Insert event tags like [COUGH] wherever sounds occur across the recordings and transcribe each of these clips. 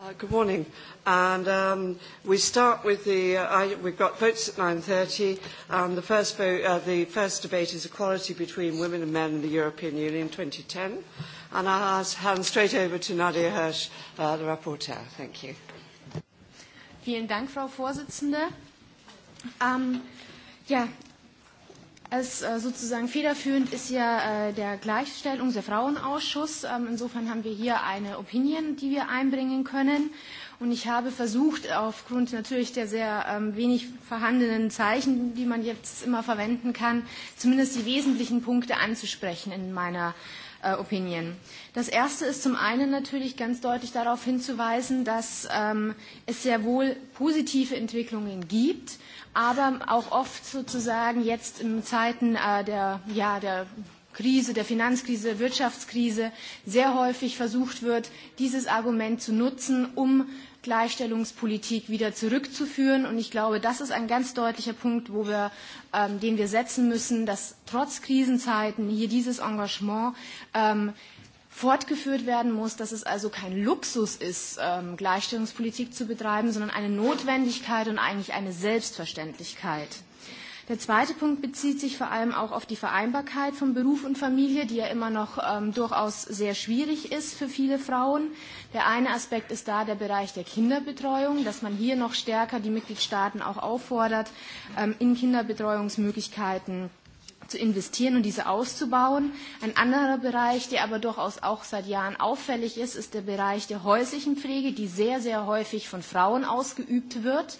Uh, good morning. And um, we start with the uh, – we've got votes at 9.30. And the first, vote, uh, the first debate is equality between women and men in the European Union, 2010. And I'll ask, hand straight over to Nadia Hirsch, uh, the rapporteur. Thank you. Vielen Dank, Frau Vorsitzende. Um, ja, Es äh, sozusagen federführend ist ja äh, der Gleichstellungs- der Frauenausschuss. Ähm, insofern haben wir hier eine Opinion, die wir einbringen können. Und ich habe versucht, aufgrund natürlich der sehr ähm, wenig vorhandenen Zeichen, die man jetzt immer verwenden kann, zumindest die wesentlichen Punkte anzusprechen in meiner äh, Opinion. Das erste ist zum einen natürlich ganz deutlich darauf hinzuweisen, dass ähm, es sehr wohl positive Entwicklungen gibt, aber auch oft sozusagen jetzt in Zeiten äh, der, ja, der Krise, der Finanzkrise, Wirtschaftskrise sehr häufig versucht wird, dieses Argument zu nutzen, um Gleichstellungspolitik wieder zurückzuführen. Und ich glaube, das ist ein ganz deutlicher Punkt, wo wir, ähm, den wir setzen müssen, dass trotz Krisenzeiten hier dieses Engagement ähm, fortgeführt werden muss, dass es also kein Luxus ist, ähm, Gleichstellungspolitik zu betreiben, sondern eine Notwendigkeit und eigentlich eine Selbstverständlichkeit. Der zweite Punkt bezieht sich vor allem auch auf die Vereinbarkeit von Beruf und Familie, die ja immer noch ähm, durchaus sehr schwierig ist für viele Frauen. Der eine Aspekt ist da der Bereich der Kinderbetreuung, dass man hier noch stärker die Mitgliedstaaten auch auffordert, ähm, in Kinderbetreuungsmöglichkeiten zu investieren und diese auszubauen. Ein anderer Bereich, der aber durchaus auch seit Jahren auffällig ist, ist der Bereich der häuslichen Pflege, die sehr, sehr häufig von Frauen ausgeübt wird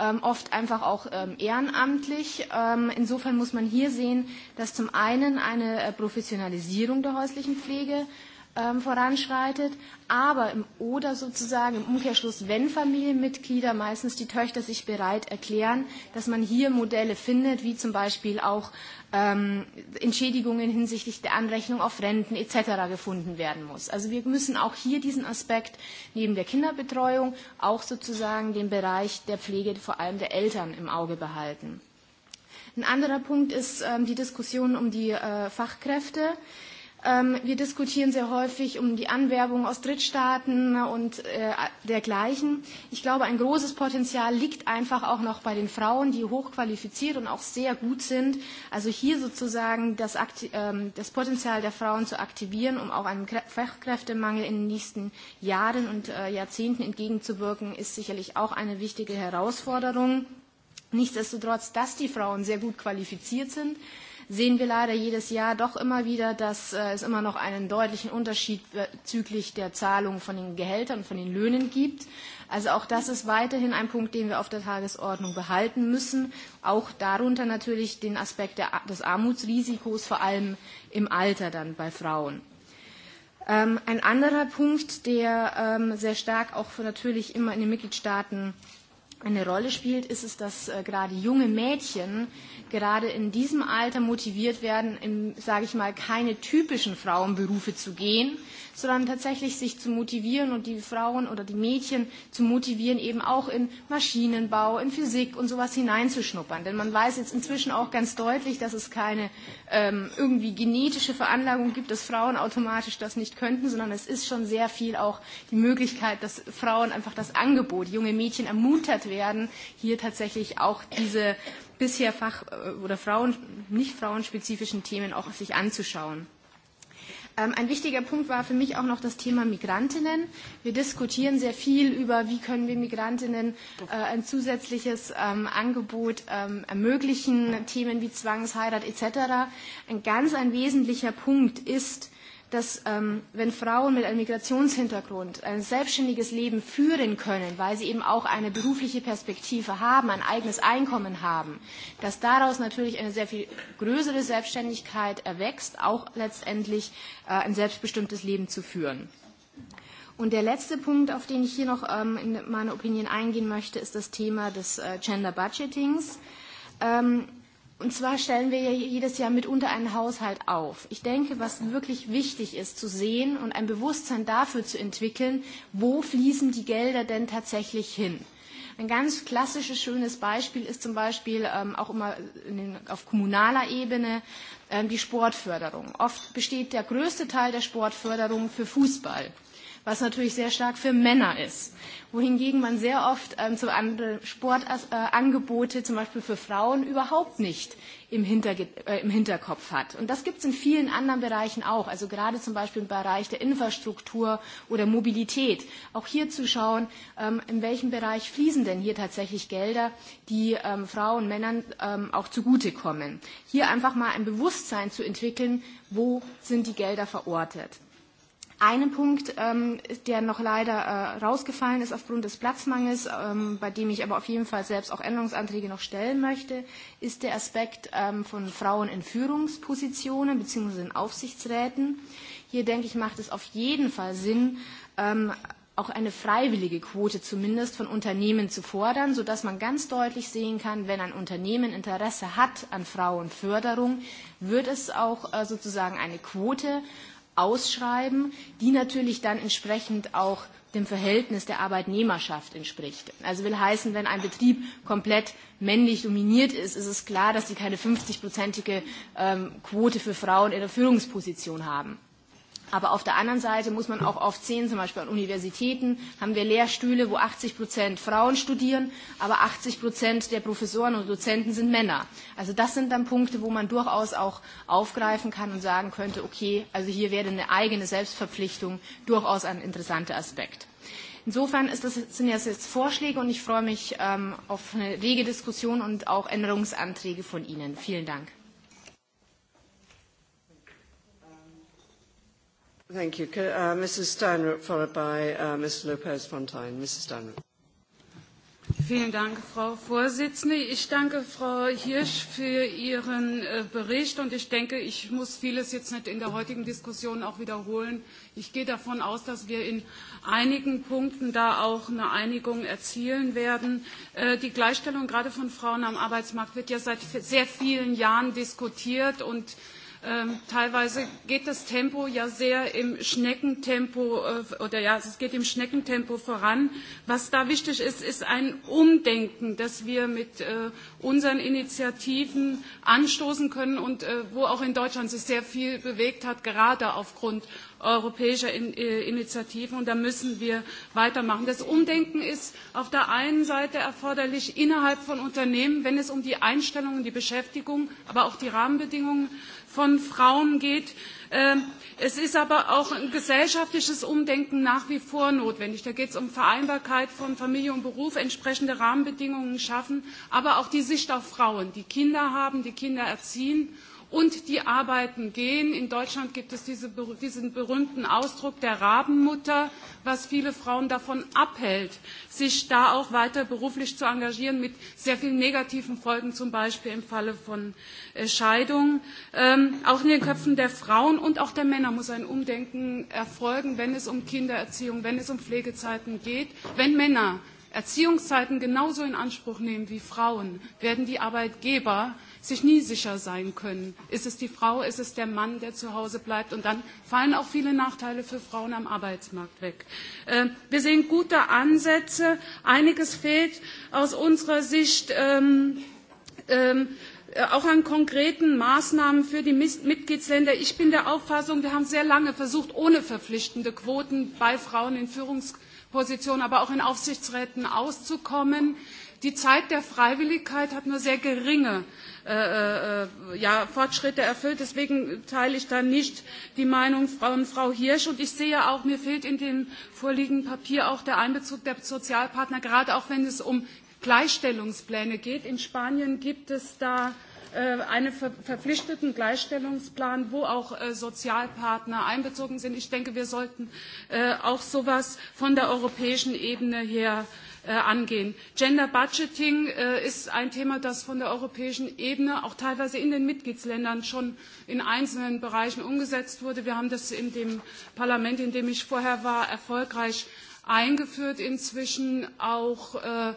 ähm, oft einfach auch ähm, ehrenamtlich. Ähm, insofern muss man hier sehen, dass zum einen eine äh, Professionalisierung der häuslichen Pflege äh, ähm, voranschreitet. Aber im oder sozusagen im Umkehrschluss, wenn Familienmitglieder, meistens die Töchter, sich bereit erklären, dass man hier Modelle findet, wie zum Beispiel auch ähm, Entschädigungen hinsichtlich der Anrechnung auf Renten etc. gefunden werden muss. Also wir müssen auch hier diesen Aspekt neben der Kinderbetreuung auch sozusagen den Bereich der Pflege vor allem der Eltern im Auge behalten. Ein anderer Punkt ist ähm, die Diskussion um die äh, Fachkräfte. Ähm, wir diskutieren sehr häufig um die Anwerbung aus Drittstaaten und äh, dergleichen. Ich glaube, ein großes Potenzial liegt einfach auch noch bei den Frauen, die hochqualifiziert und auch sehr gut sind. Also hier sozusagen das, ähm, das Potenzial der Frauen zu aktivieren, um auch einem Kre Fachkräftemangel in den nächsten Jahren und äh, Jahrzehnten entgegenzuwirken, ist sicherlich auch eine wichtige Herausforderung. Nichtsdestotrotz, dass die Frauen sehr gut qualifiziert sind, äh, sehen wir leider jedes Jahr doch immer wieder, dass äh, es immer noch einen deutlichen Unterschied äh, bezüglich der Zahlung von den Gehältern, von den Löhnen gibt. Also auch das ist weiterhin ein Punkt, den wir auf der Tagesordnung behalten müssen. Auch darunter natürlich den Aspekt der, des Armutsrisikos, vor allem im Alter dann bei Frauen. Ähm, ein anderer Punkt, der ähm, sehr stark auch natürlich immer in den Mitgliedstaaten eine Rolle spielt, ist es, dass äh, gerade junge Mädchen gerade in diesem Alter motiviert werden, sage ich mal, keine typischen Frauenberufe zu gehen, sondern tatsächlich sich zu motivieren und die Frauen oder die Mädchen zu motivieren, eben auch in Maschinenbau, in Physik und sowas hineinzuschnuppern. Denn man weiß jetzt inzwischen auch ganz deutlich, dass es keine ähm, irgendwie genetische Veranlagung gibt, dass Frauen automatisch das nicht könnten, sondern es ist schon sehr viel auch die Möglichkeit, dass Frauen einfach das Angebot, junge Mädchen ermuntert werden, hier tatsächlich auch diese bisher fach- äh, oder Frauen, nicht frauenspezifischen Themen auch sich anzuschauen. Ähm, ein wichtiger Punkt war für mich auch noch das Thema Migrantinnen. Wir diskutieren sehr viel über, wie können wir Migrantinnen äh, ein zusätzliches ähm, Angebot ähm, ermöglichen, Themen wie Zwangsheirat etc. Ein ganz ein wesentlicher Punkt ist, äh, dass ähm, wenn Frauen mit einem Migrationshintergrund ein selbstständiges Leben führen können, weil sie eben auch eine berufliche Perspektive haben, ein eigenes Einkommen haben, dass daraus natürlich eine sehr viel größere Selbstständigkeit erwächst, auch letztendlich äh, ein selbstbestimmtes Leben zu führen. Und der letzte Punkt, auf den ich hier noch ähm, in meiner Opinion eingehen möchte, ist das Thema des äh, Gender Budgetings. Ähm, Und zwar stellen wir ja jedes Jahr mitunter einen Haushalt auf. Ich denke, was wirklich wichtig ist, zu sehen und ein Bewusstsein dafür zu entwickeln, wo fließen die Gelder denn tatsächlich hin? Ein ganz klassisches, schönes Beispiel ist zum Beispiel ähm, auch immer in den, auf kommunaler Ebene ähm, die Sportförderung. Oft besteht der größte Teil der Sportförderung für Fußball was natürlich sehr stark für Männer ist. Wohingegen man sehr oft ähm, zu anderen Sportangebote, äh, zum Beispiel für Frauen, überhaupt nicht im, Hinterge äh, im Hinterkopf hat. Und das gibt es in vielen anderen Bereichen auch. Also gerade zum Beispiel im Bereich der Infrastruktur oder Mobilität. Auch hier zu schauen, ähm, in welchem Bereich fließen denn hier tatsächlich Gelder, die ähm, Frauen und Männern ähm, auch zugutekommen. Hier einfach mal ein Bewusstsein zu entwickeln, wo sind die Gelder verortet. Einen Punkt, ähm, der noch leider äh, rausgefallen ist aufgrund des Platzmangels, ähm, bei dem ich aber auf jeden Fall selbst auch Änderungsanträge noch stellen möchte, ist der Aspekt ähm, von Frauen in Führungspositionen bzw. in Aufsichtsräten. Hier denke ich, macht es auf jeden Fall Sinn, ähm, auch eine freiwillige Quote zumindest von Unternehmen zu fordern, sodass man ganz deutlich sehen kann, wenn ein Unternehmen Interesse hat an Frauenförderung, wird es auch äh, sozusagen eine Quote äh, ausschreiben, die natürlich dann entsprechend auch dem Verhältnis der Arbeitnehmerschaft entspricht. Also will heißen, wenn ein Betrieb komplett männlich dominiert ist, ist es klar, dass sie keine 50-prozentige ähm, Quote für Frauen in der Führungsposition haben. Aber auf der anderen Seite muss man auch oft sehen, zum Beispiel an Universitäten haben wir Lehrstühle, wo 80 Prozent Frauen studieren, aber 80 Prozent der Professoren und Dozenten sind Männer. Also das sind dann Punkte, wo man durchaus auch aufgreifen kann und sagen könnte, okay, also hier wäre eine eigene Selbstverpflichtung durchaus ein interessanter Aspekt. Insofern ist das, sind das jetzt Vorschläge und ich freue mich ähm, auf eine rege Diskussion und auch Änderungsanträge von Ihnen. Vielen Dank. Thank you. Could, uh, Mrs. Steinrup, followed by uh, Mr. Lopez Fontaine. Mrs. Steinrup. Vielen Dank, Frau Vorsitzende. Ich danke Frau Hirsch für Ihren äh, Bericht und ich denke, ich muss vieles jetzt nicht in der heutigen Diskussion auch wiederholen. Ich gehe davon aus, dass wir in einigen Punkten da auch eine Einigung erzielen werden. Äh, die Gleichstellung gerade von Frauen am Arbeitsmarkt wird ja seit sehr vielen Jahren diskutiert und Ähm, teilweise geht das Tempo ja sehr im Schneckentempo äh, oder ja, es geht im Schneckentempo voran. Was da wichtig ist, ist ein Umdenken, dass wir mit äh, unseren Initiativen anstoßen können und äh, wo auch in Deutschland sich sehr viel bewegt hat, gerade aufgrund europäischer in, äh, Initiativen. Und da müssen wir weitermachen. Das Umdenken ist auf der einen Seite erforderlich innerhalb von Unternehmen, wenn es um die Einstellungen, die Beschäftigung, aber auch die Rahmenbedingungen von Frauen geht. Ähm, es ist aber auch ein gesellschaftliches Umdenken nach wie vor notwendig. Da geht es um Vereinbarkeit von Familie und Beruf, entsprechende Rahmenbedingungen schaffen, aber auch die Sicht auf Frauen, die Kinder haben, die Kinder erziehen und die arbeiten gehen. In Deutschland gibt es diese, diesen berühmten Ausdruck der Rabenmutter, was viele Frauen davon abhält, sich da auch weiter beruflich zu engagieren, mit sehr vielen negativen Folgen, zum Beispiel im Falle von äh, Scheidungen. Ähm, auch in den Köpfen der Frauen und auch der Männer muss ein Umdenken erfolgen, wenn es um Kindererziehung, wenn es um Pflegezeiten geht. Wenn Männer Erziehungszeiten genauso in Anspruch nehmen wie Frauen, werden die Arbeitgeber, sich nie sicher sein können. Ist es die Frau, ist es der Mann, der zu Hause bleibt? Und dann fallen auch viele Nachteile für Frauen am Arbeitsmarkt weg. Äh, wir sehen gute Ansätze. Einiges fehlt aus unserer Sicht ähm, ähm, äh, auch an konkreten Maßnahmen für die Mis Mitgliedsländer. Ich bin der Auffassung, wir haben sehr lange versucht, ohne verpflichtende Quoten bei Frauen in Führungspositionen, aber auch in Aufsichtsräten auszukommen. Die Zeit der Freiwilligkeit hat nur sehr geringe äh, Äh, äh, ja, Fortschritte erfüllt. Deswegen teile ich da nicht die Meinung von Frau Hirsch. Und ich sehe ja auch, mir fehlt in dem vorliegenden Papier auch der Einbezug der Sozialpartner, gerade auch wenn es um Gleichstellungspläne geht. In Spanien gibt es da äh, einen verpflichteten Gleichstellungsplan, wo auch äh, Sozialpartner einbezogen sind. Ich denke, wir sollten auch sowas von der europäischen Ebene her Äh, angehen. Gender Budgeting äh, ist ein Thema, das von der europäischen Ebene auch teilweise in den Mitgliedsländern schon in einzelnen Bereichen umgesetzt wurde. Wir haben das in dem Parlament, in dem ich vorher war, erfolgreich eingeführt inzwischen auch äh,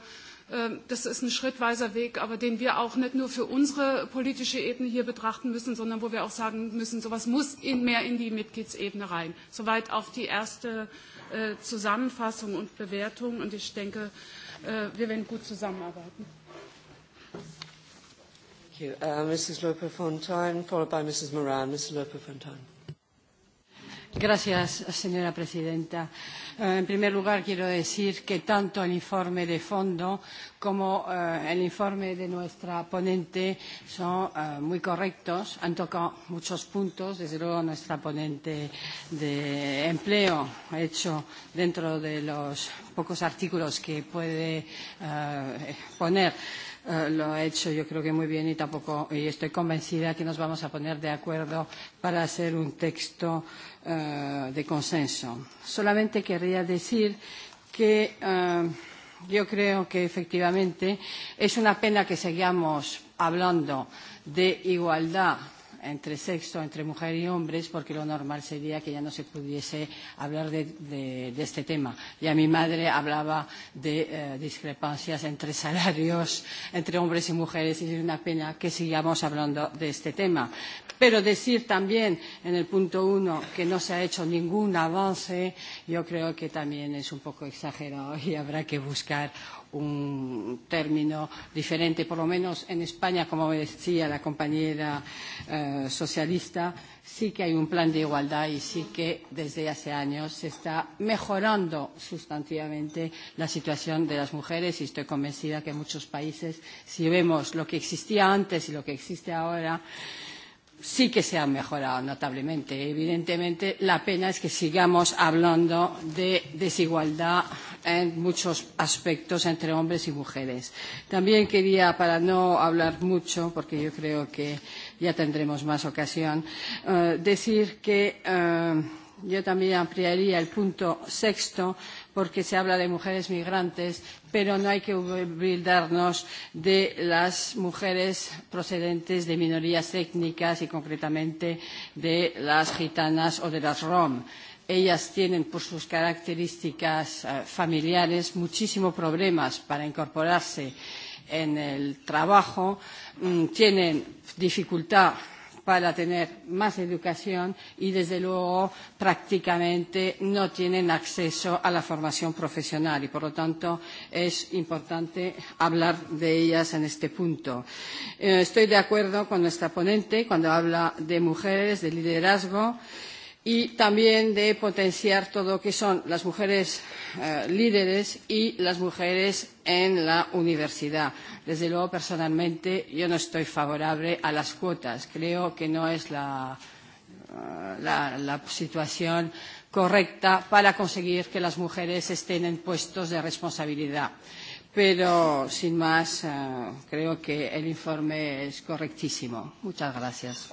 das ist ein schrittweiser Weg, aber den wir auch nicht nur für unsere politische Ebene hier betrachten müssen, sondern wo wir auch sagen müssen, sowas muss in mehr in die Mitgliedsebene rein. Soweit auf die erste äh, äh, Zusammenfassung und Bewertung. Und ich denke, äh, wir werden gut zusammenarbeiten. Thank you. Uh, Mrs. Lopez-Fontaine, followed by Mrs. Moran. Mrs. Lopez-Fontaine. Gracias, señora presidenta. Eh, en primer lugar, quiero decir que tanto el informe de fondo como eh, el informe de nuestra ponente son eh, muy correctos. Han tocado muchos puntos. Desde luego, nuestra ponente de empleo ha hecho, dentro de los pocos artículos que puede poner, Eh, lo ha hecho yo creo que muy bien y tampoco y estoy convencida que nos vamos a poner de acuerdo para hacer un texto uh, de consenso. Solamente querría decir que uh, yo creo que efectivamente es una pena que sigamos hablando de igualdad entre sexo, entre mujer y hombres, porque lo normal sería que ya no se pudiese hablar de, de, de este tema. Y a mi madre hablaba de eh, discrepancias entre [LAUGHS] salarios, entre hombres y mujeres, y es una pena que sigamos hablando de este tema. Pero decir también en el punto uno que no se ha hecho ningún avance, yo creo que también es un poco exagerado y habrá que buscar un término diferente, por lo menos en España, como decía la compañera eh, socialista, sí que hay un plan de igualdad y sí que desde hace años se está mejorando sustantivamente la situación de las mujeres y estoy convencida que en muchos países, si vemos lo que existía antes y lo que existe ahora, eh, sí que se ha mejorado notablemente. Evidentemente, la pena es que sigamos hablando de desigualdad en muchos aspectos entre hombres y mujeres. También quería, para no hablar mucho, porque yo creo que ya tendremos más ocasión, eh, decir que eh, yo también ampliaría el punto sexto, porque se habla de mujeres migrantes, pero no hay que olvidarnos de las mujeres procedentes de minorías étnicas y concretamente de las gitanas o de las rom. Ellas tienen, por sus características eh, familiares, muchísimos problemas para incorporarse en el trabajo, mmm, tienen dificultad para tener más educación y, desde luego, prácticamente no tienen acceso a la formación profesional y, por lo tanto, es importante hablar de ellas en este punto. Eh, estoy de acuerdo con nuestra ponente cuando habla de mujeres, de liderazgo y también de potenciar todo lo que son las mujeres eh, líderes y las mujeres en la universidad. Desde luego, personalmente, yo no estoy favorable a las cuotas. Creo que no es la, eh, la, la situación correcta para conseguir que las mujeres estén en puestos de responsabilidad. Pero, sin más, eh, creo que el informe es correctísimo. Muchas gracias.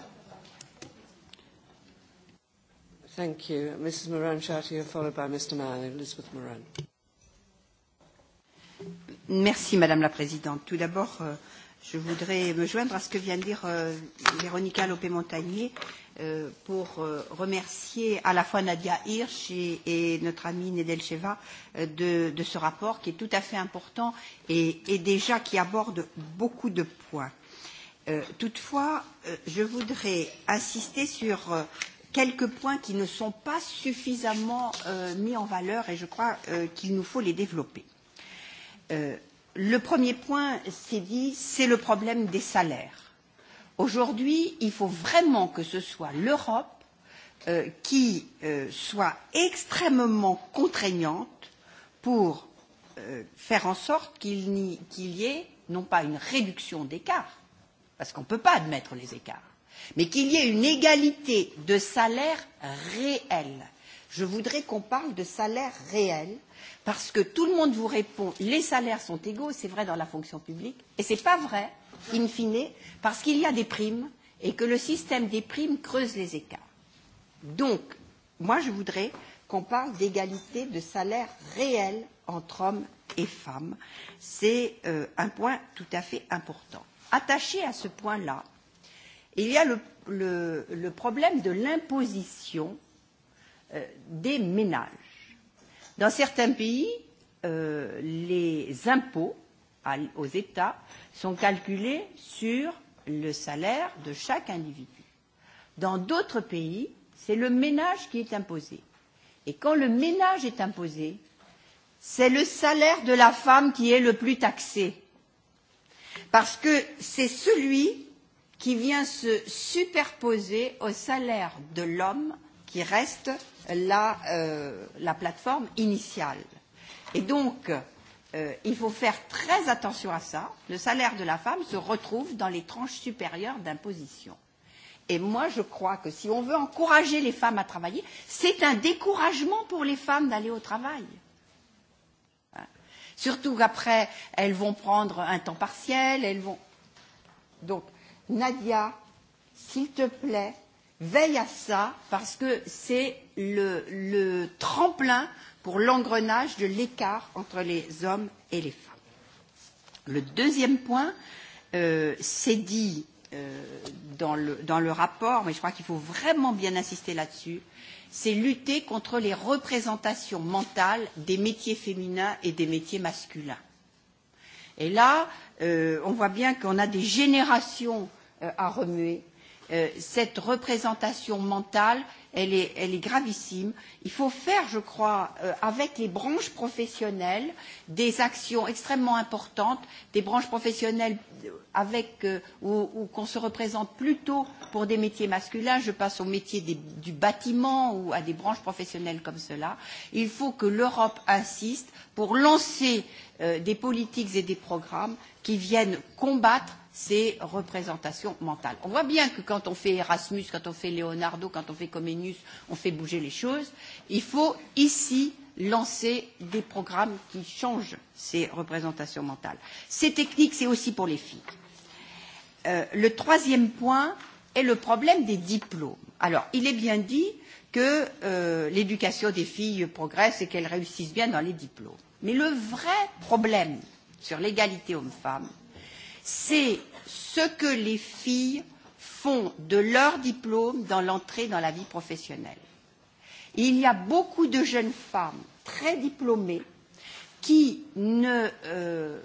Thank you. Mrs. Moran Chartier, followed by Mr. Mann, Elizabeth Moran. Merci, Madame la Présidente. Tout d'abord, euh, je voudrais me joindre à ce que vient de dire euh, Véronica Lopé-Montagnier euh, pour remercier à la fois Nadia Hirsch et notre amie Nedel Sheva de, de ce rapport qui est tout à fait important et, et déjà qui aborde beaucoup de points. Toutefois, je voudrais insister sur quelques points qui ne sont pas suffisamment euh, mis en valeur et je crois euh, qu'il nous faut les développer. Euh, le premier point, c'est dit, c'est le problème des salaires. Aujourd'hui, il faut vraiment que ce soit l'Europe euh, qui euh, soit extrêmement contraignante pour euh, faire en sorte qu'il y, qu y ait non pas une réduction d'écart, parce qu'on ne peut pas admettre les écarts, mais qu'il y ait une égalité de salaire réel. Je voudrais qu'on parle de salaire réel, parce que tout le monde vous répond les salaires sont égaux, c'est vrai dans la fonction publique, et ce n'est pas vrai, in fine, parce qu'il y a des primes et que le système des primes creuse les écarts. Donc, moi, je voudrais qu'on parle d'égalité de salaire réel entre hommes et femmes. C'est euh, un point tout à fait important. Attaché à ce point-là, il y a le, le, le problème de l'imposition euh, des ménages. Dans certains pays, euh, les impôts aux États sont calculés sur le salaire de chaque individu. Dans d'autres pays, c'est le ménage qui est imposé. Et quand le ménage est imposé, c'est le salaire de la femme qui est le plus taxé. Parce que c'est celui qui vient se superposer au salaire de l'homme qui reste la, euh, la plateforme initiale. Et donc, euh, il faut faire très attention à ça. Le salaire de la femme se retrouve dans les tranches supérieures d'imposition. Et moi, je crois que si on veut encourager les femmes à travailler, c'est un découragement pour les femmes d'aller au travail. Surtout qu'après, elles vont prendre un temps partiel, elles vont. Donc, Nadia, s'il te plaît, veille à ça parce que c'est le, le tremplin pour l'engrenage de l'écart entre les hommes et les femmes. Le deuxième point, euh, c'est dit euh, dans, le, dans le rapport, mais je crois qu'il faut vraiment bien insister là-dessus, c'est lutter contre les représentations mentales des métiers féminins et des métiers masculins. Et là, euh, on voit bien qu'on a des générations Euh, à remuer. Euh, cette représentation mentale, elle est, elle est gravissime. Il faut faire, je crois, euh, avec les branches professionnelles, des actions extrêmement importantes, des branches professionnelles euh, avec, euh, où, où qu'on se représente plutôt pour des métiers masculins. Je passe au métier des, du bâtiment ou à des branches professionnelles comme cela. Il faut que l'Europe insiste pour lancer euh, des politiques et des programmes qui viennent combattre ces représentations mentales. On voit bien que quand on fait Erasmus, quand on fait Leonardo, quand on fait Comenius, on fait bouger les choses. Il faut ici lancer des programmes qui changent ces représentations mentales. Ces techniques, c'est aussi pour les filles. Euh, le troisième point est le problème des diplômes. Alors, il est bien dit que euh, l'éducation des filles progresse et qu'elles réussissent bien dans les diplômes. Mais le vrai problème sur l'égalité homme-femme, c'est ce que les filles font de leur diplôme dans l'entrée dans la vie professionnelle. Et il y a beaucoup de jeunes femmes très diplômées qui ne euh,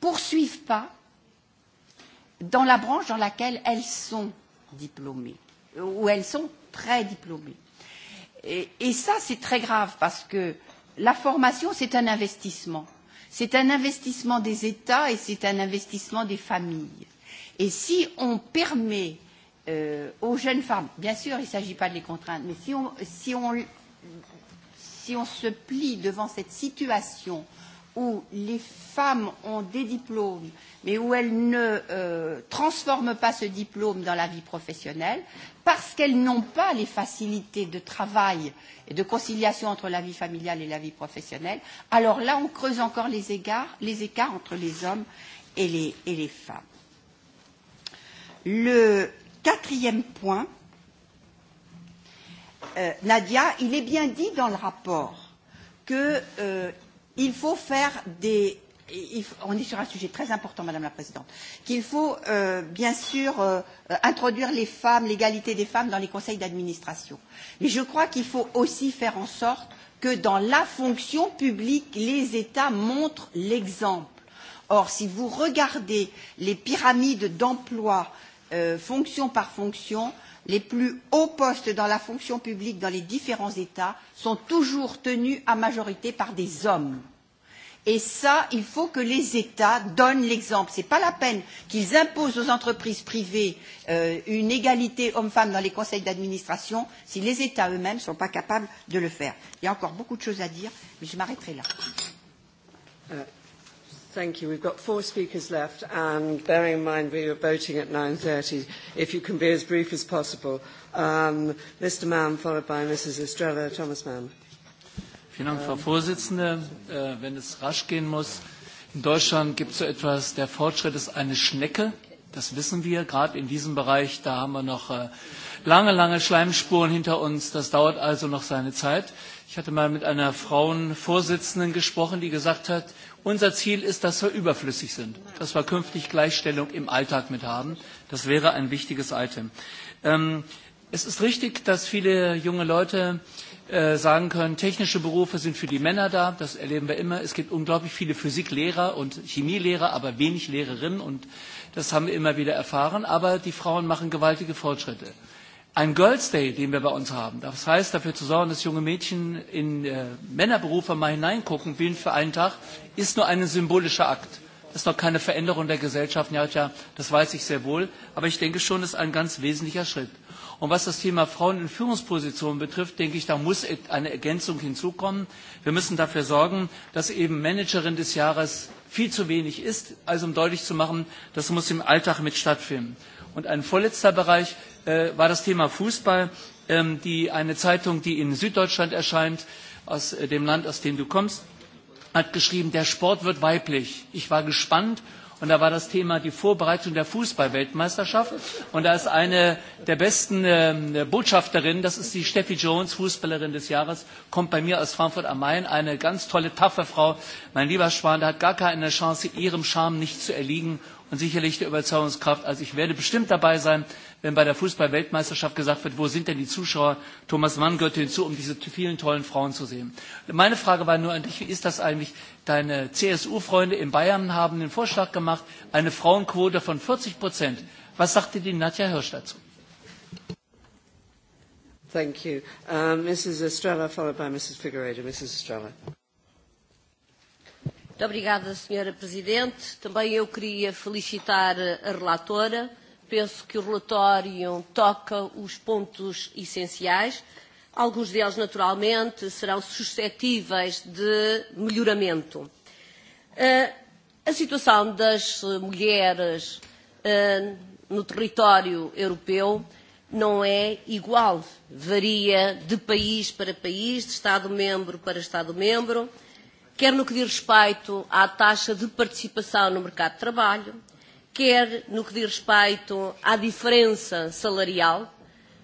poursuivent pas dans la branche dans laquelle elles sont diplômées ou elles sont très diplômées. Et, et ça, c'est très grave parce que la formation, c'est un investissement c'est un investissement des États et c'est un investissement des familles. Et si on permet euh, aux jeunes femmes, bien sûr, il ne s'agit pas de les contraindre, mais si on, si, on, si on se plie devant cette situation où les femmes ont des diplômes, mais où elles ne euh, transforment pas ce diplôme dans la vie professionnelle, parce qu'elles n'ont pas les facilités de travail et de conciliation entre la vie familiale et la vie professionnelle, alors là, on creuse encore les, égards, les écarts entre les hommes et les, et les femmes. Le quatrième point, euh, Nadia, il est bien dit dans le rapport que euh, il faut faire des. On est sur un sujet très important, Madame la Présidente, qu'il faut euh, bien sûr euh, introduire les femmes, l'égalité des femmes dans les conseils d'administration. Mais je crois qu'il faut aussi faire en sorte que dans la fonction publique, les États montrent l'exemple. Or, si vous regardez les pyramides d'emploi, euh, fonction par fonction, euh, les plus hauts postes dans la fonction publique dans les différents États sont toujours tenus à majorité par des hommes. Et ça, il faut que les États donnent l'exemple. Ce n'est pas la peine qu'ils imposent aux entreprises privées euh, une égalité homme-femme dans les conseils d'administration si les États eux-mêmes ne sont pas capables de le faire. Il y a encore beaucoup de choses à dire, mais je m'arrêterai là. Euh. Thank you. We've got four speakers left, and bearing in mind we are voting at 9:30, if you can be as brief as possible. Um, Mr. Mann, followed by Mrs. Estrella, Thomas Mann. Vielen Dank, Frau Vorsitzende. Äh, wenn es rasch gehen muss, in Deutschland gibt es so etwas, der Fortschritt ist eine Schnecke. Das wissen wir, gerade in diesem Bereich, da haben wir noch äh, lange, lange Schleimspuren hinter uns. Das dauert also noch seine Zeit. Ich hatte mal mit einer Frauenvorsitzenden gesprochen, die gesagt hat: Unser Ziel ist, dass wir überflüssig sind, dass wir künftig Gleichstellung im Alltag mit haben. Das wäre ein wichtiges Item. Ähm, es ist richtig, dass viele junge Leute äh, sagen können, technische Berufe sind für die Männer da, das erleben wir immer. Es gibt unglaublich viele Physiklehrer und Chemielehrer, aber wenig Lehrerinnen und das haben wir immer wieder erfahren. Aber die Frauen machen gewaltige Fortschritte. Ein Girls Day, den wir bei uns haben. Das heißt, dafür zu sorgen, dass junge Mädchen in äh, Männerberufe mal hineingucken, wie für einen Tag, ist nur ein symbolischer Akt. Das ist noch keine Veränderung der Gesellschaft. Ja, tja, das weiß ich sehr wohl. Aber ich denke schon, das ist ein ganz wesentlicher Schritt. Und was das Thema Frauen in Führungspositionen betrifft, denke ich, da muss e-, eine Ergänzung hinzukommen. Wir müssen dafür sorgen, dass eben Managerin des Jahres viel zu wenig ist. Also um deutlich zu machen, das muss im Alltag mit stattfinden. Und ein vorletzter Bereich äh, war das Thema Fußball. Ähm, die, eine Zeitung, die in Süddeutschland erscheint, aus äh, dem Land, aus dem du kommst, hat geschrieben, der Sport wird weiblich. Ich war gespannt. Und da war das Thema die Vorbereitung der Fußballweltmeisterschaft. Und da ist eine der besten äh, Botschafterinnen, das ist die Steffi Jones, Fußballerin des Jahres, kommt bei mir aus Frankfurt am Main, eine ganz tolle, taffe Frau. Mein lieber Schwan, da hat gar keine Chance, ihrem Charme nicht zu erliegen und sicherlich der Überzeugungskraft. Also ich werde bestimmt dabei sein, wenn bei der Fußball-Weltmeisterschaft gesagt wird, wo sind denn die Zuschauer? Thomas Mann gehört hinzu, um diese vielen tollen Frauen zu sehen. Meine Frage war nur an dich, wie ist das eigentlich? Deine CSU-Freunde in Bayern haben den Vorschlag gemacht, eine Frauenquote von 40 Prozent. Was sagte die Nadja Hirsch dazu? Thank you. Uh, Mrs. Estrella, followed by Mrs. Figueredo. Mrs. Estrella. Muito obrigada, Senhora Presidente. Também eu queria felicitar a relatora. Penso que o relatório toca os pontos essenciais. Alguns deles, naturalmente, serão suscetíveis de melhoramento. Ah, a situação das mulheres ah, no território europeu não é igual. Varia de país para país, de Estado-membro para Estado-membro quer no que diz respeito à taxa de participação no mercado de trabalho, quer no que diz respeito à diferença salarial.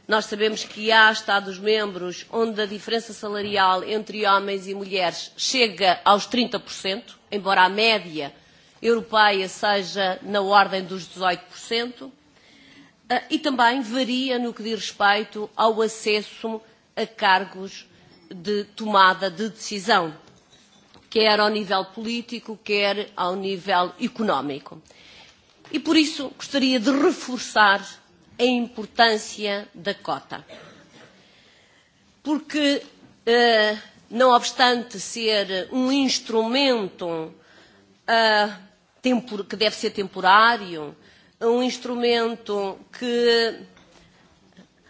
Nós sabemos que há Estados-membros onde a diferença salarial entre homens e mulheres chega aos 30%, embora a média europeia seja na ordem dos 18%, ah, e também varia no que diz respeito ao acesso a cargos de tomada de decisão quer ao nível político, quer ao nível económico. E por isso gostaria de reforçar a importância da cota. Porque, eh, não obstante ser um instrumento eh, que deve ser temporário, um instrumento que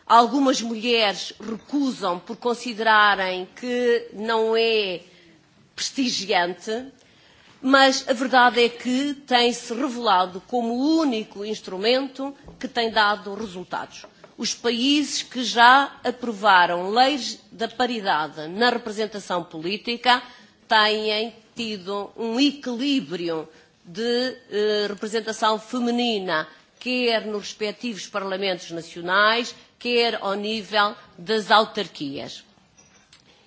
algumas mulheres recusam por considerarem que não é uh, prestigiante, mas a verdade é que tem-se revelado como o único instrumento que tem dado resultados. Os países que já aprovaram leis da paridade na representação política têm tido um equilíbrio de eh, representação feminina, quer nos respectivos parlamentos nacionais, quer ao nível das autarquias.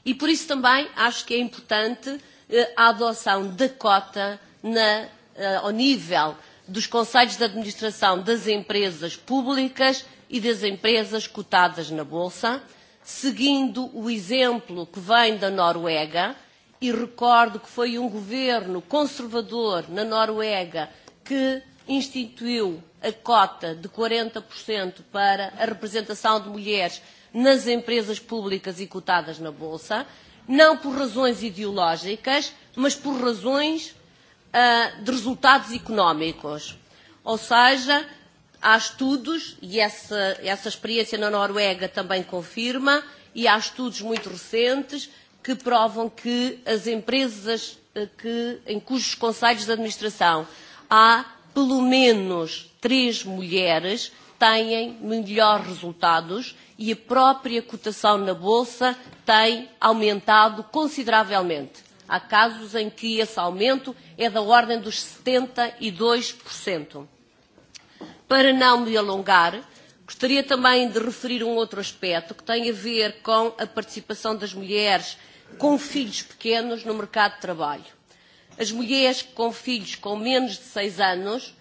E por isso também acho que é importante eh, a adoção da cota na, eh, ao nível dos conselhos de administração das empresas públicas e das empresas cotadas na Bolsa, seguindo o exemplo que vem da Noruega, e recordo que foi um governo conservador na Noruega que instituiu a cota de 40% para a representação de mulheres nas empresas públicas e cotadas na Bolsa, não por razões ideológicas, mas por razões uh, de resultados económicos. Ou seja, há estudos, e essa, essa experiência na Noruega também confirma, e há estudos muito recentes que provam que as empresas ah, que, em cujos conselhos de administração há pelo menos três mulheres, têm melhores resultados e a própria cotação na Bolsa tem aumentado consideravelmente. Há casos em que esse aumento é da ordem dos 72%. E Para não me alongar, gostaria também de referir um outro aspecto que tem a ver com a participação das mulheres com filhos pequenos no mercado de trabalho. As mulheres com filhos com menos de 6 anos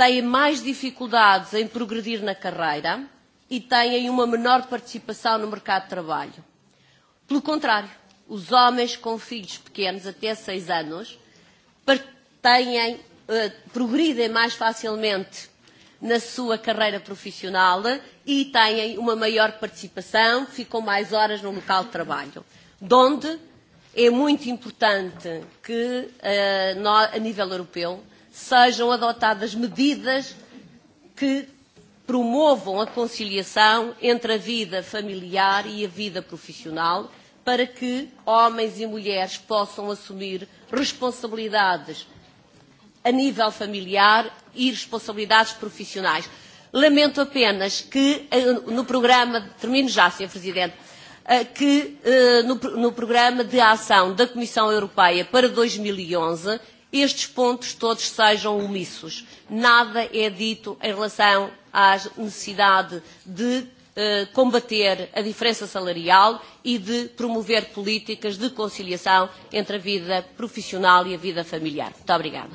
têm mais dificuldades em progredir na carreira e têm uma menor participação no mercado de trabalho. Pelo contrário, os homens com filhos pequenos, até 6 anos, têm, eh, progridem mais facilmente na sua carreira profissional e têm uma maior participação, ficam mais horas no local de trabalho. De onde é muito importante que, eh, a nível europeu, sejam adotadas medidas que promovam a conciliação entre a vida familiar e a vida profissional, para que homens e mulheres possam assumir responsabilidades a nível familiar e responsabilidades profissionais. Lamento apenas que eh, no programa, termino já, Sr. Presidente, eh, que eh, no, no programa de ação da Comissão Europeia para 2011, estes pontos todos sejam omissos. Nada é dito em relação à necessidade de eh, combater a diferença salarial e de promover políticas de conciliação entre a vida profissional e a vida familiar. Muito obrigada.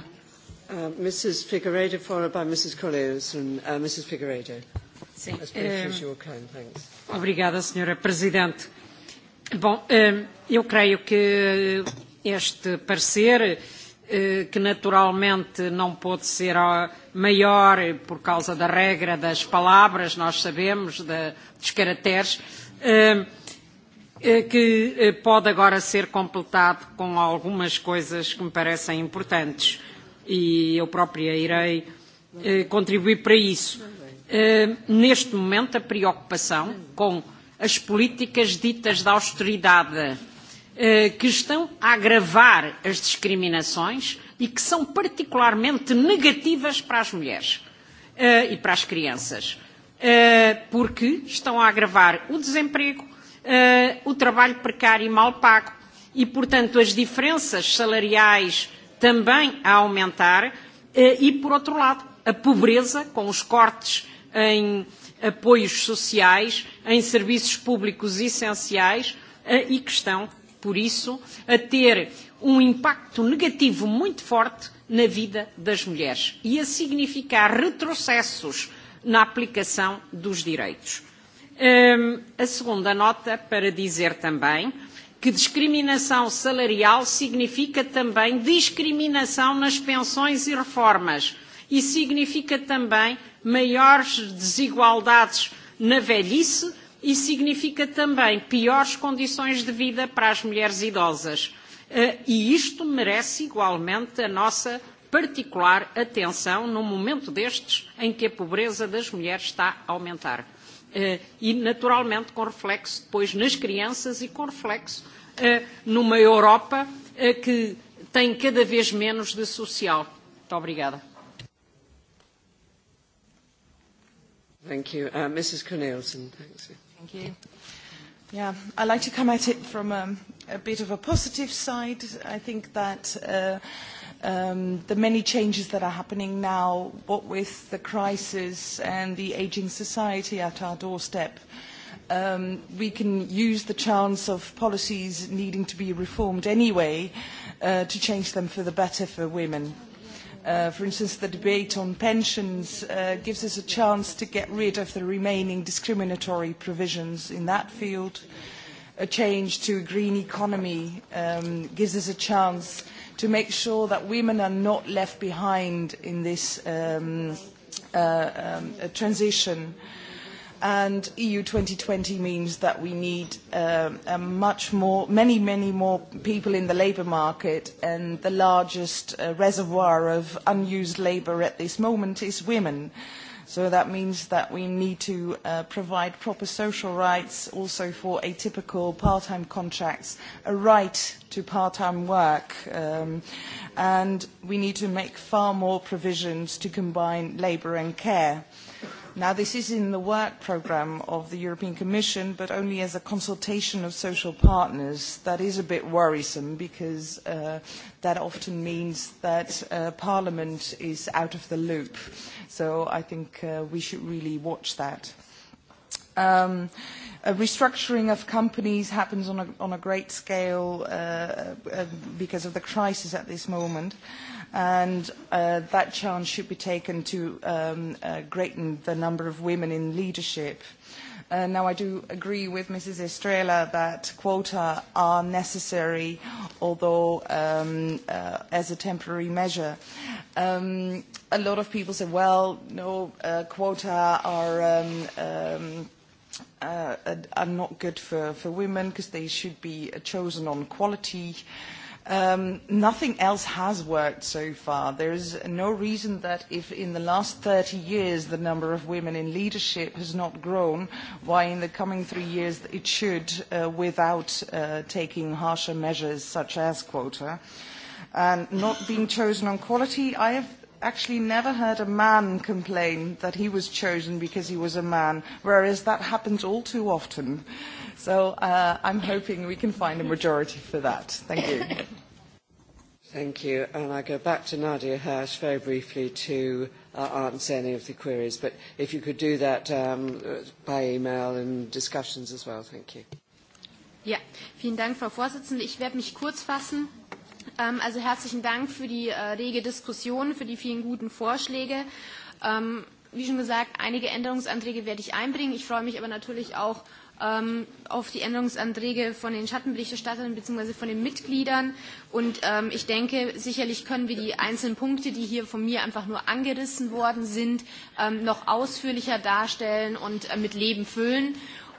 Uh, Mrs. Figueiredo, followed by Mrs. Collins and uh, Mrs. Figueiredo. Sim. As uh, kind, thanks. Obrigada, Sra. Presidente. Bom, uh, eu creio que este parecer uh, Eh, que naturalmente não pôde ser maior eh, por causa da regra das palavras, nós sabemos, de, dos caracteres, eh, que pode agora ser completado com algumas coisas que me parecem importantes e eu própria irei contribuir para isso. Neste momento, a preocupação com as políticas ditas da austeridade Eh, que estão a agravar as discriminações e que são particularmente negativas para as mulheres uh, e para as crianças, uh, porque estão a agravar o desemprego, uh, o trabalho precário e mal pago e, portanto, as diferenças salariais também a aumentar uh, e, por outro lado, a pobreza com os cortes em apoios sociais, em serviços públicos essenciais uh, e que estão por isso, a ter um impacto negativo muito forte na vida das mulheres e a significar retrocessos na aplicação dos direitos. Um, a segunda nota para dizer também que discriminação salarial significa também discriminação nas pensões e reformas e significa também maiores desigualdades na velhice e significa também piores condições de vida para as mulheres idosas. Uh, e isto merece igualmente a nossa particular atenção num no momento destes em que a pobreza das mulheres está a aumentar. Uh, e naturalmente com reflexo depois nas crianças e com reflexo uh, numa Europa uh, que tem cada vez menos de social. Muito obrigada. Thank you. Uh, Mrs. Cornelison, thanks. Thank you. Yeah, I'd like to come at it from a, um, a bit of a positive side. I think that uh, um, the many changes that are happening now, what with the crisis and the aging society at our doorstep, um, we can use the chance of policies needing to be reformed anyway uh, to change them for the better for women. Uh, for instance, the debate on pensions uh, gives us a chance to get rid of the remaining discriminatory provisions in that field. A change to a green economy um, gives us a chance to make sure that women are not left behind in this um, uh, um, transition. Uh, and EU 2020 means that we need uh, a much more, many, many more people in the labour market, and the largest uh, reservoir of unused labour at this moment is women. So that means that we need to uh, provide proper social rights also for atypical part-time contracts, a right to part-time work, um, and we need to make far more provisions to combine labour and care. Now, this is in the work programme of the European Commission, but only as a consultation of social partners. That is a bit worrisome because uh, that often means that uh, Parliament is out of the loop. So I think uh, we should really watch that. Um, a restructuring of companies happens on a, on a great scale uh, uh, because of the crisis at this moment. Uh, and uh, that chance should be taken to um, uh, greaten the number of women in leadership. Uh, now, I do agree with Mrs. Estrella that quota are necessary, although um, uh, as a temporary measure. Um, a lot of people say, well, no, uh, quota are, um, um, uh, are not good for, for women because they should be chosen on quality. Uh, Um, nothing else has worked so far. There is no reason that if in the last 30 years the number of women in leadership has not grown, why in the coming three years it should uh, without uh, taking harsher measures such as quota. And not being chosen on quality, I have actually never heard a man complain that he was chosen because he was a man, whereas that happens all too often. So uh, I'm hoping we can find a majority for that. Thank you. Thank you. And I go back to Nadia Hirsch very briefly to uh, answer any of the queries. But if you could do that um, by email and discussions as well, thank you. Ja, vielen Dank, Frau Vorsitzende. Ich werde mich kurz fassen. Ähm, also herzlichen Dank für die äh, rege Diskussion, für die vielen guten Vorschläge. Ähm, wie schon gesagt, einige Änderungsanträge werde ich einbringen. Ich freue mich aber natürlich auch ähm, auf die Änderungsanträge von den Schattenberichterstattern bzw. von den Mitgliedern. Und ähm, ich denke, sicherlich können wir die einzelnen Punkte, die hier von mir einfach nur angerissen worden sind, ähm, noch ausführlicher darstellen und äh, mit Leben füllen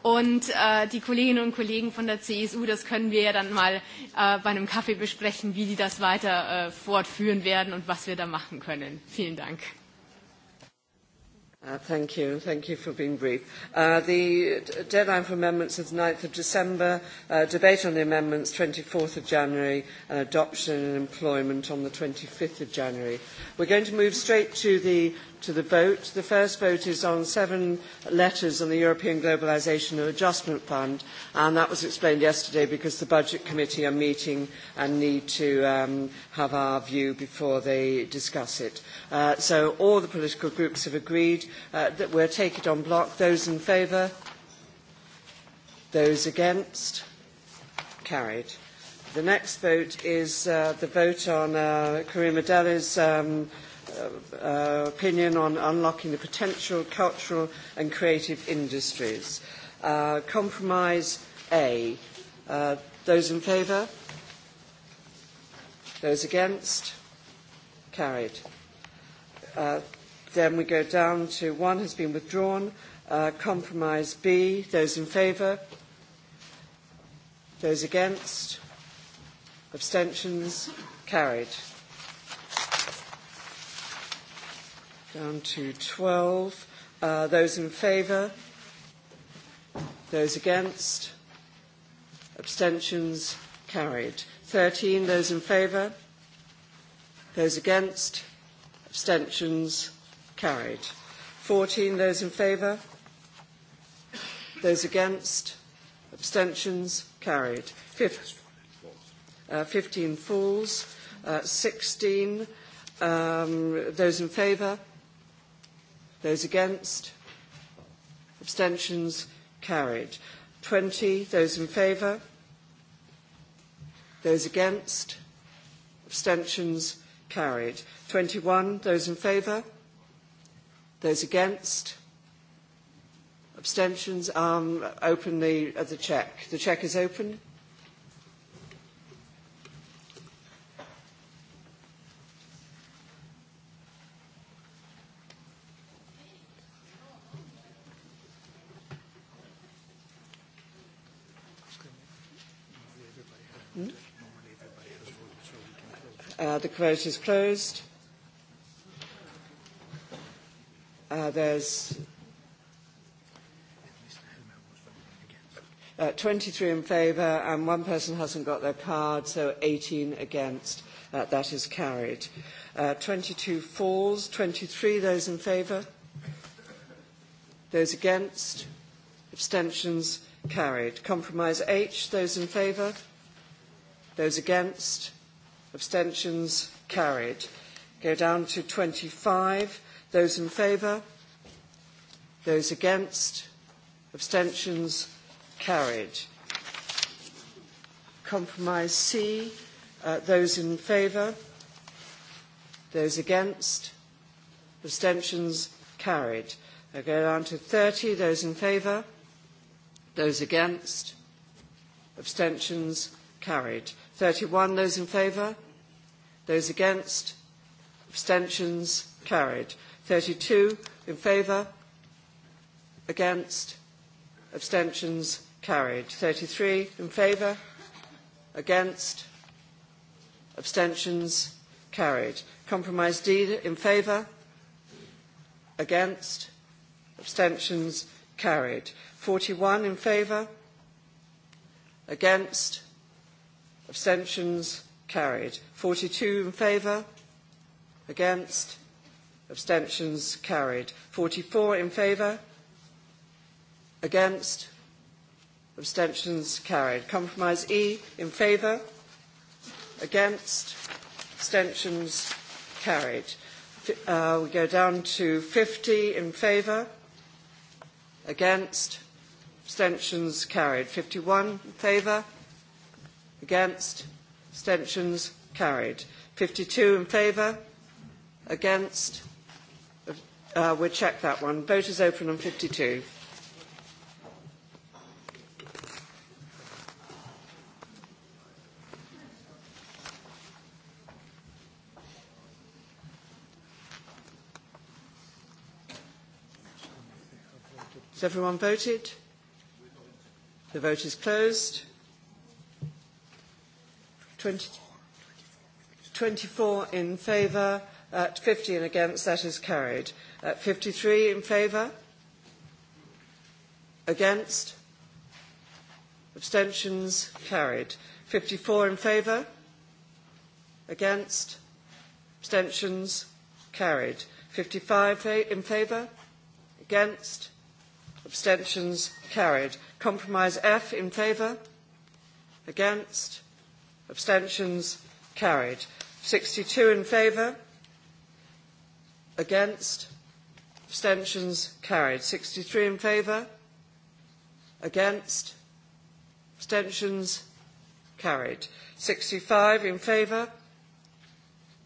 und äh, die Kolleginnen und Kollegen von der CSU, das können wir ja dann mal äh, bei einem Kaffee besprechen, wie die das weiter äh, fortführen werden und was wir da machen können. Vielen Dank. Uh, thank you. Thank you for being brief. Uh, the deadline for amendments is 9th of December, uh, debate on the amendments 24th of January, and adoption and employment on the 25th of January. We're going to move straight to the to the vote. The first vote is on seven letters on the European Globalisation and Adjustment Fund, and that was explained yesterday because the Budget Committee are meeting and need to um, have our view before they discuss it. Uh, so all the political groups have agreed uh, that we'll take it on block. Those in favour? Those against? Carried. The next vote is uh, the vote on uh, Karima Deli's um, uh, Uh, uh, opinion on unlocking the potential cultural and creative industries. Uh, compromise A. Uh, those in favour? Those against? Carried. Uh, then we go down to one has been withdrawn. Uh, compromise B. Those in favour? Those against? Abstentions? Carried. down to 12. Uh, those in favour? Those against? Abstentions? Carried. 13. Those in favour? Those against? Abstentions? Carried. 14. Those in favour? Those against? Abstentions? Carried. Fif- uh, 15 falls. Uh, 16. Um, those in favour? Those against? Abstentions? Carried. 20. Those in favour? Those against? Abstentions? Carried. 21. Those in favour? Those against? Abstentions? Um, open the, uh, the check. The check is open. the vote is closed. Uh, there's 23 uh, in favor, and one person hasn't got their card, so 18 against. Uh, that is carried. 22 falls. 23, those in favor? Those against? Abstentions? Carried. Compromise H, those in favor? Those against? Abstentions carried. Go down to 25. Those in favor? Those against? Abstentions carried. Compromise C. Uh, those in favor? Those against? Abstentions carried. I go down to 30. Those in favor? Those against? Abstentions carried. 31. Those in favor? Those against? Abstentions? Carried. 32 in favour? Against? Abstentions? Carried. 33 in favour? Against? Abstentions? Carried. Compromise D in favour? Against? Abstentions? Carried. 41 in favour? Against? Abstentions? Carried. Carried. 42 in favour? Against? Abstentions? Carried. 44 in favour? Against? Abstentions? Carried. Compromise E in favour? Against? Abstentions? Carried. Uh, we go down to 50 in favour? Against? Abstentions? Carried. 51 in favour? Against? Abstentions? Abstentions carried. 52 in favour. Against. Uh, we'll check that one. Vote is open on 52. Has everyone voted? The vote is closed. 24 in favour, uh, 15 against, that is carried. Uh, 53 in favour, against, abstentions carried. 54 in favour, against, abstentions carried. 55 in favour, against, abstentions carried. Compromise F in favour, against, abstentions carried. Abstentions carried. 62 in favour. Against. Abstentions carried. 63 in favour. Against. Abstentions carried. 65 in favour.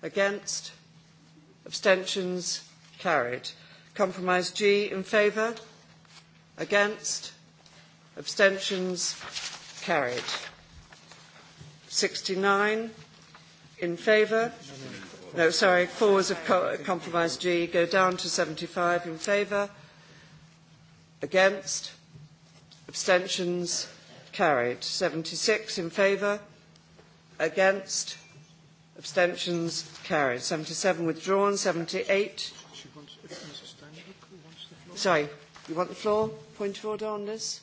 Against. Abstentions carried. Compromise G in favour. Against. Abstentions carried. 69 in favour. No, sorry, cause of co- compromise G go down to 75 in favour. Against. Abstentions carried. 76 in favour. Against. Abstentions carried. 77 withdrawn. 78. Sorry, you want the floor? Point of order on this?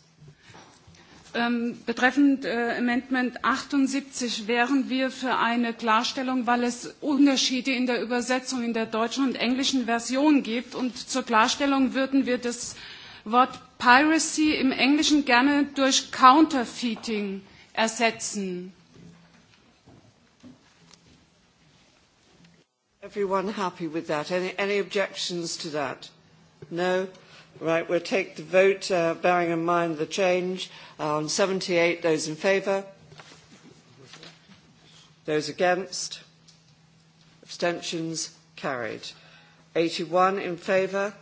ähm, betreffend äh, Amendment 78 wären wir für eine Klarstellung, weil es Unterschiede in der Übersetzung in der deutschen und englischen Version gibt. Und zur Klarstellung würden wir das Wort Piracy im Englischen gerne durch Counterfeiting ersetzen. Everyone happy with that? Any, any objections to that? No? Right, we'll take the vote, uh, bearing in mind the change. Uh, on um, 78, those in favour. Those against. Abstentions carried. 81 in favour.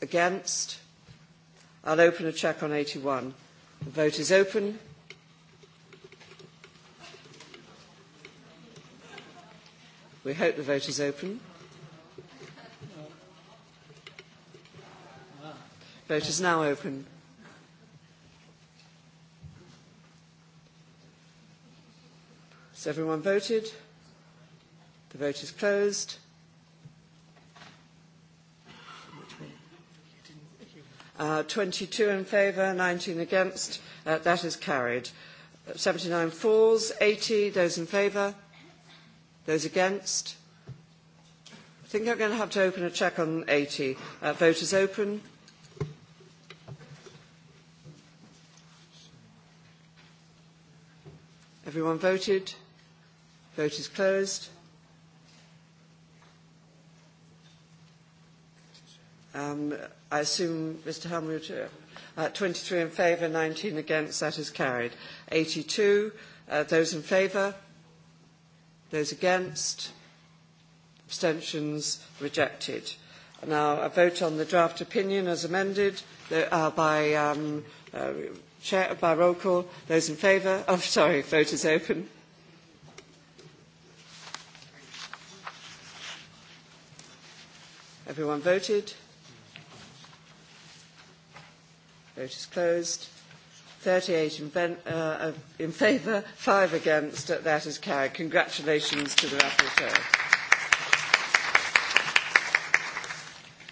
Against. I'll open a check on 81. The vote is open. We hope the vote is open. Vote is now open. Has everyone voted? The vote is closed. Uh, 22 in favour, 19 against. Uh, that is carried. Uh, 79 falls, 80 those in favour, those against. I think I'm going to have to open a check on 80. Uh, vote is open. Everyone voted? Vote is closed. Um, I assume, Mr. Helmut, uh, 23 in favour, 19 against, that is carried. 82, uh, those in favour, those against, abstentions rejected. Now, a vote on the draft opinion as amended uh, by um, uh, Chair, by roll call, those in favor. Oh, sorry, vote is open. Everyone voted? Vote is closed. 38 in uh, favor, five against. Uh, that is carried. Congratulations to the rapporteur.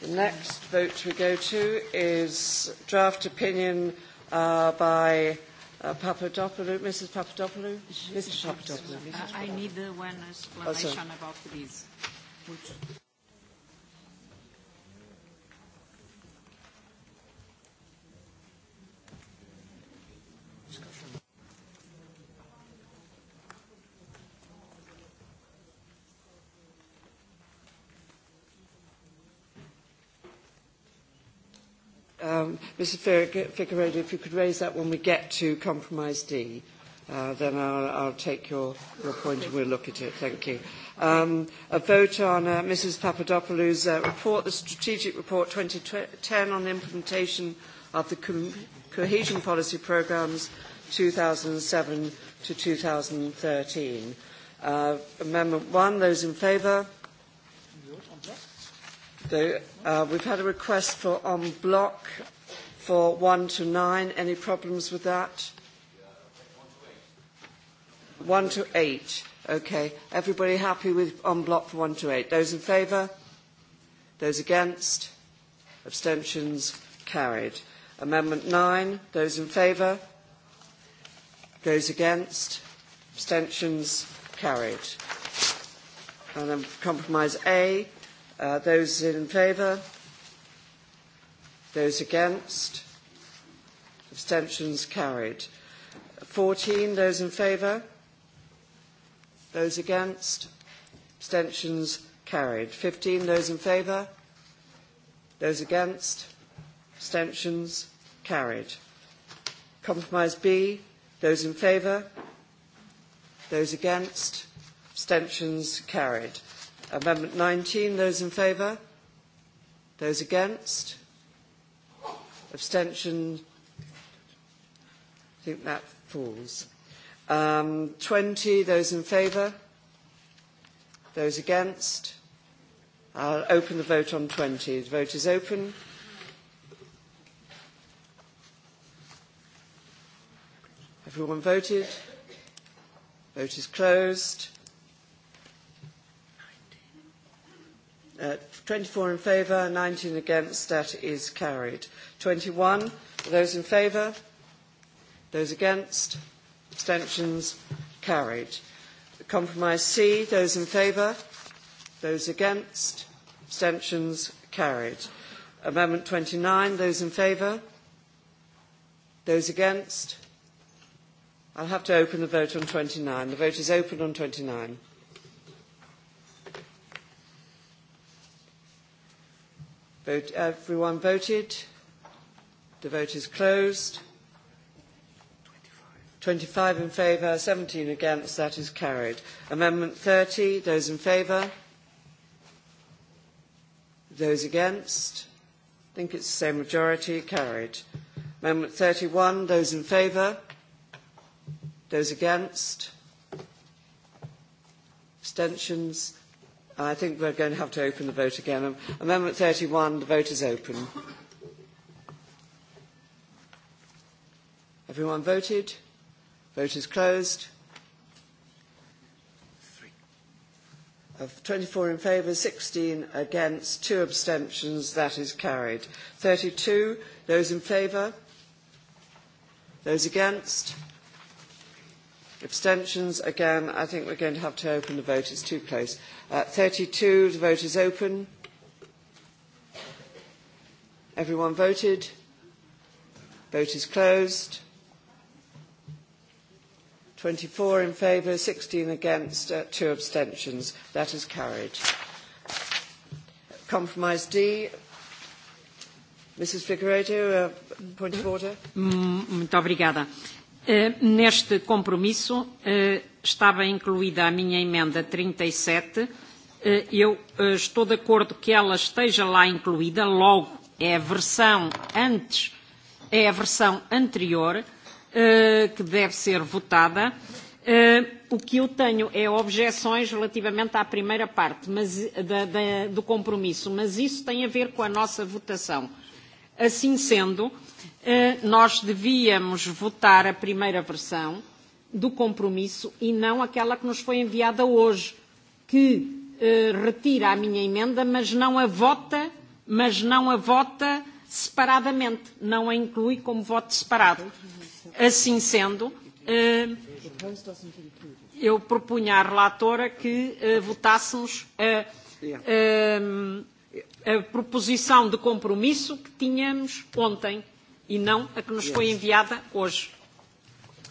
The next vote we go to is draft opinion uh, by uh, Papadopoulou, Mrs. Papadopoulou, Mr. Papadopoulou. I need one oh, explanation oh, about these. Um, Mr. Figueredo, if you could raise that when we get to compromise D, uh, then I'll, I'll take your, your point and we'll look at it. Thank you. Um, a vote on uh, Mrs. Papadopoulos' uh, report, the Strategic Report 2010 on the implementation of the co- cohesion policy programs 2007 to 2013. Uh, amendment one, those in favour? though. Uh, we've had a request for on block for 1 to 9. Any problems with that? 1 to 8. Okay. Everybody happy with on block for 1 to 8? Those in favour? Those against? Abstentions? Carried. Amendment 9. Those in favour? Those against? Abstentions? Carried. And then compromise A. Uh, those in favour? Those against? Abstentions carried. 14. Those in favour? Those against? Abstentions carried. 15. Those in favour? Those against? Abstentions carried. Compromise B. Those in favour? Those against? Abstentions carried. Amendment 19, those in favour? Those against? Abstention? I think that falls. Um, 20, those in favour? Those against? I'll open the vote on 20. The vote is open. Everyone voted? Vote is closed. 24 uh, in favour, 19 against. That is carried. 21. Those in favour? Those against? Abstentions? Carried. Compromise C. Those in favour? Those against? Abstentions? Carried. Amendment 29. Those in favour? Those against? I'll have to open the vote on 29. The vote is open on 29. Vote, everyone voted? The vote is closed. 25 in favour, 17 against, that is carried. Amendment 30, those in favour? Those against? I think it's the same majority, carried. Amendment 31, those in favour? Those against? Abstentions? I think we're going to have to open the vote again. Amendment 31, the vote is open. Everyone voted? Vote is closed. Of 24 in favour, 16 against, 2 abstentions, that is carried. 32, those in favour? Those against? Abstentions. Again, I think we're going to have to open the vote. It's too close. Uh, 32. The vote is open. Everyone voted. Vote is closed. 24 in favour, 16 against, uh, two abstentions. That is carried. Compromise D. Mrs Figueredo, uh, point of order. Mm, mm, Eh, neste compromisso eh, estava incluída a minha emenda 37. E eh, eu estou de acordo que ela esteja lá incluída, logo é a versão antes, é a versão anterior que deve ser votada. O que eu tenho é objeções relativamente à primeira parte mas, da, da, do compromisso, mas isso tem a ver com a nossa votação. Assim sendo, uh, Eh, nós devíamos votar a primeira versão do compromisso e não aquela que nos foi enviada hoje, que eh, retira a minha emenda, mas não a vota, mas não a vota separadamente, não a inclui como voto separado. Assim sendo, eh, eu propunha à relatora que votássemos a, a, a proposição de compromisso que tínhamos ontem e não a que nos foi enviada hoje.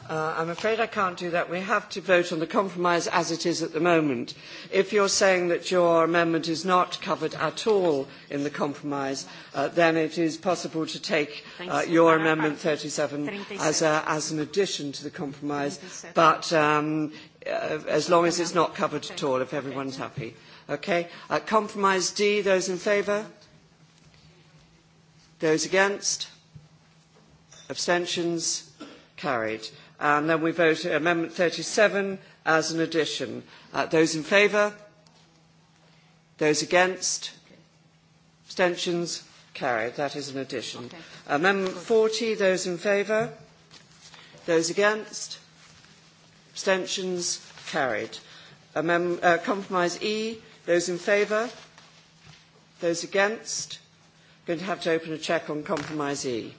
Uh, I'm afraid I can't do that. We have to vote on the compromise as it is at the moment. If you're saying that your amendment is not covered at all in the compromise, uh, then it is possible to take uh, your amendment 37 as, a, as an addition to the compromise, but um, uh, as long as it's not covered at all, if everyone's happy. Okay? Uh, compromise D, those in favour? Those against? Abstentions? Carried. And then we vote Amendment 37 as an addition. Uh, those in favour? Those against? Abstentions? Carried. That is an addition. Okay. Amendment 40, those in favour? Those against? Abstentions? Carried. Amem- uh, compromise E, those in favour? Those against? Going to have to open a check on Compromise E.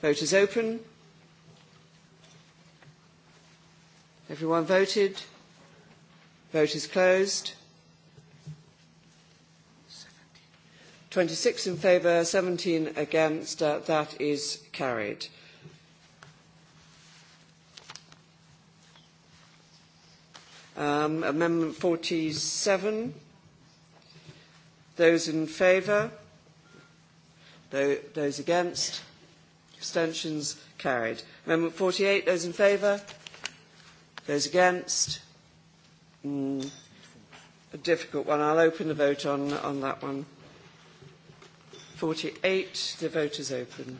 Vote is open. Everyone voted? Vote is closed. 26 in favor, 17 against. Uh, that is carried. Um, Amendment 47. Those in favor? Those against? Abstentions carried. Amendment 48, those in favour? Those against? Mm, a difficult one. I'll open the vote on, on that one. 48, the vote is open.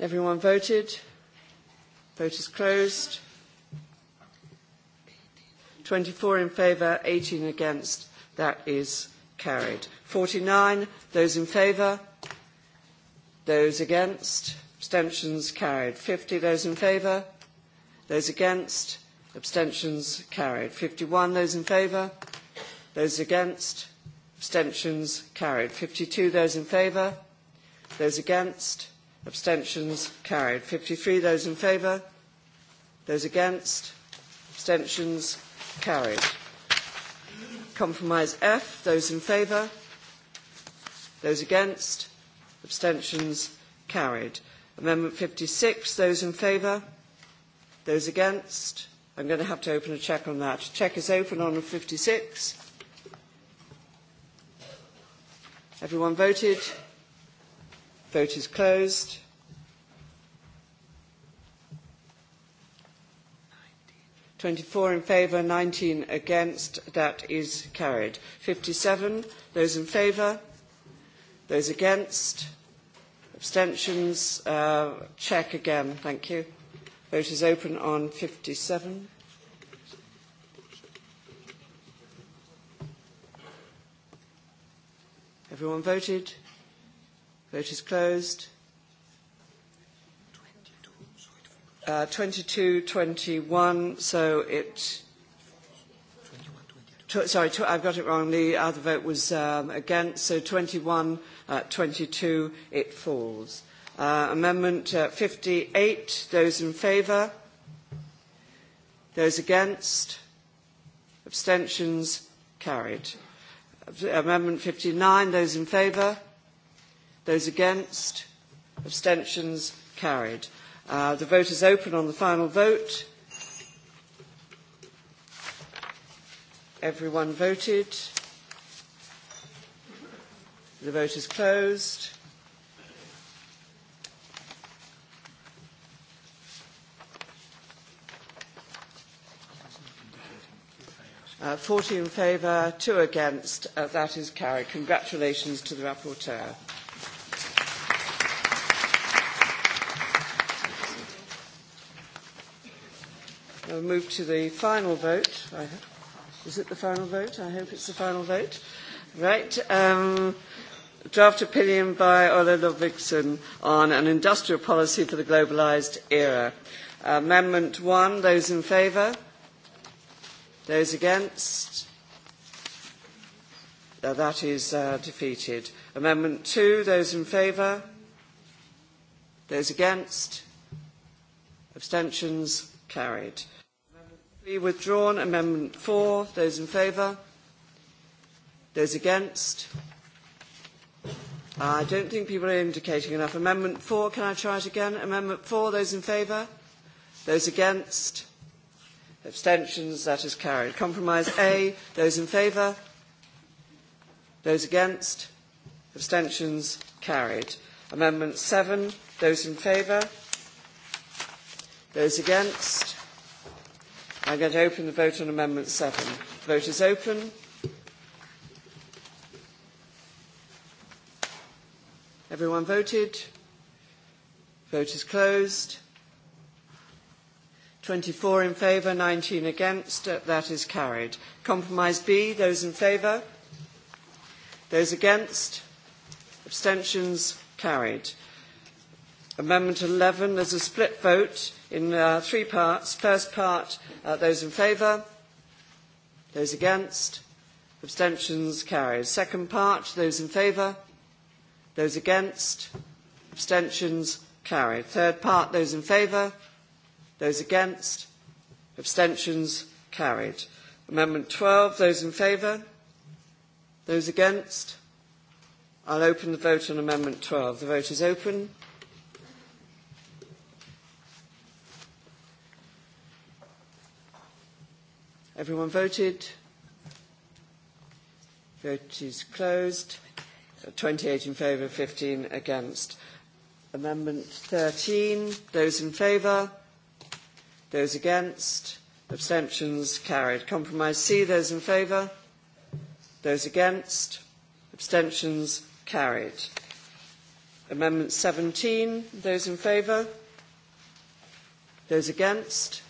Everyone voted? Vote is closed. 24 in favour, 18 against. That is carried. 49, those in favour? Those against? Abstentions carried. 50. Those in favour? Those against? Abstentions carried. 51. Those in favour? Those against? Abstentions carried. 52. Those in favour? Those against? Abstentions carried. 53. Those in favour? Those against? Abstentions carried. Compromise F. Those in favour? Those against? Abstentions Abstentions carried. Amendment 56, those in favour? Those against? I'm going to have to open a check on that. Check is open on 56. Everyone voted? Vote is closed. Twenty-four in favour, nineteen against. That is carried. Fifty-seven. Those in favour, Those against? Abstentions? Uh, check again, thank you. Vote is open on 57. Everyone voted? Vote is closed. Uh, 22 21, so it sorry, tw I've got it wrong. The other vote was um, against. So 21, uh, 22, it falls. Uh, amendment uh, 58, those in favour. Those against. Abstentions carried. Amendment 59, those in favour. Those against. Abstentions carried. Uh, the vote is open on the final vote. Everyone voted. The vote is closed. Uh, 40 in favour, 2 against. Uh, that is carried. Congratulations to the rapporteur. We'll move to the final vote. I have. Is it the final vote? I hope it's the final vote. Right. Um, draft opinion by Ola Ludvigsson on an industrial policy for the globalised era. Uh, amendment one. Those in favour? Those against? Uh, that is uh, defeated. Amendment two. Those in favour? Those against? Abstentions carried be withdrawn amendment 4 those in favor those against i don't think people are indicating enough amendment 4 can i try it again amendment 4 those in favor those against abstentions that is carried compromise a those in favor those against abstentions carried amendment 7 those in favor those against I'm going to open the vote on Amendment 7. The vote is open. Everyone voted. Vote is closed. 24 in favour, 19 against. Uh, that is carried. Compromise B, those in favour. Those against. Abstentions carried. Amendment 11, there's a split vote in uh, three parts. First part, uh, those in favour, those against, abstentions carried. Second part, those in favour, those against, abstentions carried. Third part, those in favour, those against, abstentions carried. Amendment 12, those in favour, those against. I'll open the vote on Amendment 12. The vote is open. Everyone voted? Vote is closed. 28 in favor, 15 against. Amendment 13, those in favor? Those against? Abstentions carried. Compromise C, those in favor? Those against? Abstentions carried. Amendment 17, those in favor? Those against?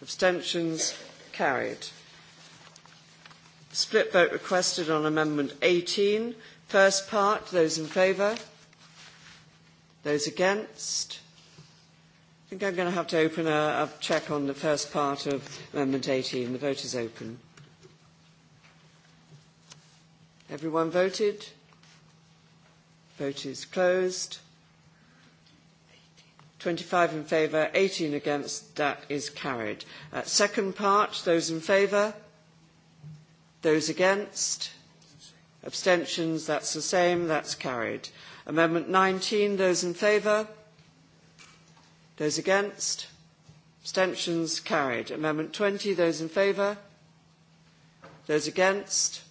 Abstentions carried. Split vote requested on Amendment 18. First part, those in favour? Those against? I think I'm going to have to open a, a check on the first part of Amendment 18. The vote is open. Everyone voted? Vote is closed. 25 in favour, 18 against, that is carried. Uh, second part, those in favour, those against, abstentions, that's the same, that's carried. Amendment 19, those in favour, those against, abstentions, carried. Amendment 20, those in favour, those against,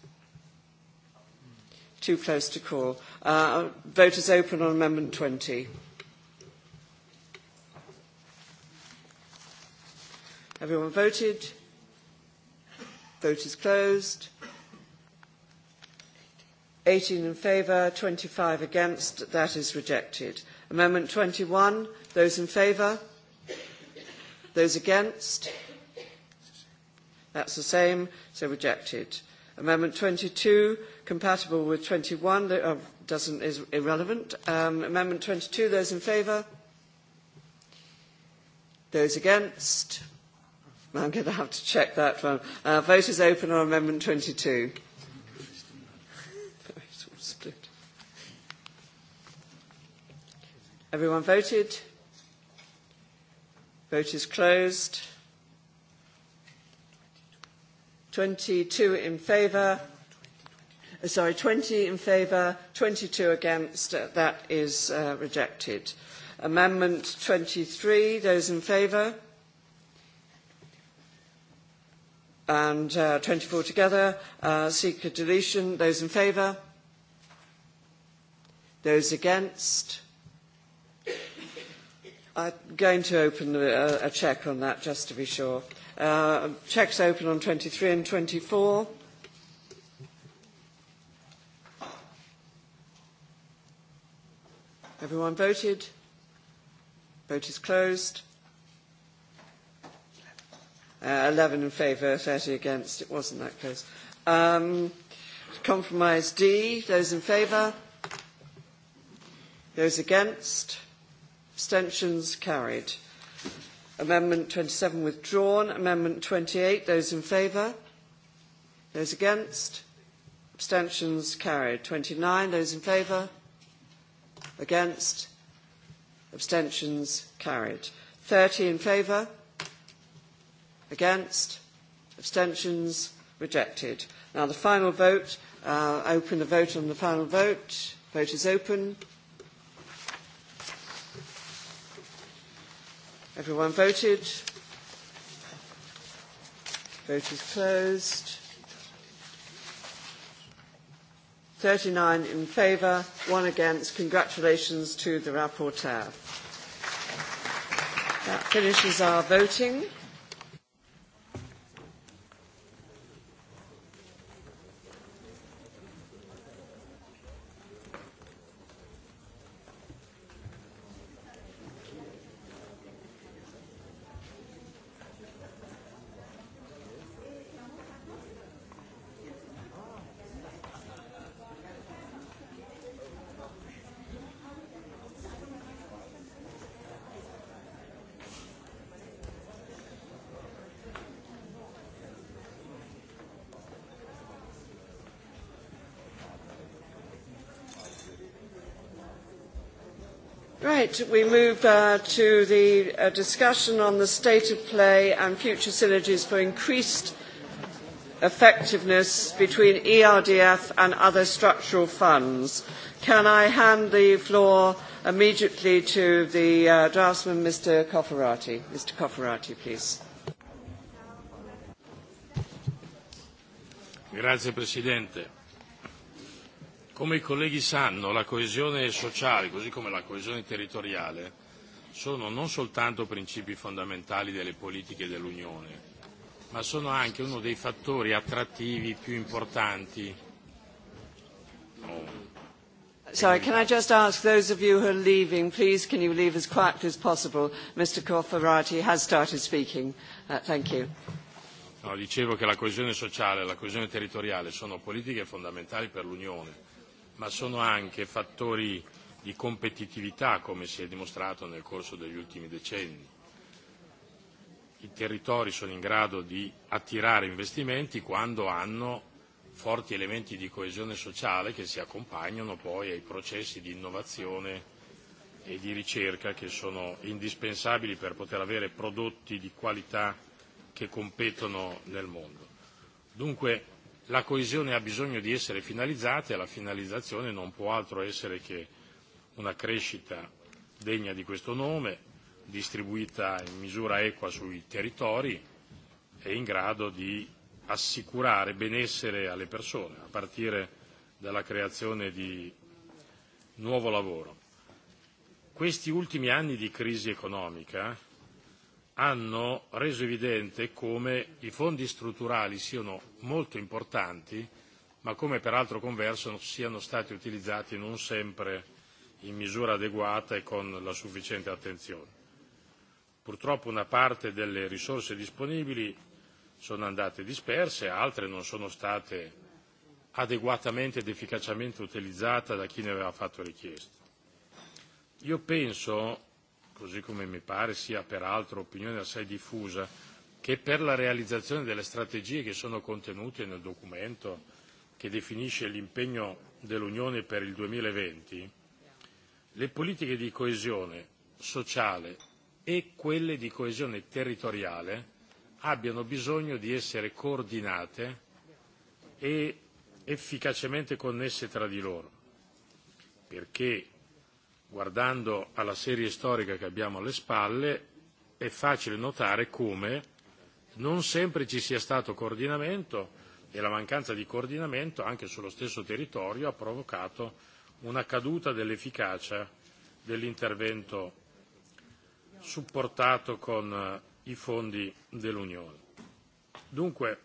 too close to call. Uh, vote is open on Amendment 20. Everyone voted? Vote is closed. 18 in favour, 25 against. That is rejected. Amendment 21. Those in favour? Those against? That's the same. So rejected. Amendment 22. Compatible with 21. That doesn't, is irrelevant. Um, amendment 22. Those in favour? Those against? Now I'm going to have to check that one. Uh, vote is open on Amendment 22. Everyone voted? Vote is closed. 22 in favour. Uh, sorry, 20 in favour, 22 against. Uh, that is uh, rejected. Amendment 23, those in favour? and uh, 24 together. Uh, seek a deletion. Those in favour? Those against? I'm going to open a, uh, a check on that just to be sure. Uh, checks open on 23 and 24. Everyone voted? Vote is closed. Uh, 11 in favour, 30 against. It wasn't that close. Um, compromise D, those in favour. Those against. Abstentions carried. Amendment 27 withdrawn. Amendment 28, those in favour. Those against. Abstentions carried. 29, those in favour. Against. Abstentions carried. 30 in favour against abstentions rejected now the final vote uh, open the vote on the final vote vote is open everyone voted vote is closed 39 in favour, one against. Congratulations to the rapporteur. That finishes our voting. Right, we move uh, to the uh, discussion on the state of play and future synergies for increased effectiveness between ERDF and other structural funds. Can I hand the floor immediately to the uh, draftsman, Mr. Cofferati? Mr. Cofferati, please. Grazie, Presidente. Come i colleghi sanno, la coesione sociale, così come la coesione territoriale, sono non soltanto principi fondamentali delle politiche dell'Unione, ma sono anche uno dei fattori attrattivi più importanti. No. Sorry, can I just ask those of you who are leaving, please can you leave as quietly as possible? Mr. Corferati has started speaking. Uh, thank you. No, dicevo che la coesione sociale e la coesione territoriale sono politiche fondamentali per l'Unione ma sono anche fattori di competitività, come si è dimostrato nel corso degli ultimi decenni. I territori sono in grado di attirare investimenti quando hanno forti elementi di coesione sociale che si accompagnano poi ai processi di innovazione e di ricerca che sono indispensabili per poter avere prodotti di qualità che competono nel mondo. Dunque la coesione ha bisogno di essere finalizzata e la finalizzazione non può altro essere che una crescita degna di questo nome, distribuita in misura equa sui territori e in grado di assicurare benessere alle persone, a partire dalla creazione di nuovo lavoro. Questi ultimi anni di crisi economica hanno reso evidente come i fondi strutturali siano molto importanti ma come per altro converso siano stati utilizzati non sempre in misura adeguata e con la sufficiente attenzione. Purtroppo una parte delle risorse disponibili sono andate disperse, altre non sono state adeguatamente ed efficacemente utilizzate da chi ne aveva fatto richiesta. Io penso così come mi pare sia peraltro opinione assai diffusa, che per la realizzazione delle strategie che sono contenute nel documento che definisce l'impegno dell'Unione per il 2020, le politiche di coesione sociale e quelle di coesione territoriale abbiano bisogno di essere coordinate e efficacemente connesse tra di loro, perché guardando alla serie storica che abbiamo alle spalle, è facile notare come non sempre ci sia stato coordinamento e la mancanza di coordinamento anche sullo stesso territorio ha provocato una caduta dell'efficacia dell'intervento supportato con eh, i fondi dell'Unione. Dunque,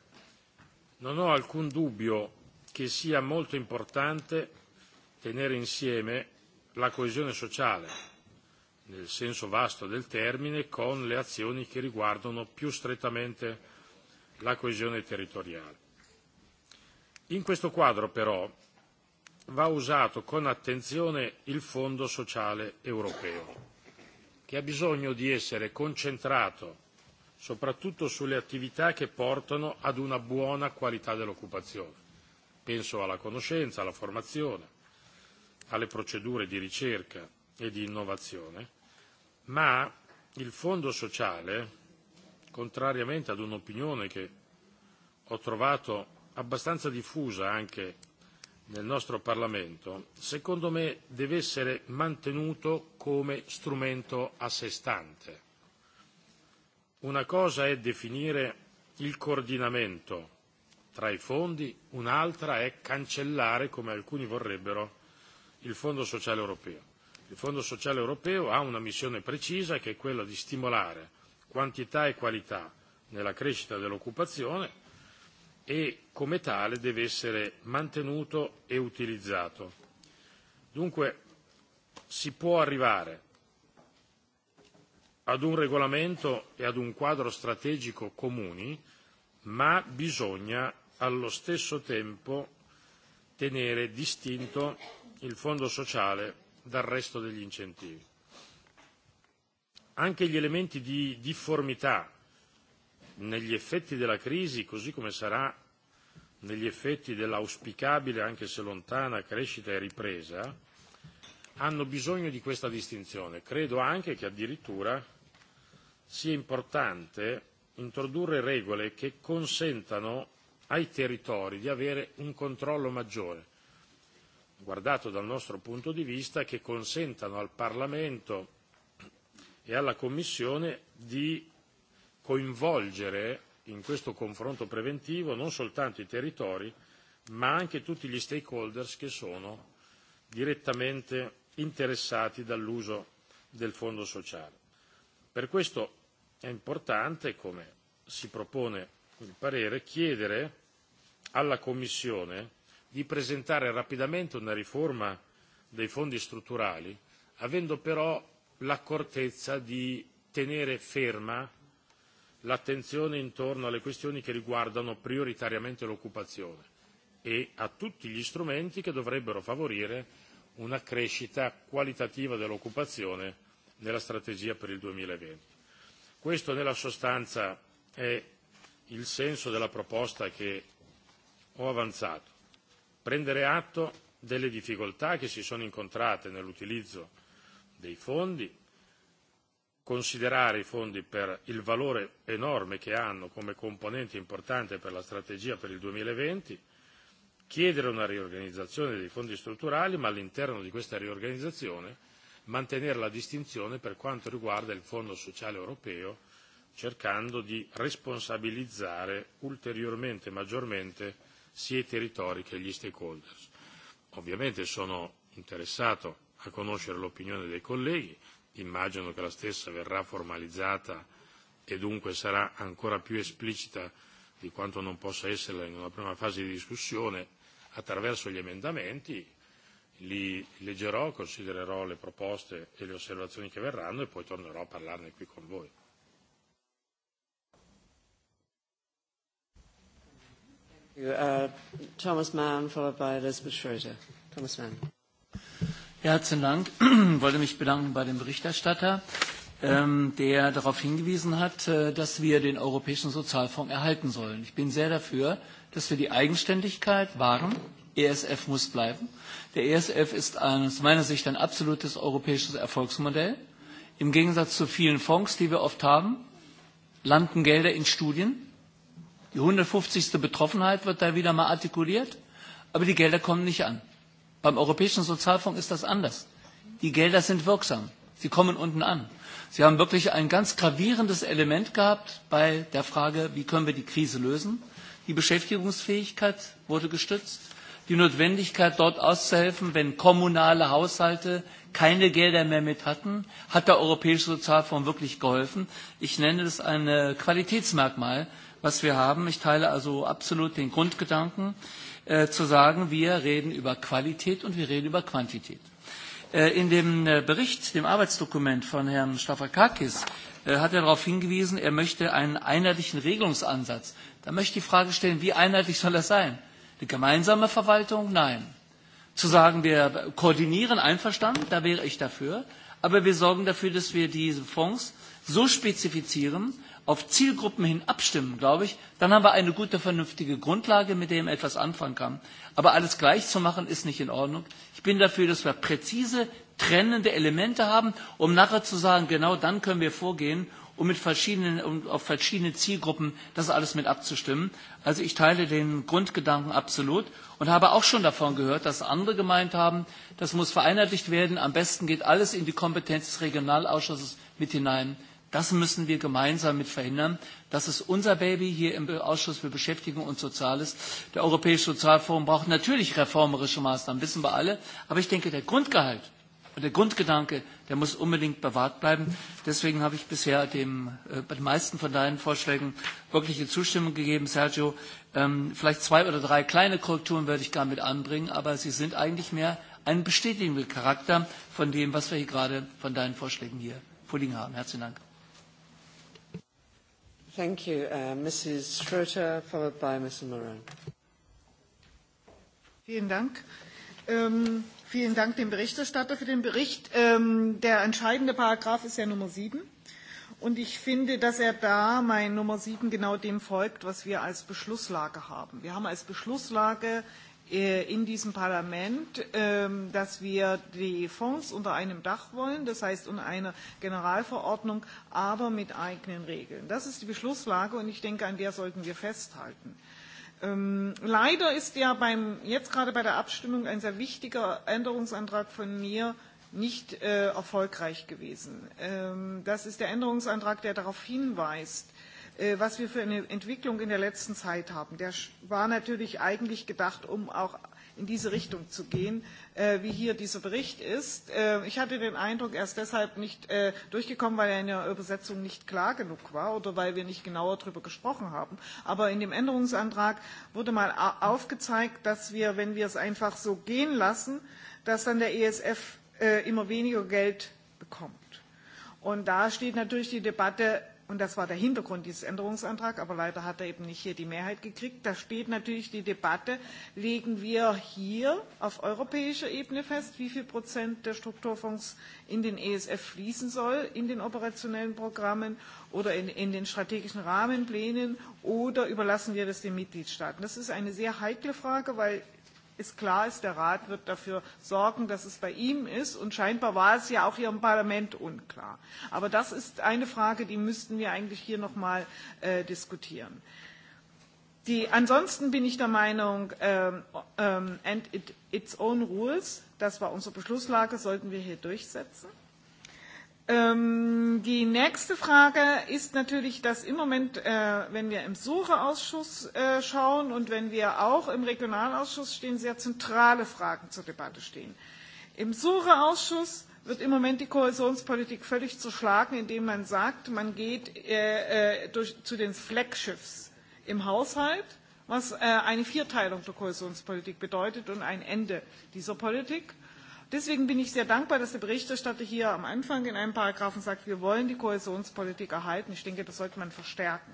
non ho alcun dubbio che sia molto importante tenere insieme la coesione sociale, nel senso vasto del termine, con le azioni che riguardano più strettamente la coesione territoriale. In questo quadro però va usato con attenzione il Fondo sociale europeo, che ha bisogno di essere concentrato soprattutto sulle attività che portano ad una buona qualità dell'occupazione. Penso alla conoscenza, alla formazione, alle procedure di ricerca e di innovazione, ma il fondo sociale, contrariamente ad un'opinione che ho trovato abbastanza diffusa anche nel nostro Parlamento, secondo me deve essere mantenuto come strumento a sé stante. Una cosa è definire il coordinamento tra i fondi, un'altra è cancellare, come alcuni vorrebbero, il Fondo sociale europeo. Il Fondo sociale europeo ha una missione precisa che è quella di stimolare quantità e qualità nella crescita dell'occupazione e come tale deve essere mantenuto e utilizzato. Dunque si può arrivare ad un regolamento e ad un quadro strategico comuni, ma bisogna allo stesso tempo tenere distinto il fondo sociale dal resto degli incentivi. Anche gli elementi di difformità negli effetti della crisi, così come sarà negli effetti dell'auspicabile, anche se lontana, crescita e ripresa, hanno bisogno di questa distinzione. Credo anche che addirittura sia importante introdurre regole che consentano ai territori di avere un controllo maggiore guardato dal nostro punto di vista, che consentano al Parlamento e alla Commissione di coinvolgere in questo confronto preventivo non soltanto i territori, ma anche tutti gli stakeholders che sono direttamente interessati dall'uso del fondo sociale. Per questo è importante, come si propone il parere, chiedere alla Commissione di presentare rapidamente una riforma dei fondi strutturali, avendo però l'accortezza di tenere ferma l'attenzione intorno alle questioni che riguardano prioritariamente l'occupazione e a tutti gli strumenti che dovrebbero favorire una crescita qualitativa dell'occupazione nella strategia per il 2020. Questo nella sostanza è il senso della proposta che ho avanzato prendere atto delle difficoltà che si sono incontrate nell'utilizzo dei fondi, considerare i fondi per il valore enorme che hanno come componente importante per la strategia per il 2020, chiedere una riorganizzazione dei fondi strutturali, ma all'interno di questa riorganizzazione mantenere la distinzione per quanto riguarda il Fondo sociale europeo, cercando di responsabilizzare ulteriormente e maggiormente sia i territori che gli stakeholders. Ovviamente sono interessato a conoscere l'opinione dei colleghi, immagino che la stessa verrà formalizzata e dunque sarà ancora più esplicita di quanto non possa essere in una prima fase di discussione attraverso gli emendamenti. Li leggerò, considererò le proposte e le osservazioni che verranno e poi tornerò a parlarne qui con voi. you. Uh, Thomas Mann, followed by Elizabeth Schroeder. Thomas Mann. Ja, herzlichen Dank. Ich [CLEARS THROAT] wollte mich bedanken bei dem Berichterstatter, ähm, der darauf hingewiesen hat, äh, dass wir den Europäischen Sozialfonds erhalten sollen. Ich bin sehr dafür, dass wir die Eigenständigkeit wahren. ESF muss bleiben. Der ESF ist ein, aus meiner Sicht ein absolutes europäisches Erfolgsmodell. Im Gegensatz zu vielen Fonds, die wir oft haben, landen Gelder in Studien, Die 150. Betroffenheit wird da wieder mal artikuliert, aber die Gelder kommen nicht an. Beim Europäischen Sozialfonds ist das anders. Die Gelder sind wirksam. Sie kommen unten an. Sie haben wirklich ein ganz gravierendes Element gehabt bei der Frage, wie können wir die Krise lösen. Die Beschäftigungsfähigkeit wurde gestützt. Die Notwendigkeit, dort auszuhelfen, wenn kommunale Haushalte keine Gelder mehr mit hatten, hat der Europäische Sozialfonds wirklich geholfen. Ich nenne das ein äh, Qualitätsmerkmal was wir haben. Ich teile also absolut den Grundgedanken, äh, zu sagen, wir reden über Qualität und wir reden über Quantität. Äh, in dem äh, Bericht, dem Arbeitsdokument von Herrn Stafakakis, äh, hat er darauf hingewiesen, er möchte einen einheitlichen Regelungsansatz. Da möchte ich die Frage stellen, wie einheitlich soll das sein? Eine gemeinsame Verwaltung? Nein. Zu sagen, wir koordinieren einverstanden, da wäre ich dafür. Aber wir sorgen dafür, dass wir diese Fonds so spezifizieren, auf Zielgruppen hin abstimmen, glaube ich, dann haben wir eine gute, vernünftige Grundlage, mit der man etwas anfangen kann. Aber alles gleich zu machen, ist nicht in Ordnung. Ich bin dafür, dass wir präzise, trennende Elemente haben, um nachher zu sagen, genau dann können wir vorgehen, um, mit verschiedenen, um auf verschiedenen Zielgruppen das alles mit abzustimmen. Also ich teile den Grundgedanken absolut und habe auch schon davon gehört, dass andere gemeint haben, das muss vereinheitlicht werden. Am besten geht alles in die Kompetenz des Regionalausschusses mit hinein. Das müssen wir gemeinsam mit verhindern. Das ist unser Baby hier im Ausschuss für Beschäftigung und Soziales. Der Europäische Sozialforum braucht natürlich reformerische Maßnahmen, wissen wir alle. Aber ich denke, der Grundgehalt und der Grundgedanke, der muss unbedingt bewahrt bleiben. Deswegen habe ich bisher dem, äh, bei den meisten von deinen Vorschlägen wirkliche Zustimmung gegeben, Sergio. Ähm, vielleicht zwei oder drei kleine Korrekturen würde ich gar mit anbringen, aber sie sind eigentlich mehr ein bestätigender Charakter von dem, was wir hier gerade von deinen Vorschlägen hier vorliegen haben. Herzlichen Dank. Thank you. Uh, Mrs. Schroeter, followed by Mr. Moran. Vielen Dank. Ähm, vielen Dank dem Berichterstatter für den Bericht. Ähm, der entscheidende Paragraph ist ja Nummer 7. Und ich finde, dass er da, mein Nummer 7, genau dem folgt, was wir als Beschlusslage haben. Wir haben als Beschlusslage Äh, in diesem Parlament, ähm, dass wir die Fonds unter einem Dach wollen, das heißt unter einer Generalverordnung, aber mit eigenen Regeln. Das ist die Beschlusslage und ich denke, an der sollten wir festhalten. Ähm, leider ist ja beim, jetzt gerade bei der Abstimmung ein sehr wichtiger Änderungsantrag von mir nicht äh, erfolgreich gewesen. Ähm, das ist der Änderungsantrag, der darauf hinweist, Äh, was wir für eine Entwicklung in der letzten Zeit haben. Der war natürlich eigentlich gedacht, um auch in diese Richtung zu gehen, äh, wie hier dieser Bericht ist. Äh, ich hatte den Eindruck, er ist deshalb nicht äh, durchgekommen, weil er in der Übersetzung nicht klar genug war oder weil wir nicht genauer darüber gesprochen haben. Aber in dem Änderungsantrag wurde mal aufgezeigt, dass wir, wenn wir es einfach so gehen lassen, dass dann der ESF äh, immer weniger Geld bekommt. Und da steht natürlich die Debatte und das war der Hintergrund dieses Änderungsantrags, aber leider hat er eben nicht hier die Mehrheit gekriegt. Da steht natürlich die Debatte, legen wir hier auf europäischer Ebene fest, wie viel Prozent der Strukturfonds in den ESF fließen soll, in den operationellen Programmen oder in, in den strategischen Rahmenplänen oder überlassen wir das den Mitgliedstaaten. Das ist eine sehr heikle Frage, weil ist klar ist, der Rat wird dafür sorgen, dass es bei ihm ist. Und scheinbar war es ja auch hier im Parlament unklar. Aber das ist eine Frage, die müssten wir eigentlich hier nochmal äh, diskutieren. Die, ansonsten bin ich der Meinung, ähm, ähm, and it, its own rules, das war unsere Beschlusslage, sollten wir hier durchsetzen. Ähm, die nächste Frage ist natürlich, dass im Moment, äh, wenn wir im Sucheausschuss äh, schauen und wenn wir auch im Regionalausschuss stehen, sehr zentrale Fragen zur Debatte stehen. Im Sucheausschuss wird im Moment die Kohäsionspolitik völlig zerschlagen, indem man sagt, man geht äh, äh durch, zu den Flagships im Haushalt, was äh, eine Vierteilung der Kohäsionspolitik bedeutet und ein Ende dieser Politik. Deswegen bin ich sehr dankbar, dass der Berichterstatter hier am Anfang in einem Paragraphen sagt, wir wollen die Kohäsionspolitik erhalten. Ich denke, das sollte man verstärken.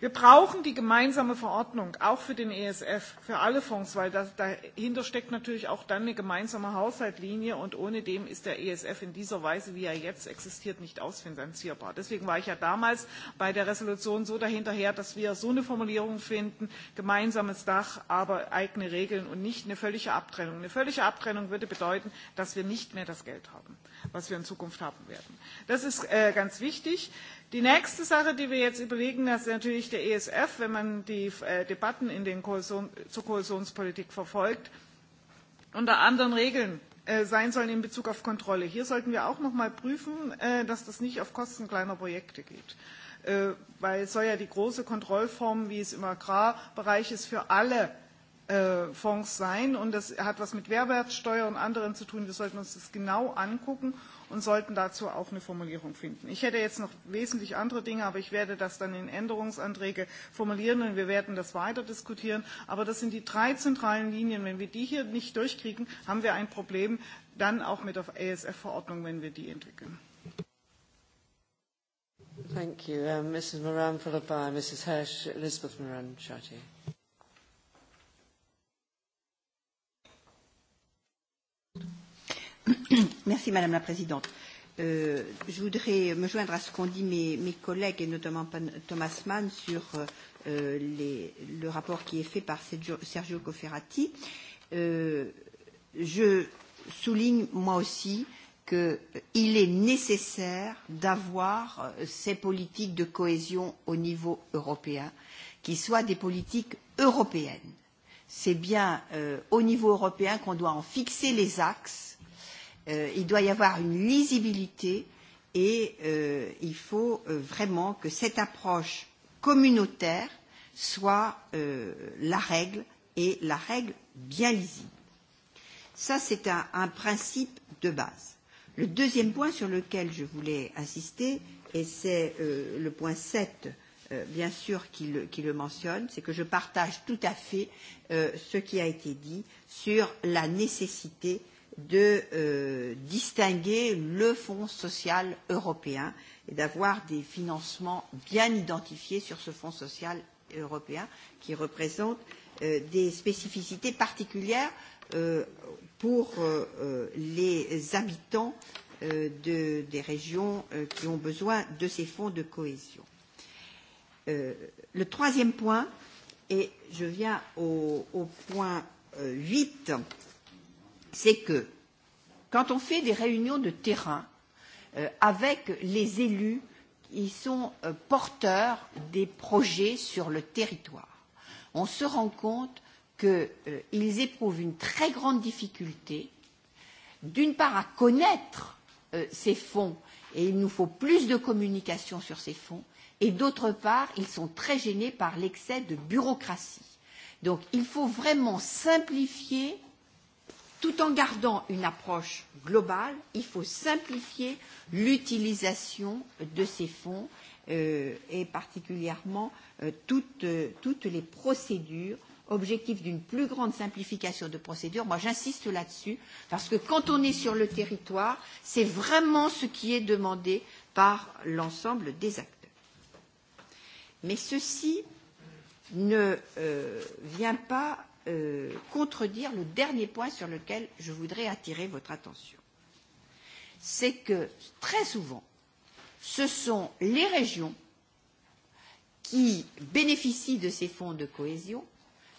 Wir brauchen die gemeinsame Verordnung auch für den ESF, für alle Fonds, weil das, dahinter steckt natürlich auch dann eine gemeinsame Haushaltlinie und ohne dem ist der ESF in dieser Weise, wie er jetzt existiert, nicht ausfinanzierbar. Deswegen war ich ja damals bei der Resolution so dahinterher, dass wir so eine Formulierung finden, gemeinsames Dach, aber eigene Regeln und nicht eine völlige Abtrennung. Eine völlige Abtrennung würde bedeuten, dass wir nicht mehr das Geld haben was wir in Zukunft haben werden. Das ist äh, ganz wichtig. Die nächste Sache, die wir jetzt überlegen, das ist natürlich der ESF, wenn man die äh, Debatten in den Kohäsion, zur Kohäsionspolitik verfolgt, unter anderen Regeln äh, sein sollen in Bezug auf Kontrolle. Hier sollten wir auch noch mal prüfen, äh, dass das nicht auf Kosten kleiner Projekte geht. Äh, weil es soll ja die große Kontrollform, wie es im Agrarbereich ist, für alle äh, Äh, Fonds sein und das hat was mit Mehrwertsteuer und anderen zu tun. Wir sollten uns das genau angucken und sollten dazu auch eine Formulierung finden. Ich hätte jetzt noch wesentlich andere Dinge, aber ich werde das dann in Änderungsanträge formulieren und wir werden das weiter diskutieren. Aber das sind die drei zentralen Linien. Wenn wir die hier nicht durchkriegen, haben wir ein Problem dann auch mit der ASF-Verordnung, e wenn wir die entwickeln. Thank you, um, Mrs. Moran, followed by Mrs. Hirsch, Elizabeth Moran, Chatty. [COUGHS] Merci Madame la Présidente. Euh, je voudrais me joindre à ce qu'ont dit mes, mes collègues et notamment Thomas Mann sur euh, les, le rapport qui est fait par Sergio Cofferati. Euh, je souligne moi aussi qu'il euh, est nécessaire d'avoir euh, ces politiques de cohésion au niveau européen, qui soient des politiques européennes. C'est bien euh, au niveau européen qu'on doit en fixer les axes euh, il doit y avoir une lisibilité et euh, il faut euh, vraiment que cette approche communautaire soit euh, la règle et la règle bien lisible. Ça, c'est un, un principe de base. Le deuxième point sur lequel je voulais insister, et c'est euh, le point 7, euh, bien sûr, qui le, qui le mentionne, c'est que je partage tout à fait euh, ce qui a été dit sur la nécessité euh, de euh, distinguer le Fonds social européen et d'avoir des financements bien identifiés sur ce Fonds social européen qui représente euh, des spécificités particulières euh, pour euh, euh, les habitants euh, de, des régions euh, qui ont besoin de ces fonds de cohésion. Euh, le troisième point, et je viens au, au point euh, 8, euh, c'est que quand on fait des réunions de terrain euh, avec les élus qui sont euh, porteurs des projets sur le territoire, on se rend compte qu'ils euh, éprouvent une très grande difficulté, d'une part, à connaître euh, ces fonds, et il nous faut plus de communication sur ces fonds, et d'autre part, ils sont très gênés par l'excès de bureaucratie. Donc, il faut vraiment simplifier euh, tout en gardant une approche globale, il faut simplifier l'utilisation de ces fonds euh, et particulièrement euh, toutes, euh, toutes les procédures. Objectif d'une plus grande simplification de procédures. Moi, j'insiste là-dessus parce que quand on est sur le territoire, c'est vraiment ce qui est demandé par l'ensemble des acteurs. Mais ceci ne euh, vient pas euh, contredire le dernier point sur lequel je voudrais attirer votre attention. C'est que très souvent, ce sont les régions qui bénéficient de ces fonds de cohésion,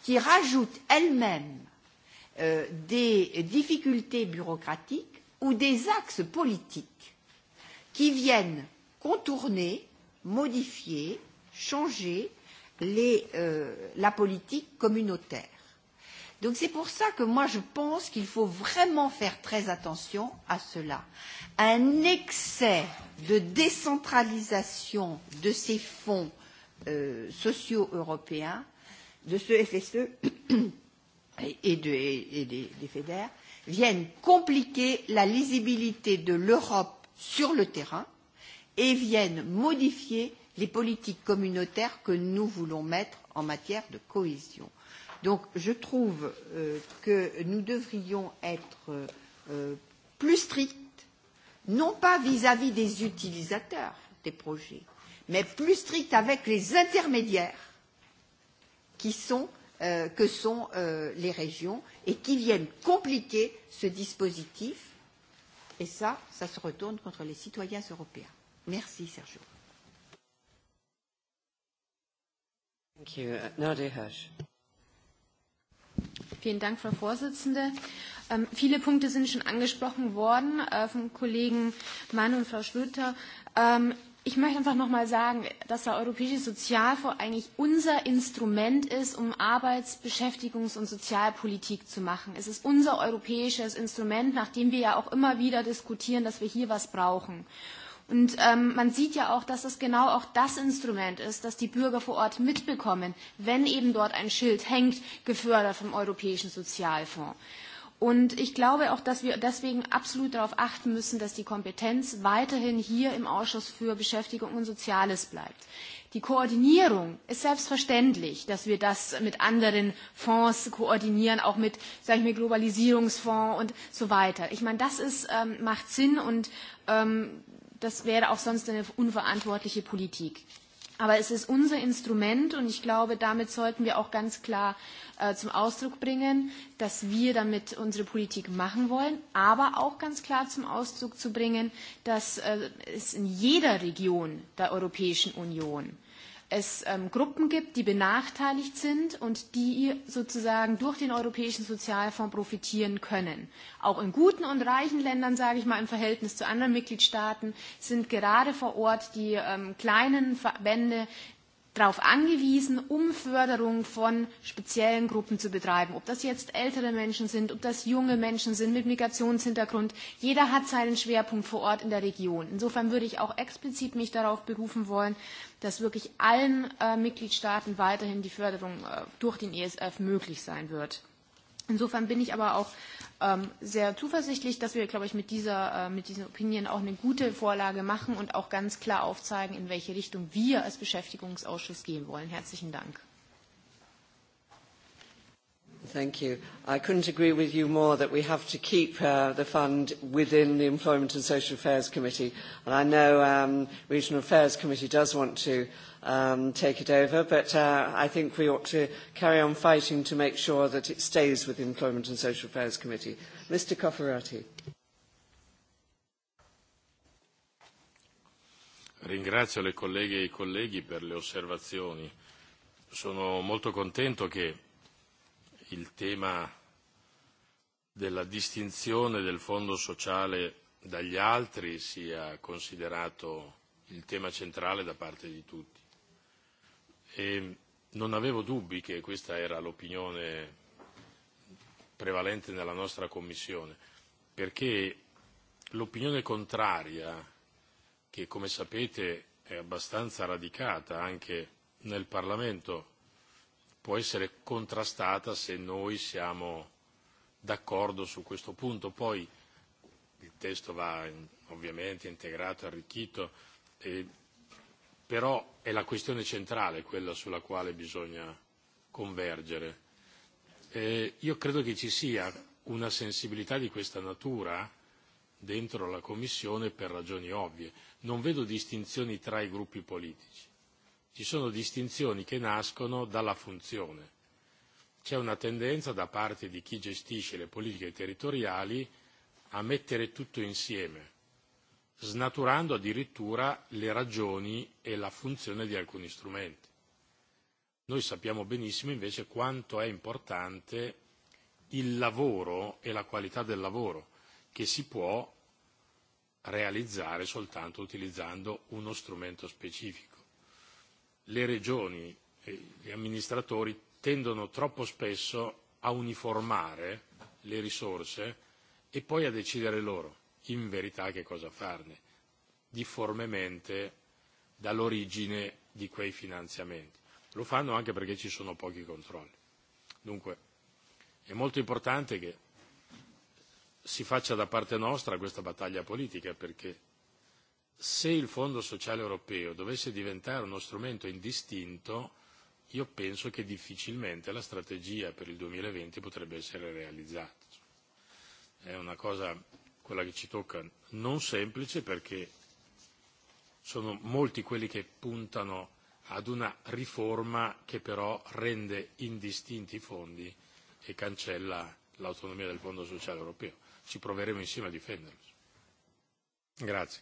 qui rajoutent elles-mêmes euh, des difficultés bureaucratiques ou des axes politiques qui viennent contourner, modifier, changer les, euh, la politique communautaire. Donc c'est pour ça que moi je pense qu'il faut vraiment faire très attention à cela. Un excès de décentralisation de ces fonds euh, sociaux européens, de ce FSE [COUGHS] et, de, et des, des FEDER, viennent compliquer la lisibilité de l'Europe sur le terrain et viennent modifier les politiques communautaires que nous voulons mettre en matière de cohésion. Donc je trouve euh, que nous devrions être euh, euh plus stricts, non pas vis-à-vis -vis des utilisateurs des projets, mais plus stricts avec les intermédiaires qui sont, euh, que sont euh, les régions et qui viennent compliquer ce dispositif. Et ça, ça se retourne contre les citoyens européens. Merci, Sergio. Thank you. Uh, Nadia Hirsch. Vielen Dank, Frau Vorsitzende. Ähm, viele Punkte sind schon angesprochen worden äh, vom Kollegen Mann und Frau Schlüter. Ähm, ich möchte einfach noch mal sagen, dass der Europäische Sozialfonds eigentlich unser Instrument ist, um Arbeits-, Beschäftigungs- und Sozialpolitik zu machen. Es ist unser europäisches Instrument, nachdem wir ja auch immer wieder diskutieren, dass wir hier was brauchen. Und ähm, man sieht ja auch, dass das genau auch das Instrument ist, das die Bürger vor Ort mitbekommen, wenn eben dort ein Schild hängt, gefördert vom Europäischen Sozialfonds. Und ich glaube auch, dass wir deswegen absolut darauf achten müssen, dass die Kompetenz weiterhin hier im Ausschuss für Beschäftigung und Soziales bleibt. Die Koordinierung ist selbstverständlich, dass wir das mit anderen Fonds koordinieren, auch mit, sage ich mal, Globalisierungsfonds und so weiter. Ich meine, das ist, ähm, macht Sinn und ähm, das wäre auch sonst eine unverantwortliche Politik. Aber es ist unser Instrument und ich glaube, damit sollten wir auch ganz klar äh, zum Ausdruck bringen, dass wir damit unsere Politik machen wollen, aber auch ganz klar zum Ausdruck zu bringen, dass äh, es in jeder Region der Europäischen Union es ähm, Gruppen gibt, die benachteiligt sind und die sozusagen durch den Europäischen Sozialfonds profitieren können. Auch in guten und reichen Ländern, sage ich mal, im Verhältnis zu anderen Mitgliedstaaten, sind gerade vor Ort die ähm, kleinen Verbände darauf angewiesen, um Förderung von speziellen Gruppen zu betreiben. Ob das jetzt ältere Menschen sind, ob das junge Menschen sind mit Migrationshintergrund. Jeder hat seinen Schwerpunkt vor Ort in der Region. Insofern würde ich auch explizit mich darauf berufen wollen, dass wirklich allen äh, Mitgliedstaaten weiterhin die Förderung äh, durch den ESF möglich sein wird. Insofern bin ich aber auch ähm, sehr zuversichtlich, dass wir, glaube ich, mit dieser, äh, mit diesen Opinion auch eine gute Vorlage machen und auch ganz klar aufzeigen, in welche Richtung wir als Beschäftigungsausschuss gehen wollen. Herzlichen Dank. Thank you. I couldn't agree with you more that we have to keep uh, the fund within the Employment and Social Affairs Committee. And I know um, Regional Affairs Committee does want to um, take it over, but uh, I think we ought to carry on fighting to make sure that it stays with the Employment and Social Affairs Committee. Mr. Cofferati. Ringrazio le colleghe e i colleghi per le osservazioni. Sono molto contento che il tema della distinzione del fondo sociale dagli altri sia considerato il tema centrale da parte di tutti. E non avevo dubbi che questa era l'opinione prevalente nella nostra Commissione, perché l'opinione contraria, che come sapete è abbastanza radicata anche nel Parlamento, può essere contrastata se noi siamo d'accordo su questo punto. Poi il testo va ovviamente integrato, arricchito, e, però è la questione centrale quella sulla quale bisogna convergere. Eh, io credo che ci sia una sensibilità di questa natura dentro la Commissione per ragioni ovvie. Non vedo distinzioni tra i gruppi politici ci sono distinzioni che nascono dalla funzione c'è una tendenza da parte di chi gestisce le politiche territoriali a mettere tutto insieme snaturando addirittura le ragioni e la funzione di alcuni strumenti noi sappiamo benissimo invece quanto è importante il lavoro e la qualità del lavoro che si può realizzare soltanto utilizzando uno strumento specifico le regioni e gli amministratori tendono troppo spesso a uniformare le risorse e poi a decidere loro in verità che cosa farne, difformemente dall'origine di quei finanziamenti. Lo fanno anche perché ci sono pochi controlli. Dunque è molto importante che si faccia da parte nostra questa battaglia politica perché se il Fondo sociale europeo dovesse diventare uno strumento indistinto, io penso che difficilmente la strategia per il 2020 potrebbe essere realizzata. È una cosa, quella che ci tocca, non semplice perché sono molti quelli che puntano ad una riforma che però rende indistinti i fondi e cancella l'autonomia del Fondo sociale europeo. Ci proveremo insieme a difenderlo. Grazie.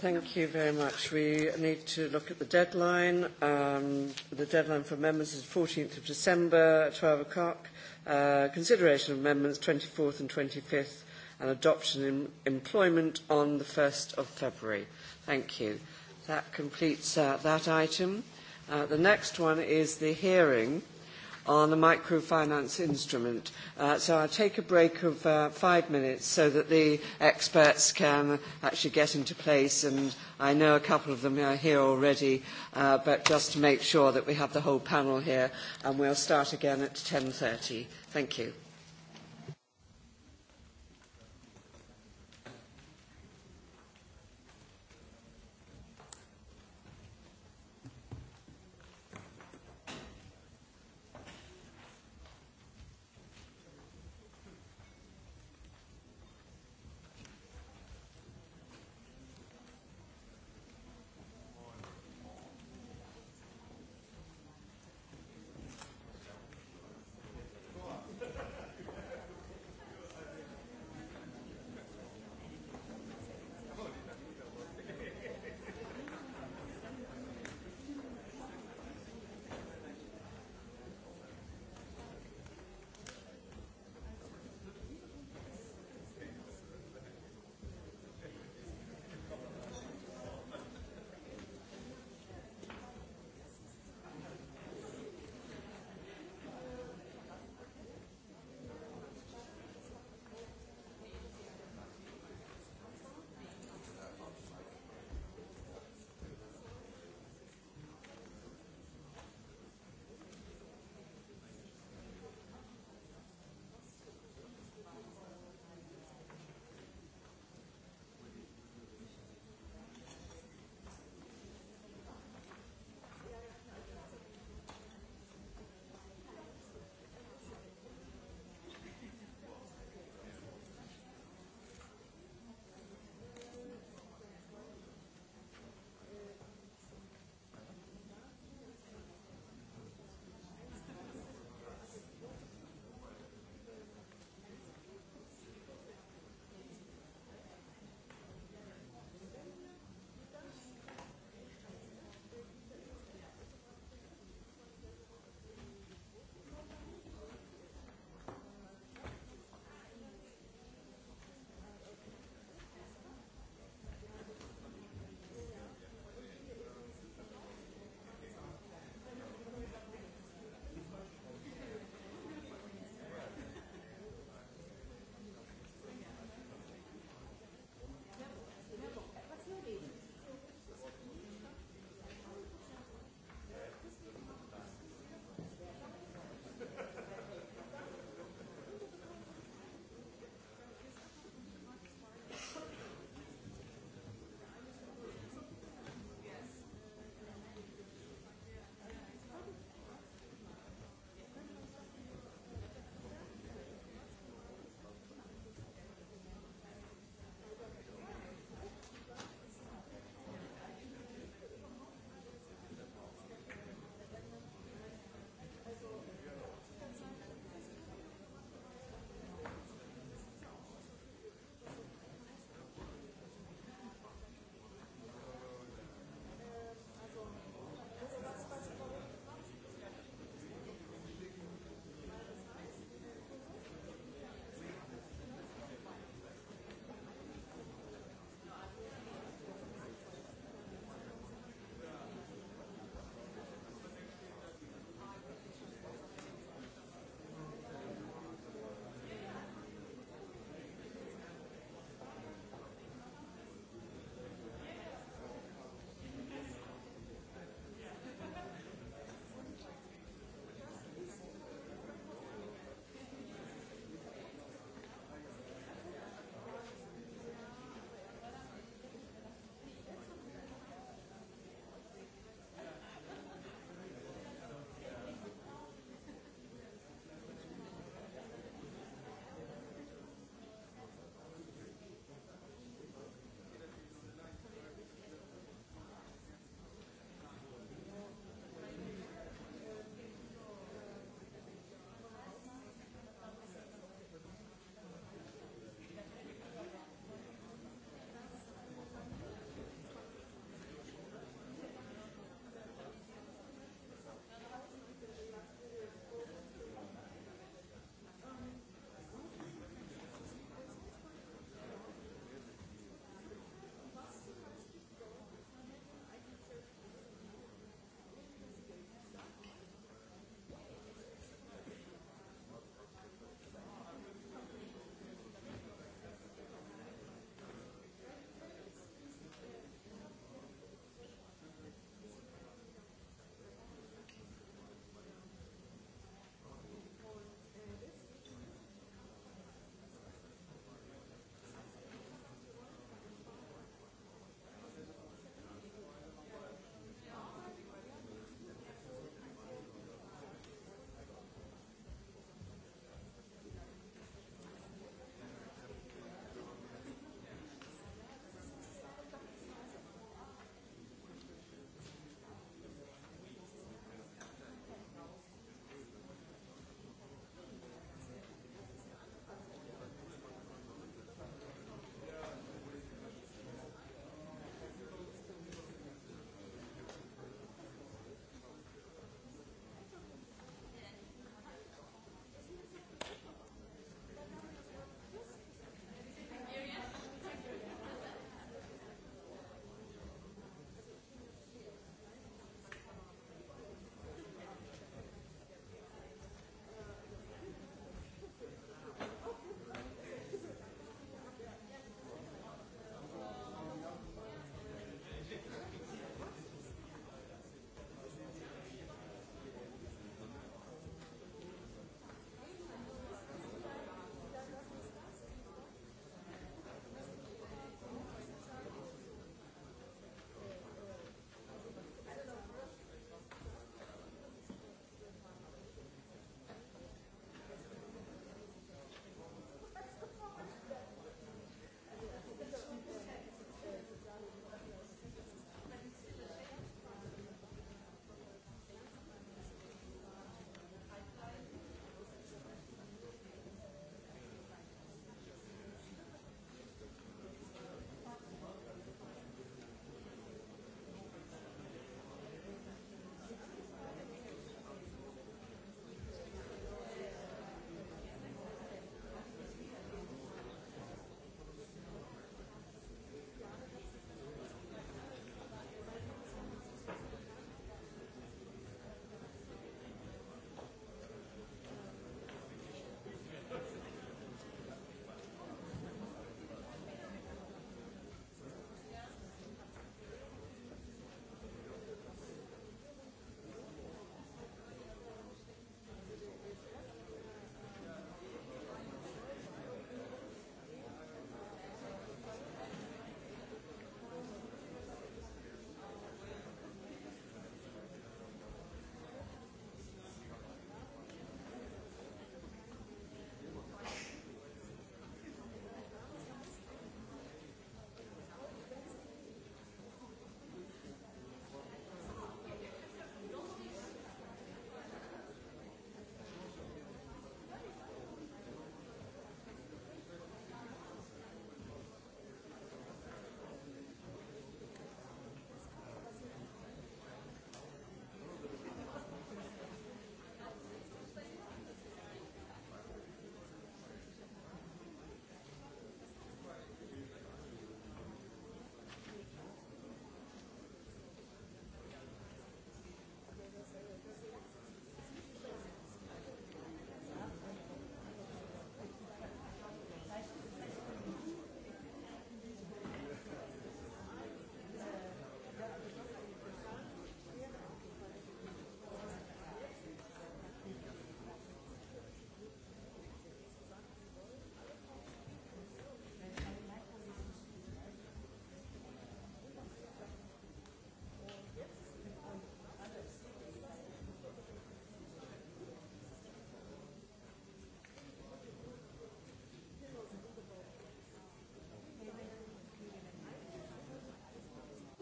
Thank you very much. We need to look at the deadline. Um, the deadline for amendments is 14th of December at 12 o'clock. Uh, consideration of amendments 24th and 25th and adoption in employment on the 1st of February. Thank you. That completes uh, that item. Uh, the next one is the hearing on the microfinance instrument. Uh, so I'll take a break of uh, five minutes so that the experts can actually get into place. And I know a couple of them are here already, uh, but just to make sure that we have the whole panel here. And we'll start again at 10.30. Thank you.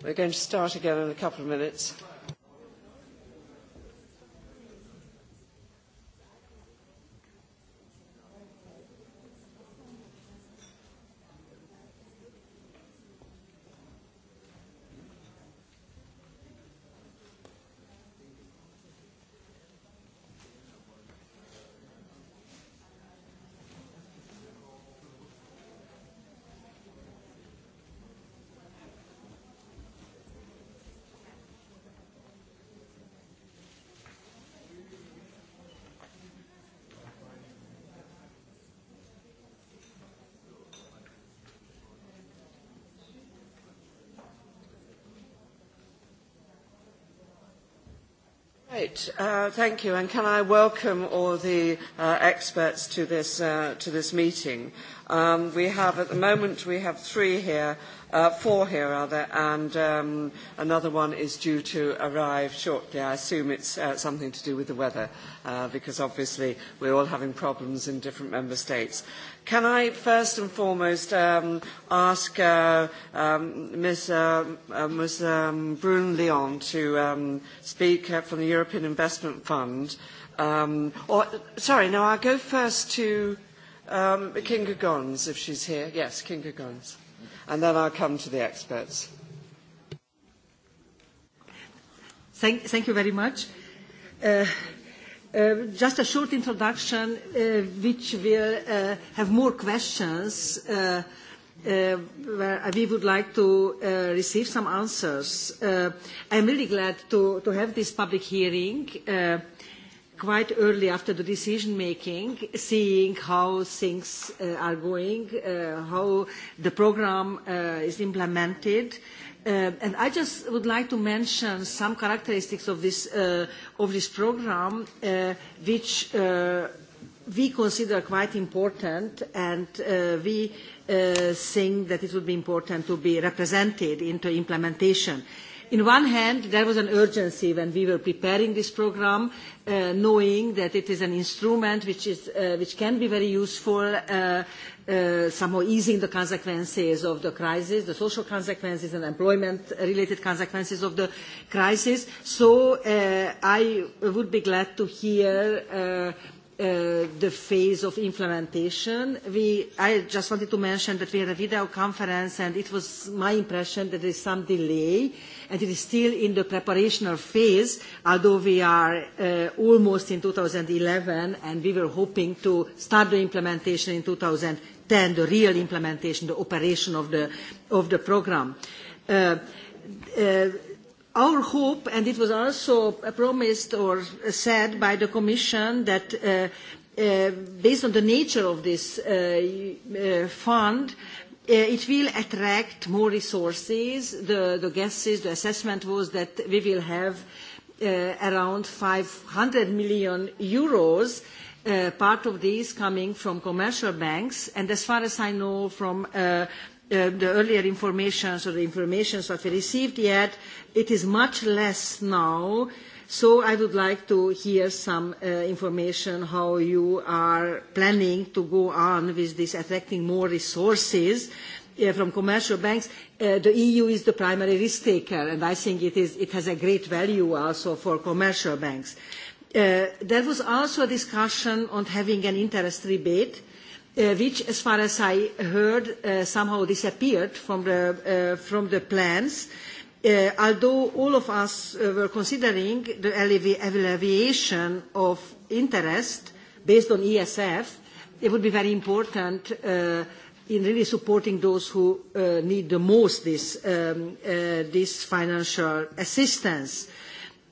we are going to start again in a couple of minutes. it. Uh, thank you. And can I welcome all the uh, experts to this, uh, to this meeting? Um, we have, at the moment, we have three here, uh, four here, rather, and um, another one is due to arrive shortly. I assume it's uh, something to do with the weather, uh, because obviously we're all having problems in different member states. Can I first and foremost um, ask uh, um, Ms. Uh, uh, Ms. Um, Brun Leon to um, speak uh, from the European Investment Fund? Um, or, sorry, no, I'll go first to. Um, Kinga Gons, if she's here. Yes, Kinga Gons. And then I'll come to the experts. Thank, thank you very much. Uh, uh, just a short introduction, uh, which will uh, have more questions, uh, uh, where we would like to uh, receive some answers. Uh, I'm really glad to, to have this public hearing. Uh, quite early after the decision making, seeing how things uh, are going, uh, how the program uh, is implemented. Uh, and I just would like to mention some characteristics of this, uh, of this program, uh, which uh, we consider quite important, and uh, we uh, think that it would be important to be represented into implementation. Uh, in one hand, there was an urgency when we were preparing this program, uh, knowing that it is an instrument which, is, uh, which can be very useful, uh, uh, somehow easing the consequences of the crisis, the social consequences and employment-related consequences of the crisis. So uh, I would be glad to hear uh, Uh, the phase of implementation. We, I just wanted to mention that we had a video conference and it was my impression that there is some delay and it is still in the preparational phase, although we are uh, almost in 2011 and we were hoping to start the implementation in 2010, the real implementation, the operation of the, of the program. Uh, uh, Our hope, and it was also promised or said by the Commission, that uh, uh, based on the nature of this uh, uh, fund, uh, it will attract more resources. The, the guesses, the assessment was that we will have uh, around 500 million euros, uh, part of these coming from commercial banks, and as far as I know from uh, Uh, the earlier informations or the informations that we received yet, it is much less now. So I would like to hear some uh, information how you are planning to go on with this attracting more resources uh, from commercial banks. Uh, the EU is the primary risk taker, and I think it, is, it has a great value also for commercial banks. Uh, there was also a discussion on having an interest rebate uh, which, as far as I heard, uh, somehow disappeared from the, uh, from the plans. Uh, although all of us uh, were considering the alleviation of interest based on ESF, it would be very important uh, in really supporting those who uh, need the most this, um, uh, this financial assistance.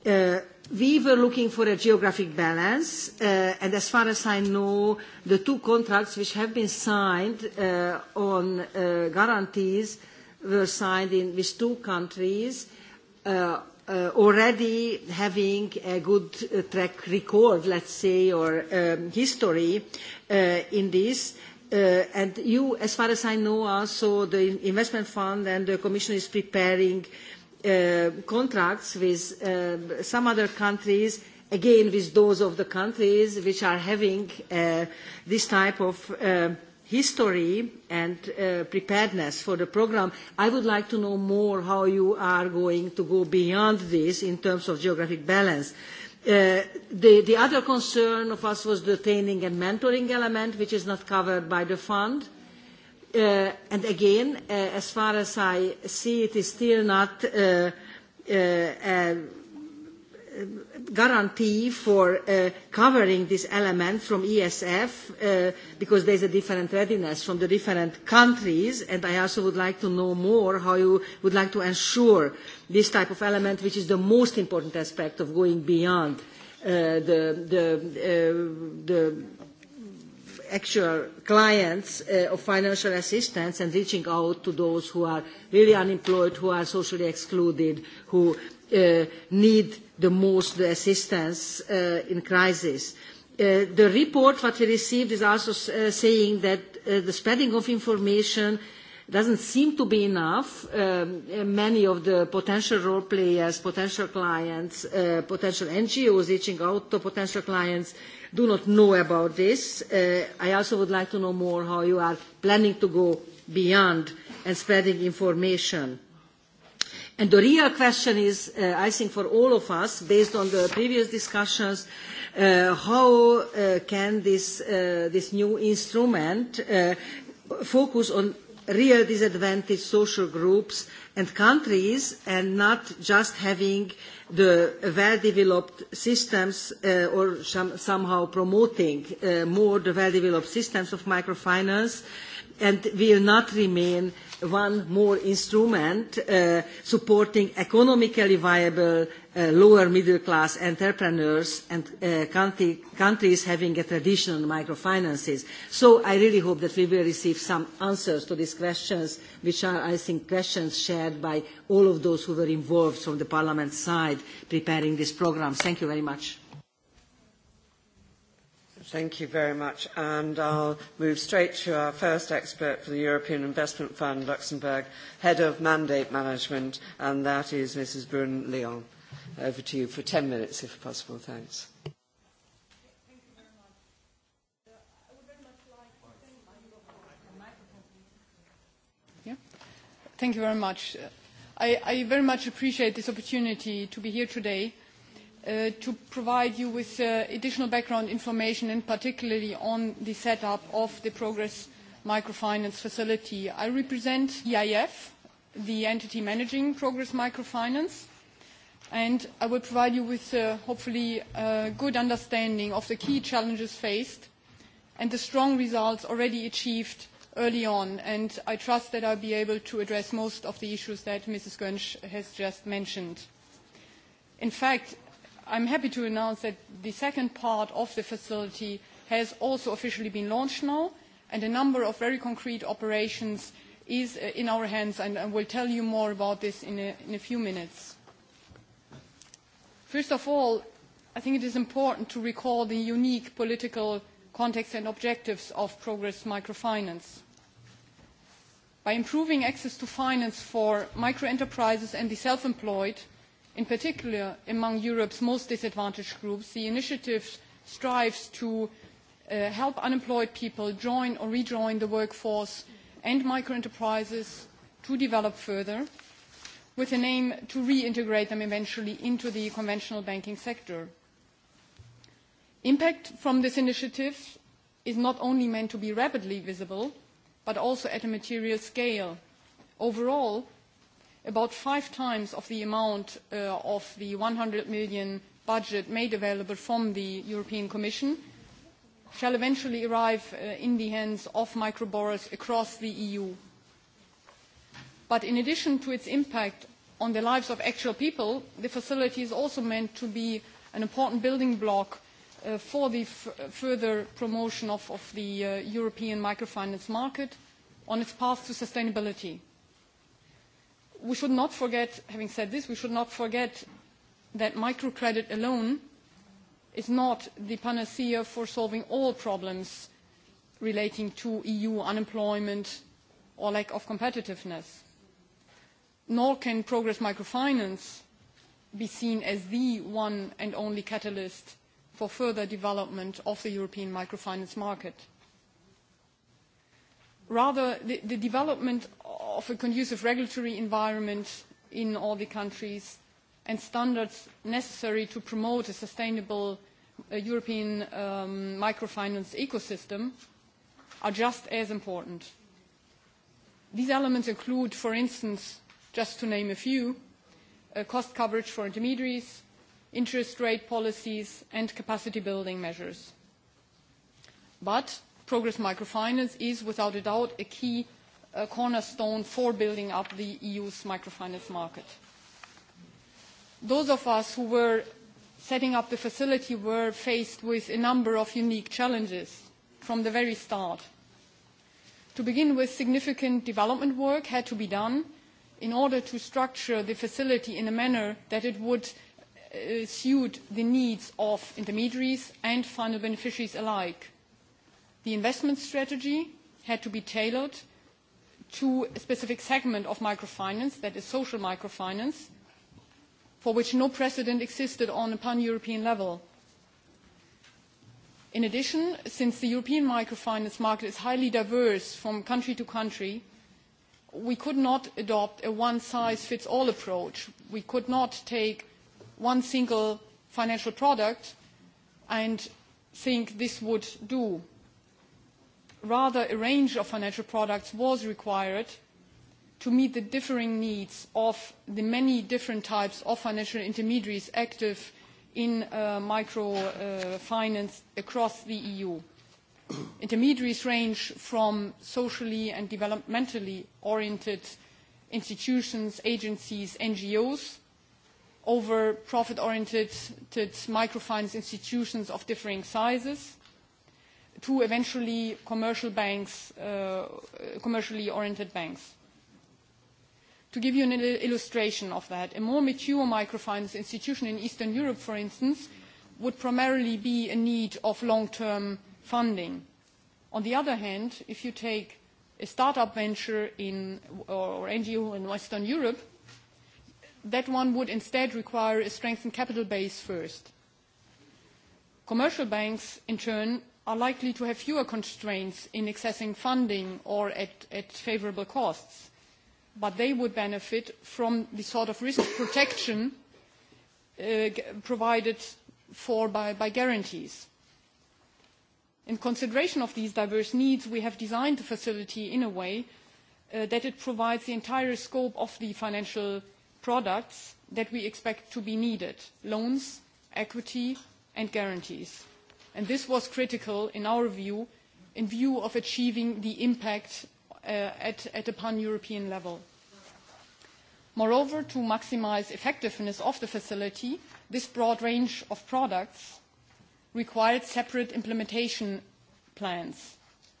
Uh, We were looking for a geographic balance, uh, and as far as I know, the two contracts which have been signed uh, on uh, guarantees were signed in these two countries already having a good track record, let's say, or um, history in this. And you, as far as I know, also, the investment fund and the commission is preparing Uh, contracts with uh, some other countries, again with those of the countries which are having uh, this type of uh, history and uh, preparedness for the program. I would like to know more how you are going to go beyond this in terms of geographic balance. Uh, the, the other concern of us was the training and mentoring element, which is not covered by the fund. Eh, again, eh, as far as I see, it is still not eh, a guarantee for covering this element from ESF, because there's a different readiness from the different countries, and I also would like to know more how you would like to ensure this type of element, which is the most important aspect of going beyond the actual clients uh, of financial assistance and reaching out to those who are really unemployed, who are socially excluded, who uh, need the most the assistance uh, in crisis. Uh, the report that we received is also uh, saying that uh, the spreading of information doesn't seem to be enough. Um, many of the potential role players, potential clients, uh, potential NGOs reaching out to potential clients uh, do not know about this. Uh, I also would like to know more how you are planning to go beyond and spreading information. And the real question is, uh, I think for all of us, based on the previous discussions, uh, how uh, can this, uh, this new instrument uh, focus on real disadvantaged social groups and countries and not just having the well-developed systems uh, or some, somehow promoting uh, more the well-developed systems of microfinance and will not remain uh, one more instrument uh, supporting economically viable uh, lower middle class entrepreneurs and uh, country, countries having a traditional microfinances. So I really hope that we will receive some answers to these questions, which are, I think, questions shared by all of those who were involved from the Parliament side preparing this programme. Thank you very much. Thank you very much. And I'll move straight to our first expert for the European Investment Fund, Luxembourg, Head of Mandate Management, and that is Mrs. Brune Leon. Over to you for 10 minutes, if possible. Thanks. Thank you very much. I, I very much appreciate this opportunity to be here today uh, to provide you with uh, additional background information and particularly on the setup of the Progress Microfinance Facility. I represent EIF, the entity managing Progress Microfinance, and I will provide you with uh, hopefully a good understanding of the key challenges faced and the strong results already achieved early on, and I trust that I'll be able to address most of the issues that Mrs. Gönsch has just mentioned. In fact, I'm happy to announce that the second part of the facility has also officially been launched now, and a number of very concrete operations is uh, in our hands, and I will tell you more about this in a, in a few minutes. First of all, I think it is important to recall the unique political context and objectives of progress microfinance. By improving access to finance for microenterprises and the self-employed, In particular, among Europe's most disadvantaged groups, the initiative strives to uh, help unemployed people join or rejoin the workforce and microenterprises to develop further, with an aim to reintegrate them eventually into the conventional banking sector. Impact from this initiative is not only meant to be rapidly visible, but also at a material scale. Overall, about five times of the amount uh, of the 100 million budget made available from the European Commission shall eventually arrive uh, in the hands of microborrowers across the EU. But in addition to its impact on the lives of actual people, the facility is also meant to be an important building block uh, for the f further promotion of, of the uh, European microfinance market on its path to sustainability we should not forget, having said this, we should not forget that microcredit alone is not the panacea for solving all problems relating to EU unemployment or lack of competitiveness. Nor can progress microfinance be seen as the one and only catalyst for further development of the European microfinance market. Rather, the, the development of a conducive regulatory environment in all the countries and standards necessary to promote a sustainable uh, European um, microfinance ecosystem are just as important. These elements include, for instance, just to name a few, uh, cost coverage for intermediaries, interest rate policies, and capacity building measures. But progress microfinance is, without a doubt, a key a cornerstone for building up the EU's microfinance market. Those of us who were setting up the facility were faced with a number of unique challenges from the very start. To begin with, significant development work had to be done in order to structure the facility in a manner that it would uh, suit the needs of intermediaries and final beneficiaries alike. The investment strategy had to be tailored to a specific segment of microfinance, that is social microfinance, for which no precedent existed on a pan-European level. In addition, since the European microfinance market is highly diverse from country to country, we could not adopt a one-size-fits-all approach. We could not take one single financial product and think this would do rather a range of financial products was required to meet the differing needs of the many different types of financial intermediaries active in uh, microfinance uh, across the EU. intermediaries range from socially and developmentally oriented institutions, agencies, NGOs, over profit-oriented microfinance institutions of differing sizes, to eventually commercial banks, uh, commercially oriented banks. To give you an il- illustration of that, a more mature microfinance institution in Eastern Europe, for instance, would primarily be a need of long-term funding. On the other hand, if you take a startup venture in, or, or NGO in Western Europe, that one would instead require a strengthened capital base first. Commercial banks, in turn, are likely to have fewer constraints in accessing funding or at, at favorable costs, but they would benefit from the sort of risk protection uh, provided for by, by guarantees. In consideration of these diverse needs, we have designed the facility in a way uh, that it provides the entire scope of the financial products that we expect to be needed, loans, equity, and guarantees and this was critical in our view in view of achieving the impact uh, at, at a pan-European level. Moreover, to maximize effectiveness of the facility, this broad range of products required separate implementation plans,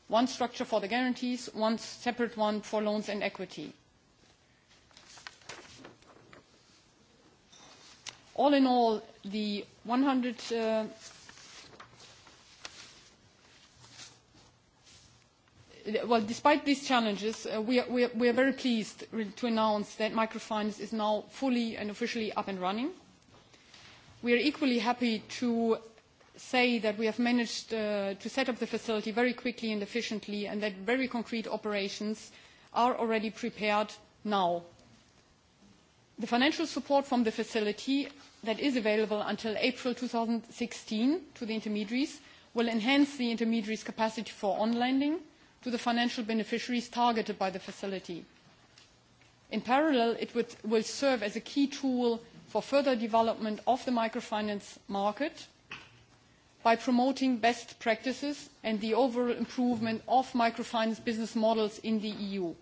one structure for the guarantees, one separate one for loans and equity. All in all, the 100, uh, well, despite these challenges, uh, we, are, we, are, we are very pleased to announce that microfinance is now fully and officially up and running. We are equally happy to say that we have managed uh, to set up the facility very quickly and efficiently and that very concrete operations are already prepared now. The financial support from the facility that is available until April 2016 to the intermediaries will enhance the intermediaries' capacity for on-lending to the financial beneficiaries targeted by the facility. In parallel, it would, will serve as a key tool for further development of the microfinance market by promoting best practices and the overall improvement of microfinance business models in the EU.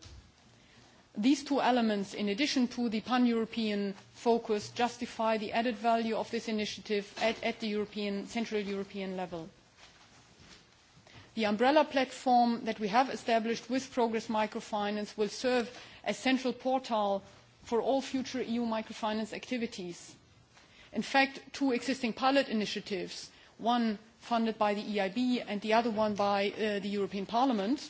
These two elements, in addition to the pan-European focus, justify the added value of this initiative at, at the European, Central European level. The umbrella platform that we have established with Progress Microfinance will serve as central portal for all future EU microfinance activities. In fact, two existing pilot initiatives, one funded by the EIB and the other one by uh, the European Parliament,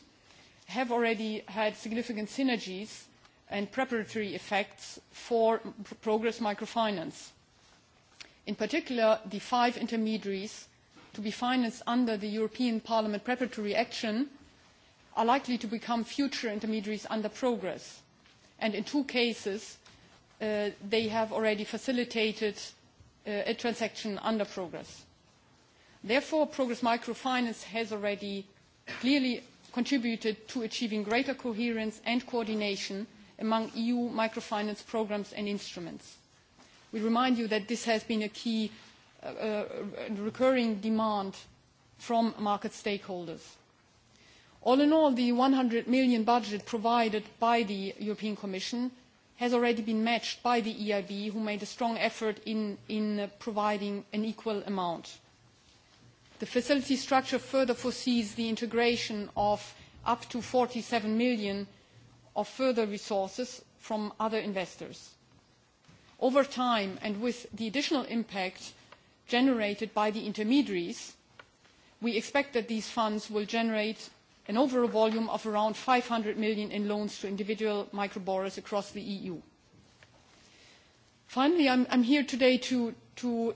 have already had significant synergies and preparatory effects for Progress Microfinance. In particular, the five intermediaries to be financed under the European Parliament preparatory action are likely to become future intermediaries under progress. And in two cases, uh, they have already facilitated uh, a transaction under progress. Therefore, progress microfinance has already clearly contributed to achieving greater coherence and coordination among EU microfinance programs and instruments. We remind you that this has been a key Uh, uh, recurring demand from market stakeholders. All in all, the 100 million budget provided by the European Commission has already been matched by the EIB, who made a strong effort in uh, providing an equal amount. The facility structure further foresees the integration of up to 47 million of further resources from other investors. Over time, and with the additional impact generated by the intermediaries, we expect that these funds will generate an overall volume of around 500 million in loans to individual micro borrowers across the EU. Finally, I'm here today to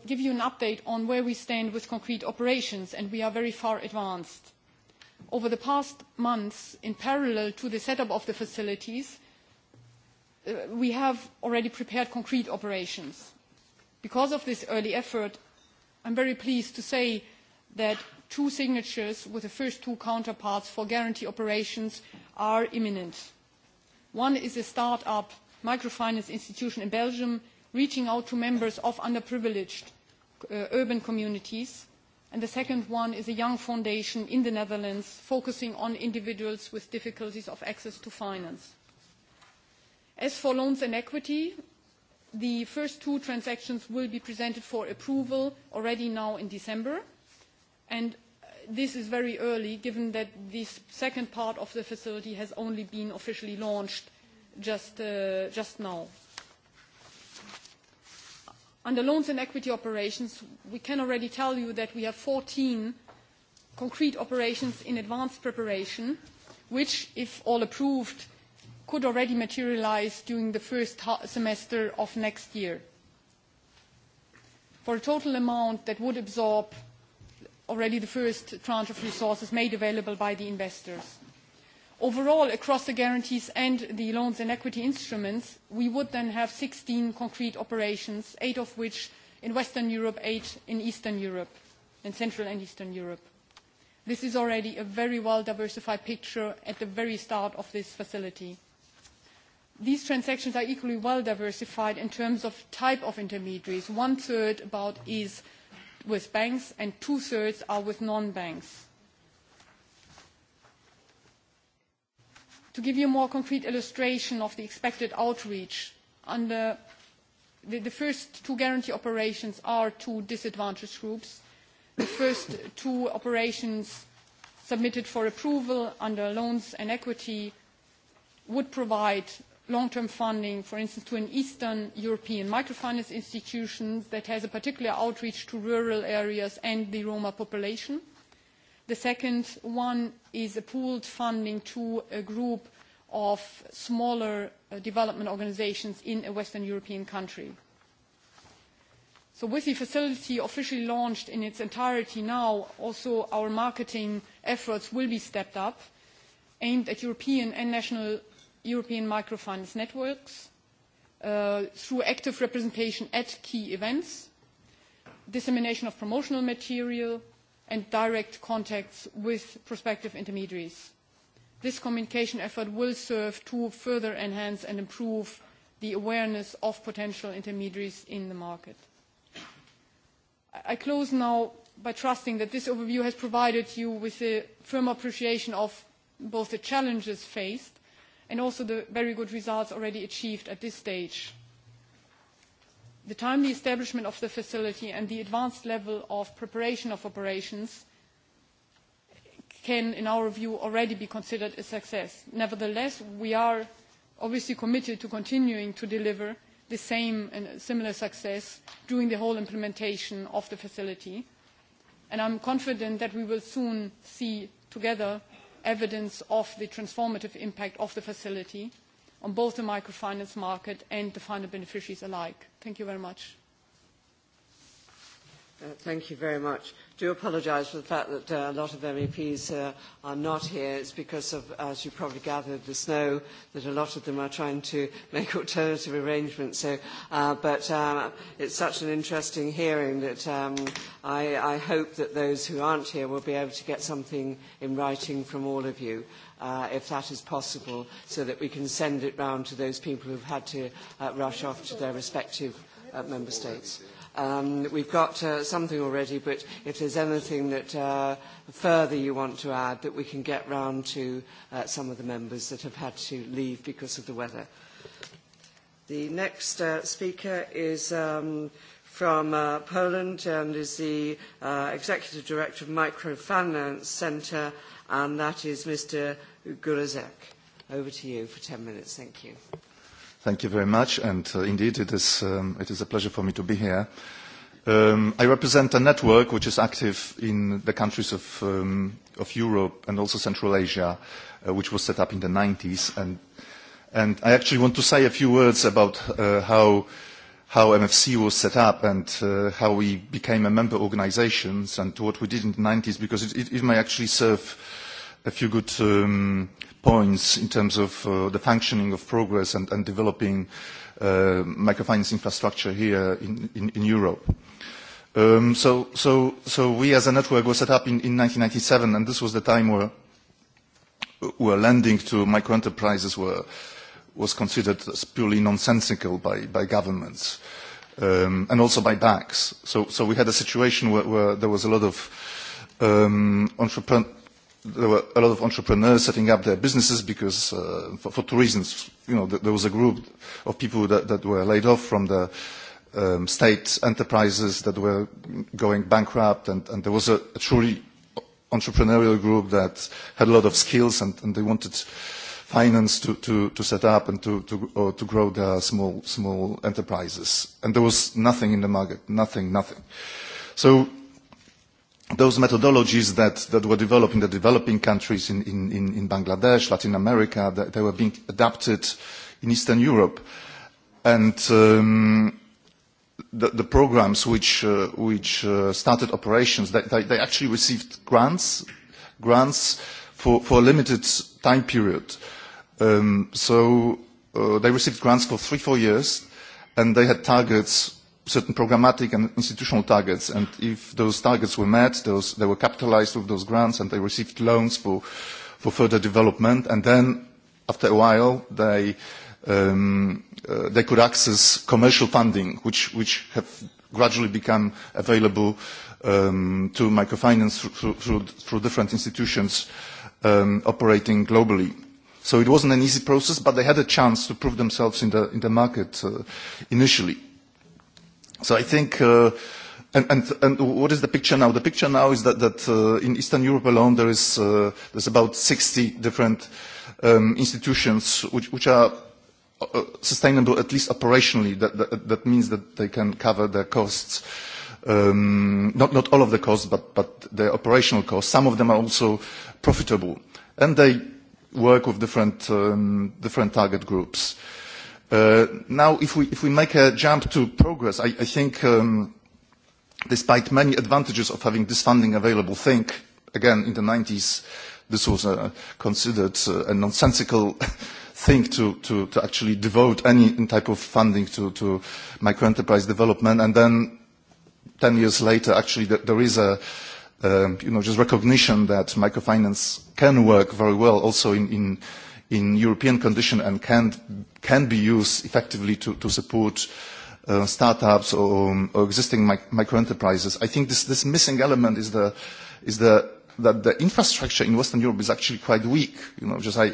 give you an update on where we stand with concrete operations, and we are very far advanced. Over the past months, in parallel to the setup of the facilities, uh, we have already prepared concrete operations. Because of this early effort, I'm very pleased to say that two signatures with the first two counterparts for guarantee operations are imminent. One is a start-up microfinance institution in Belgium reaching out to members of underprivileged uh, urban communities. And the second one is a young foundation in the Netherlands focusing on individuals with difficulties of access to finance. As for loans and equity, The first two transactions will be presented for approval already now in December, and uh, this is very early, given that this second part of the facility has only been officially launched just uh, just now. On the loans and equity operations, we can already tell you that we have 14 concrete operations in advanced preparation, which, if all approved, could already materialize during the first semester of next year for a total amount that would absorb already the first tranche of resources made available by the investors. Overall, across the guarantees and the loans and equity instruments, we would then have 16 concrete operations, eight of which in Western Europe, eight in Eastern Europe, in Central and Eastern Europe. This is already a very well-diversified picture at the very start of this facility. These transactions are equally well diversified in terms of type of intermediaries. One third about is with banks and two thirds are with non-banks. To give you a more concrete illustration of the expected outreach, under the, the first two guarantee operations are two disadvantaged groups. The first two operations submitted for approval under loans and equity would provide long-term funding, for instance, to an Eastern European microfinance institution that has a particular outreach to rural areas and the Roma population. The second one is a pooled funding to a group of smaller uh, development organizations in a Western European country. So with the facility officially launched in its entirety now, also our marketing efforts will be stepped up, aimed at European and national European microfinance networks uh, through active representation at key events, dissemination of promotional material, and direct contacts with prospective intermediaries. This communication effort will serve to further enhance and improve the awareness of potential intermediaries in the market. I close now by trusting that this overview has provided you with a firm appreciation of both the challenges faced and also the very good results already achieved at this stage. The timely establishment of the facility and the advanced level of preparation of operations can, in our view, already be considered a success. Nevertheless, we are obviously committed to continuing to deliver the same and similar success during the whole implementation of the facility. And I'm confident that we will soon see together evidence of the transformative impact of the facility on both the microfinance market and the final beneficiaries alike. thank you very much. Uh, thank you very much. Do apologise for the fact that uh, a lot of MEPs uh, are not here. It's because of, as you probably gathered, the snow that a lot of them are trying to [LAUGHS] make alternative arrangements. So, uh, but uh, it's such an interesting hearing that um, I, I hope that those who aren't here will be able to get something in writing from all of you. Uh, if that is possible, so that we can send it round to those people who've had to uh, rush off to their respective uh, member states. Uh, Um, we've got uh, something already, but if there's anything that uh, further you want to add that we can get round to uh, some of the members that have had to leave because of the weather. The next uh, speaker is um, from uh, Poland and is the uh, Executive Director of Microfinance Centre, and that is Mr. Gurazek. Over to you for 10 minutes. Thank you. Thank you very much, and uh, indeed it is, um, it is a pleasure for me to be here. Um, I represent a network which is active in the countries of, um, of Europe and also Central Asia, uh, which was set up in the 90s. And, and I actually want to say a few words about uh, how, how MFC was set up and uh, how we became a member organization and what we did in the 90s, because it, it, it may actually serve uh, a few good um, points in terms of uh, the functioning of progress and, and developing uh, microfinance infrastructure here in, in, in Europe. Um, so, so, so we as a network were set up in, in 1997 and this was the time where, where lending to microenterprises were, was considered as purely nonsensical by, by governments um, and also by banks. So, so we had a situation where, where there was a lot of um, entrepreneurs there were a lot of entrepreneurs setting up their businesses because, uh, for, for two reasons, you know, th there was a group of people that, that were laid off from the um, state enterprises that were going bankrupt, and, and there was a, a truly entrepreneurial group that had a lot of skills and, and they wanted finance to, to, to set up and to, to, or to grow their small, small enterprises. And there was nothing in the market, nothing, nothing. So those methodologies that, that were developed in the developing countries in, in, in Bangladesh, Latin America, that they were being adapted in Eastern Europe. And um, the, the programs which, uh, which uh, started operations, they, they, they actually received grants, grants for, for a limited time period. Um, so uh, they received grants for three, four years, and they had targets certain programmatic and institutional targets. And if those targets were met, those, they were capitalized with those grants and they received loans for, for further development. And then after a while, they, um, uh, they could access commercial funding, which, which have gradually become available um, to microfinance through, through, through, through different institutions um, operating globally. So it wasn't an easy process, but they had a chance to prove themselves in the, in the market uh, initially so I think, uh, and, and, and what is the picture now? The picture now is that, that uh, in Eastern Europe alone there is uh, there's about 60 different um, institutions which, which are uh, sustainable at least operationally. That, that, that means that they can cover their costs. Um, not, not all of the costs, but, but the operational costs. Some of them are also profitable. And they work with different, um, different target groups. Uh, Uh, now, if we if we make a jump to progress, I, I think, um, despite many advantages of having this funding available, think again in the 90s, this was uh, considered uh, a nonsensical. [LAUGHS] think to, to, to actually devote any type of funding to, to microenterprise development. And then 10 years later, actually, th- there is a, uh, you know, just recognition that microfinance can work very well also in, in uh, in European condition and can can be used effectively to, to support uh, startups or, um, or existing mic microenterprises. I think this, this missing element is the is the that the infrastructure in Western Europe is actually quite weak. You know, just I,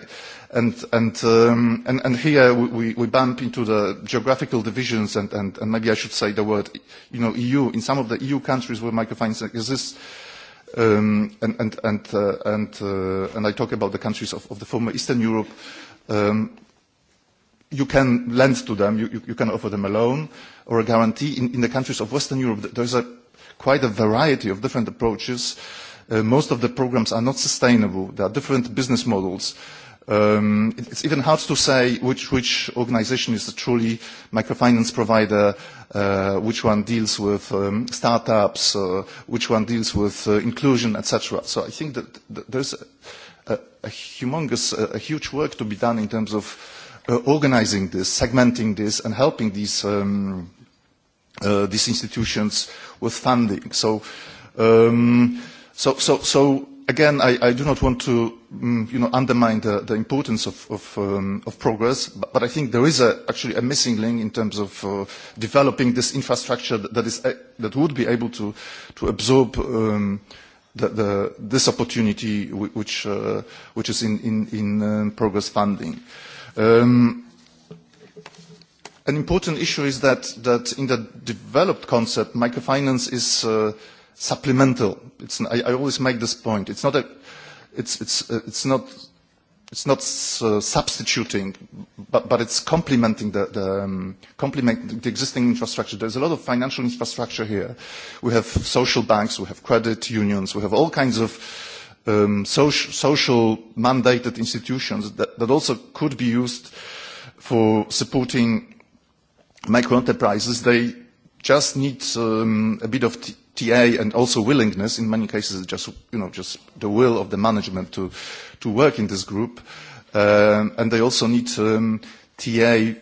and and um, and, and here we, we, we bump into the geographical divisions and, and, and maybe I should say the word, you know, EU in some of the EU countries where microfinance exists um, and, and, and, uh, and, uh, and I talk about the countries of, of the former Eastern Europe, um, you can lend to them, you, you, you can offer them a loan or a guarantee. In, in the countries of Western Europe, there's a, quite a variety of different approaches. Uh, most of the programs are not sustainable. There are different business models. Uh, Um, it, it's even hard to say which, which organization is a truly microfinance provider, uh, which one deals with um, startups, uh, which one deals with uh, inclusion, etc. So I think that, that there's a, a, a humongous, a, a huge work to be done in terms of uh, organizing this, segmenting this, and helping these, um, uh, these institutions with funding. So, um, so, so, so again, I, I do not want to um, you know, undermine the, the importance of, of, um, of progress, but, but I think there is a, actually a missing link in terms of uh, developing this infrastructure that, is, uh, that would be able to, to absorb um, the, the, this opportunity which, uh, which is in, in, in um, progress funding. Um, an important issue is that, that in the developed concept, microfinance is uh, supplemental. It's, I, I always make this point. It's not a, it's, it's, uh, it's not, it's not uh, substituting, but, but it's complementing the, the, um, complementing the existing infrastructure. There's a lot of financial infrastructure here. We have social banks, we have credit unions, we have all kinds of um, social, social mandated institutions that, that also could be used for supporting micro enterprises. They just need um, a bit of t- TA and also willingness, in many cases, just, you know, just the will of the management to, to work in this group. Um, and they also need um, TA to,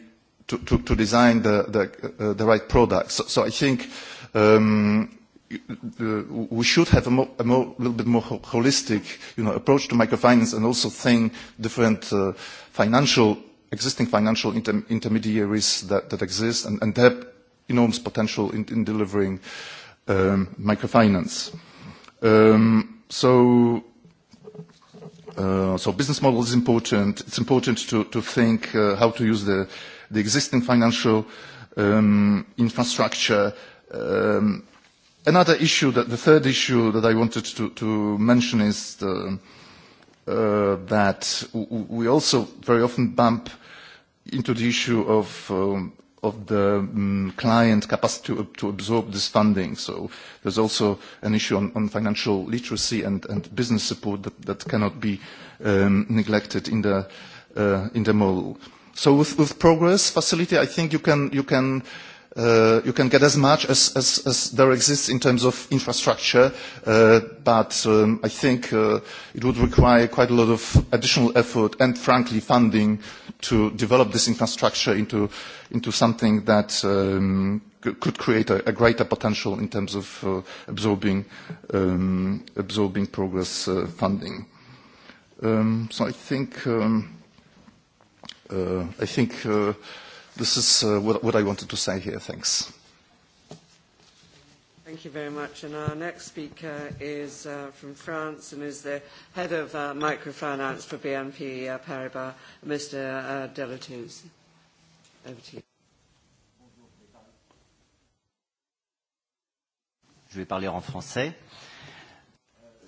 to, to design the, the, uh, the right product. So, so I think um, uh, we should have a, mo a mo little bit more ho holistic you know, approach to microfinance and also think different uh, financial, existing financial inter intermediaries that, that exist and, and their enormous potential in, in delivering uh, um, microfinance. Um, so, uh, so business model is important. It's important to, to think uh, how to use the, the existing financial um, infrastructure. Um, another issue, that, the third issue that I wanted to, to mention is the, uh, that w- we also very often bump into the issue of um, of the um, client capacity to, to absorb this funding. So there's also an issue on, on financial literacy and, and business support that, that cannot be um, neglected in the, uh, in the model. So with, with progress facility, I think you can, you can uh, uh, you can get as much as, as, as there exists in terms of infrastructure, uh, but um, I think uh, it would require quite a lot of additional effort and, frankly, funding to develop this infrastructure into, into something that um, could create a, a greater potential in terms of uh, absorbing, um, absorbing progress uh, funding. Um, so I think, um, uh, I think uh, this is uh, what, what I wanted to say here. Thanks. Thank you very much. And our next speaker is uh, from France and is the head of uh, microfinance for BNP uh, Paribas, Mr. Uh, Delatouz. Over to you. Je vais parler en français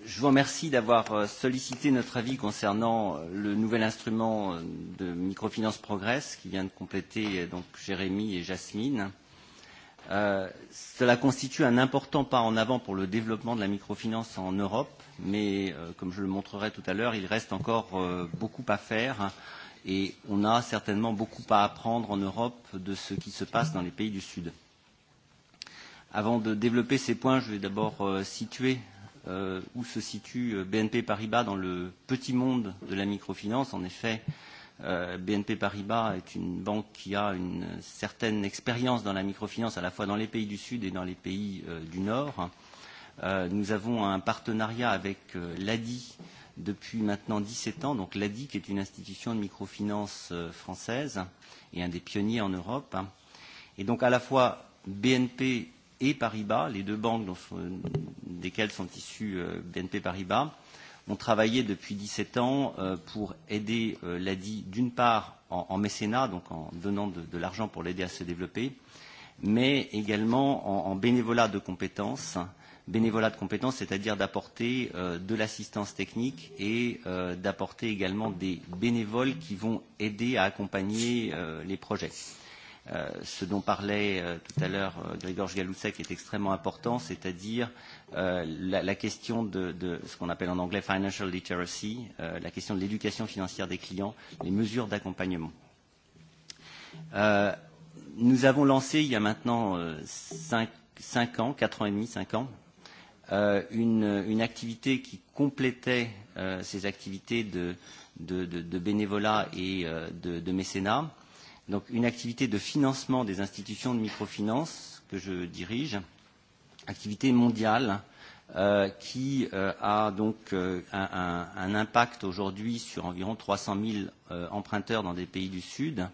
je vous remercie d'avoir euh, sollicité notre avis concernant euh, le nouvel instrument euh, de microfinance Progress qui vient de compléter donc Jérémy et Jasmine. Euh, cela constitue un important pas en avant pour le développement de la microfinance en Europe, mais euh, comme je le montrerai tout à l'heure, il reste encore euh, beaucoup à faire et on a certainement beaucoup à apprendre en Europe de ce qui se passe dans les pays du Sud. Avant de développer ces points, je vais d'abord euh, situer euh, euh, où se situe euh, BNP Paribas dans le petit monde de la microfinance. En effet, euh, BNP Paribas est une banque qui a une certaine expérience dans la microfinance, à la fois dans les pays du Sud et dans les pays euh, du Nord. Euh, nous avons un partenariat avec euh, l'ADI depuis maintenant 17 ans, donc l'ADI qui est une institution de microfinance euh, française et un des pionniers en Europe. Et donc à la fois BNP et Paribas, les deux banques dont, desquelles sont issues euh, BNP Paribas, ont travaillé depuis 17 ans euh, pour aider euh, l'ADI d'une part en, en mécénat, donc en donnant de, de l'argent pour l'aider à se développer, mais également en, en bénévolat de compétences, bénévolat de compétences, c'est-à-dire d'apporter de l'assistance technique et d'apporter également des bénévoles qui vont aider à accompagner les projets. Euh, ce dont parlait euh, tout à l'heure euh, Grigor Galoussek est extrêmement important, c'est-à-dire euh, la, la question de, de ce qu'on appelle en anglais financial literacy, euh, la question de l'éducation financière des clients, les mesures d'accompagnement. Euh, nous avons lancé il y a maintenant euh, cinq, cinq ans, quatre ans et demi, cinq ans, euh, une, une activité qui complétait euh, ces activités de, de, de, de bénévolat et euh, de, de mécénat donc une activité de financement des institutions de microfinance que je dirige, activité mondiale euh, qui euh, a donc euh, un, un impact aujourd'hui sur environ 300 000 euh, emprunteurs dans des pays du Sud.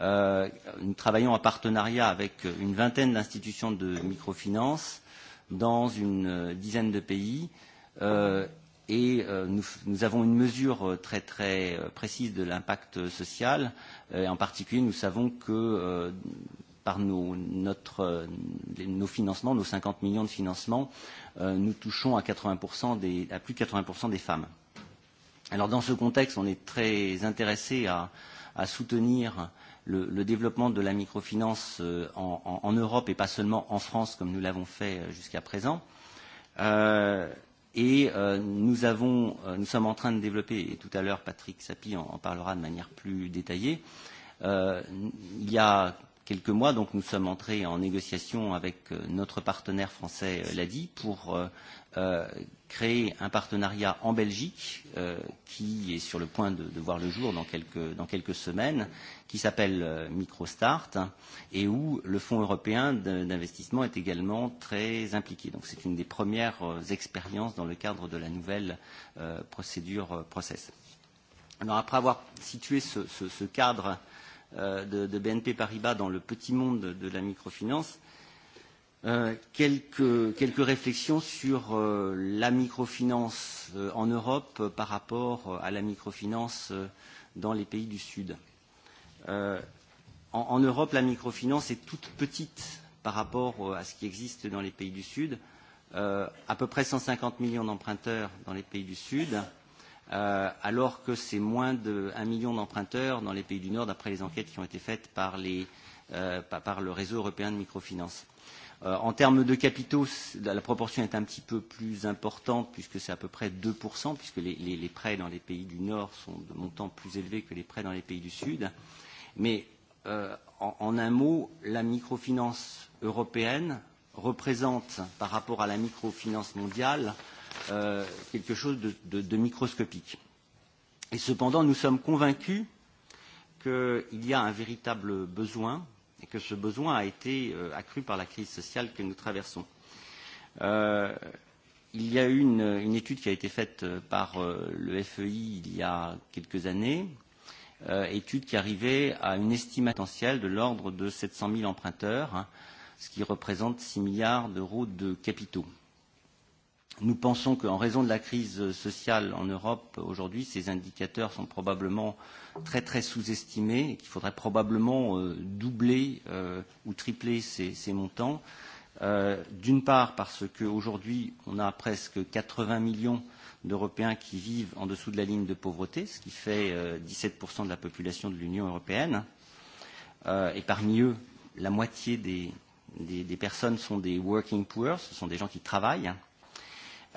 Euh, nous travaillons en partenariat avec une vingtaine d'institutions de microfinance dans une euh, dizaine de pays. Euh, Et euh, nous, nous avons une mesure euh, très très euh, précise de l'impact social. Euh, et en particulier, nous savons que euh, par nos, notre, nos financements, nos 50 millions de financements, euh, nous touchons à, 80% des, à plus de 80% des femmes. Alors dans ce contexte, on est très intéressé à, à soutenir le, le développement de la microfinance en, en, en Europe et pas seulement en France comme nous l'avons fait jusqu'à présent. Euh, Et euh, nous, avons, euh, nous sommes en train de développer, et tout à l'heure Patrick Sapi en, en parlera de manière plus détaillée, euh, il y a quelques mois, donc nous sommes entrés en négociation avec euh, notre partenaire français euh, l'ADI pour euh, Euh, créé un partenariat en Belgique euh, qui est sur le point de, de voir le jour dans quelques, dans quelques semaines, qui s'appelle euh, MicroStart, et où le Fonds européen d'investissement est également très impliqué. Donc c'est une des premières euh, expériences dans le cadre de la nouvelle euh, procédure euh, process. Alors après avoir situé ce, ce, ce cadre euh, de, de BNP Paribas dans le petit monde de, de la microfinance, euh, Euh, quelques, quelques réflexions sur euh, la microfinance euh, en Europe euh, par rapport euh, à la microfinance euh, dans les pays du Sud. Euh, en, en Europe, la microfinance est toute petite par rapport euh, à ce qui existe dans les pays du Sud. Euh, à peu près 150 millions d'emprunteurs dans les pays du Sud, euh, alors que c'est moins de 1 million d'emprunteurs dans les pays du Nord, d'après les enquêtes qui ont été faites par, les, euh, par le réseau européen de microfinance. Euh, en termes de capitaux, la proportion est un petit peu plus importante puisque c'est à peu près 2%, puisque les, les, les prêts dans les pays du Nord sont de montants plus élevés que les prêts dans les pays du Sud. Mais euh, en, en un mot, la microfinance européenne représente par rapport à la microfinance mondiale euh, quelque chose de, de, de microscopique. Et cependant, nous sommes convaincus qu'il y a un véritable besoin et que ce besoin a été euh, accru par la crise sociale que nous traversons. Euh, il y a eu une, une étude qui a été faite euh, par euh, le FEI il y a quelques années, euh, étude qui arrivait à une estimation potentielle de l'ordre de 700 000 emprunteurs, hein, ce qui représente 6 milliards d'euros de capitaux. Nous pensons qu'en raison de la crise sociale en Europe aujourd'hui, ces indicateurs sont probablement très très sous-estimés et qu'il faudrait probablement euh, doubler euh, ou tripler ces, ces montants. Euh, D'une part parce qu'aujourd'hui, on a presque 80 millions d'Européens qui vivent en dessous de la ligne de pauvreté, ce qui fait euh, 17% de la population de l'Union européenne. Euh, et parmi eux, la moitié des, des, des personnes sont des working poor, ce sont des gens qui travaillent. Hein.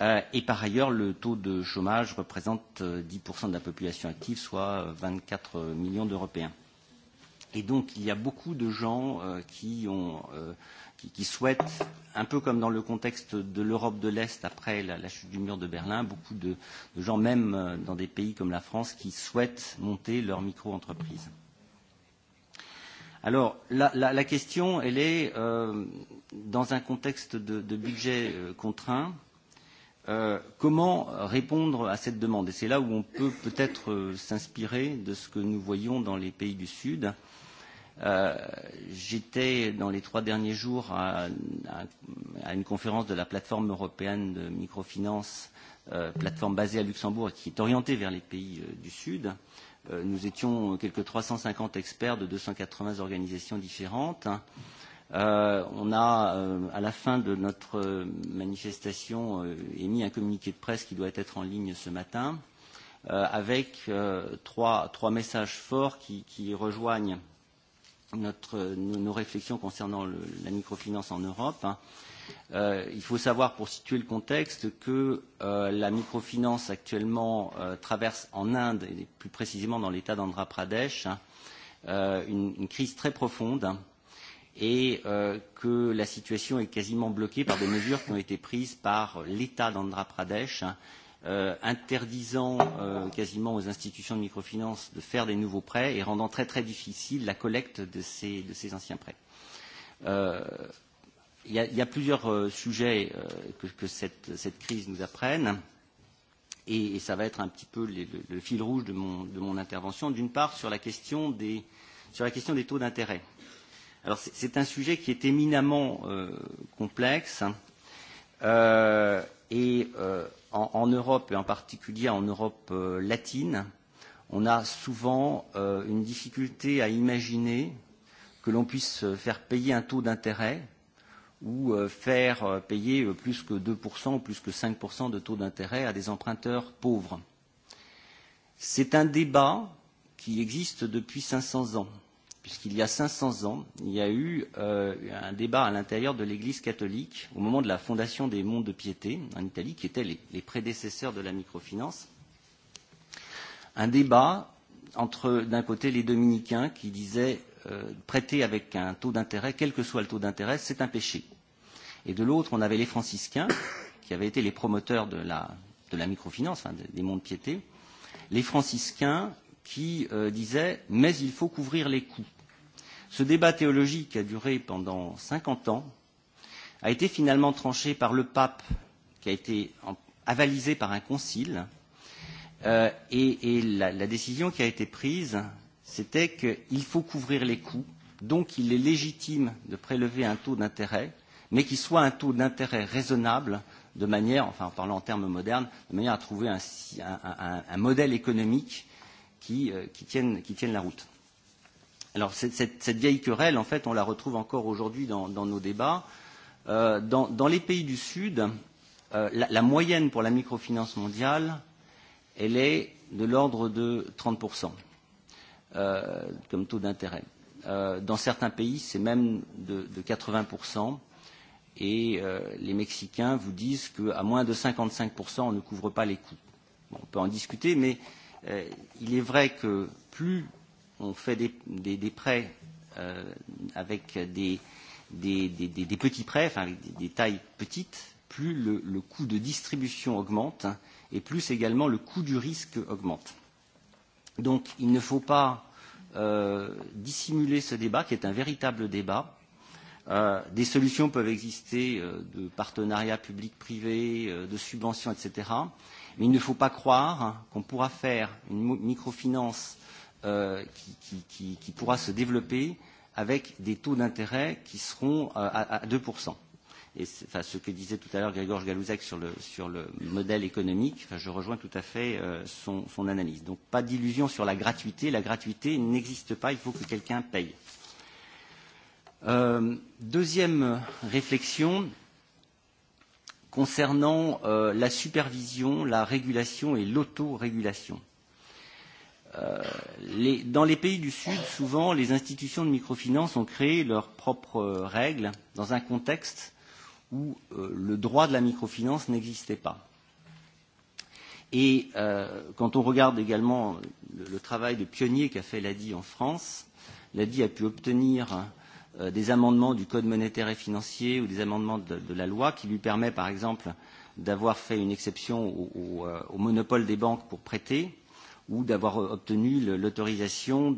Euh, et par ailleurs, le taux de chômage représente 10% euh, de la population active, soit 24 euh, millions d'Européens. Et donc, il y a beaucoup de gens euh, qui, ont, euh, qui, qui souhaitent, un peu comme dans le contexte de l'Europe de l'Est après la, la chute du mur de Berlin, beaucoup de, de gens, même dans des pays comme la France, qui souhaitent monter leur micro-entreprise. Alors, la, la, la question, elle est, euh, dans un contexte de, de budget euh, contraint, euh, Euh, comment répondre à cette demande Et c'est là où on peut peut-être euh, s'inspirer de ce que nous voyons dans les pays du Sud. Euh, J'étais dans les trois derniers jours à, à, à une conférence de la plateforme européenne de microfinance, euh, plateforme basée à Luxembourg et qui est orientée vers les pays euh, du Sud. Euh, nous étions quelques 350 experts de 280 organisations différentes. Hein. Euh, on a, euh, à la fin de notre euh, manifestation, euh, émis un communiqué de presse qui doit être en ligne ce matin, euh, avec euh, trois, trois messages forts qui, qui rejoignent notre, nos, nos réflexions concernant le, la microfinance en Europe. Euh, il faut savoir, pour situer le contexte, que euh, la microfinance actuellement euh, traverse en Inde, et plus précisément dans l'État d'Andhra Pradesh, euh, une, une crise très profonde. Hein, et euh, que la situation est quasiment bloquée par des mesures qui ont été prises par l'État d'Andhra Pradesh, hein, euh, interdisant euh, quasiment aux institutions de microfinance de faire des nouveaux prêts et rendant très très difficile la collecte de ces, de ces anciens prêts. Euh, il euh, y, y a plusieurs euh, sujets euh, que, que cette, cette crise nous apprenne. Et, et ça va être un petit peu le, le, le fil rouge de mon, de mon intervention, d'une part sur la question des, sur la question des taux d'intérêt. Alors c'est un sujet qui est éminemment euh, complexe euh, et euh, en, en Europe et en particulier en Europe euh, latine, on a souvent euh, une difficulté à imaginer que l'on puisse faire payer un taux d'intérêt ou euh, faire euh, payer euh, plus que 2% ou plus que 5% de taux d'intérêt à des emprunteurs pauvres. C'est un débat qui existe depuis 500 ans puisqu'il y a 500 ans, il y a eu euh, un débat à l'intérieur de l'Église catholique au moment de la fondation des mondes de piété en Italie, qui étaient les, les prédécesseurs de la microfinance. Un débat entre, d'un côté, les dominicains qui disaient euh, prêter avec un taux d'intérêt, quel que soit le taux d'intérêt, c'est un péché. Et de l'autre, on avait les franciscains, qui avaient été les promoteurs de la, de la microfinance, enfin, des mondes de piété. Les franciscains qui euh, disaient mais il faut couvrir les coûts. Ce débat théologique qui a duré pendant 50 ans a été finalement tranché par le pape qui a été avalisé par un concile euh, et, et la, la décision qui a été prise c'était qu'il faut couvrir les coûts donc il est légitime de prélever un taux d'intérêt mais qu'il soit un taux d'intérêt raisonnable de manière, enfin en parlant en termes modernes, de manière à trouver un, un, un, un modèle économique qui, euh, qui, tienne, qui tienne la route. Alors cette, cette, cette vieille querelle, en fait, on la retrouve encore aujourd'hui dans, dans nos débats. Euh, dans, dans les pays du Sud, euh, la, la moyenne pour la microfinance mondiale, elle est de l'ordre de 30% euh, comme taux d'intérêt. Euh, dans certains pays, c'est même de, de 80%. Et euh, les Mexicains vous disent qu'à moins de 55%, on ne couvre pas les coûts. Bon, on peut en discuter, mais euh, il est vrai que plus on fait des, des, des prêts euh, avec des, des, des, des, des petits prêts, enfin avec des, des tailles petites, plus le, le coût de distribution augmente hein, et plus également le coût du risque augmente. Donc il ne faut pas euh, dissimuler ce débat qui est un véritable débat. Euh, des solutions peuvent exister euh, de partenariats publics-privés, euh, de subventions, etc. Mais il ne faut pas croire hein, qu'on pourra faire une microfinance euh, euh, qui, qui, qui, qui pourra se développer avec des taux d'intérêt qui seront euh, à, à 2 et enfin, ce que disait tout à l'heure Grégorge Galouzek sur le, sur le modèle économique, enfin, je rejoins tout à fait euh, son, son analyse. Donc pas d'illusion sur la gratuité. La gratuité n'existe pas, il faut que quelqu'un paye. Euh, deuxième réflexion concernant euh, la supervision, la régulation et l'autorégulation. Euh, Euh, les, dans les pays du Sud, souvent, les institutions de microfinance ont créé leurs propres euh, règles dans un contexte où euh, le droit de la microfinance n'existait pas. Et euh, quand on regarde également le, le travail de pionnier qu'a fait l'ADI en France, l'ADI a pu obtenir euh, des amendements du Code monétaire et financier ou des amendements de, de la loi qui lui permet, par exemple, d'avoir fait une exception au, au, euh, au monopole des banques pour prêter. Euh, ou d'avoir obtenu l'autorisation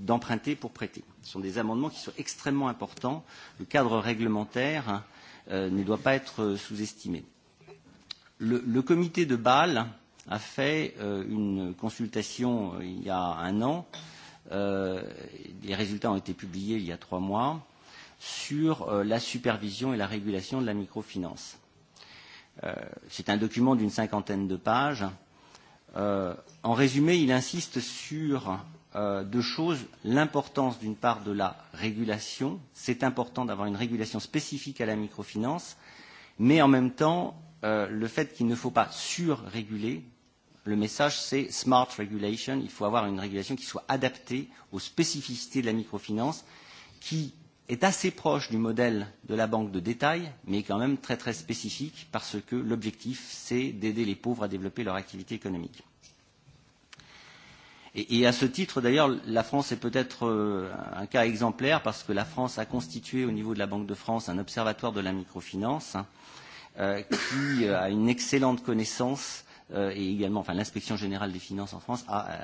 d'emprunter pour prêter. Ce sont des amendements qui sont extrêmement importants. Le cadre réglementaire euh, ne doit pas être euh, sous-estimé. Le, le comité de Bâle a fait euh, une consultation euh, il y a un an. Euh, les résultats ont été publiés il y a trois mois sur euh, la supervision et la régulation de la microfinance. Euh, C'est un document d'une cinquantaine de pages. Euh, en résumé, il insiste sur euh, deux choses l'importance d'une part de la régulation, c'est important d'avoir une régulation spécifique à la microfinance, mais en même temps, euh, le fait qu'il ne faut pas surréguler, le message c'est smart regulation, il faut avoir une régulation qui soit adaptée aux spécificités de la microfinance, qui, est assez proche du modèle de la banque de détail, mais quand même très très spécifique parce que l'objectif c'est d'aider les pauvres à développer leur activité économique. Et, et à ce titre d'ailleurs, la France est peut-être euh, un cas exemplaire parce que la France a constitué au niveau de la Banque de France un observatoire de la microfinance hein, euh, qui euh, a une excellente connaissance euh, et également enfin, l'inspection générale des finances en France, a, euh,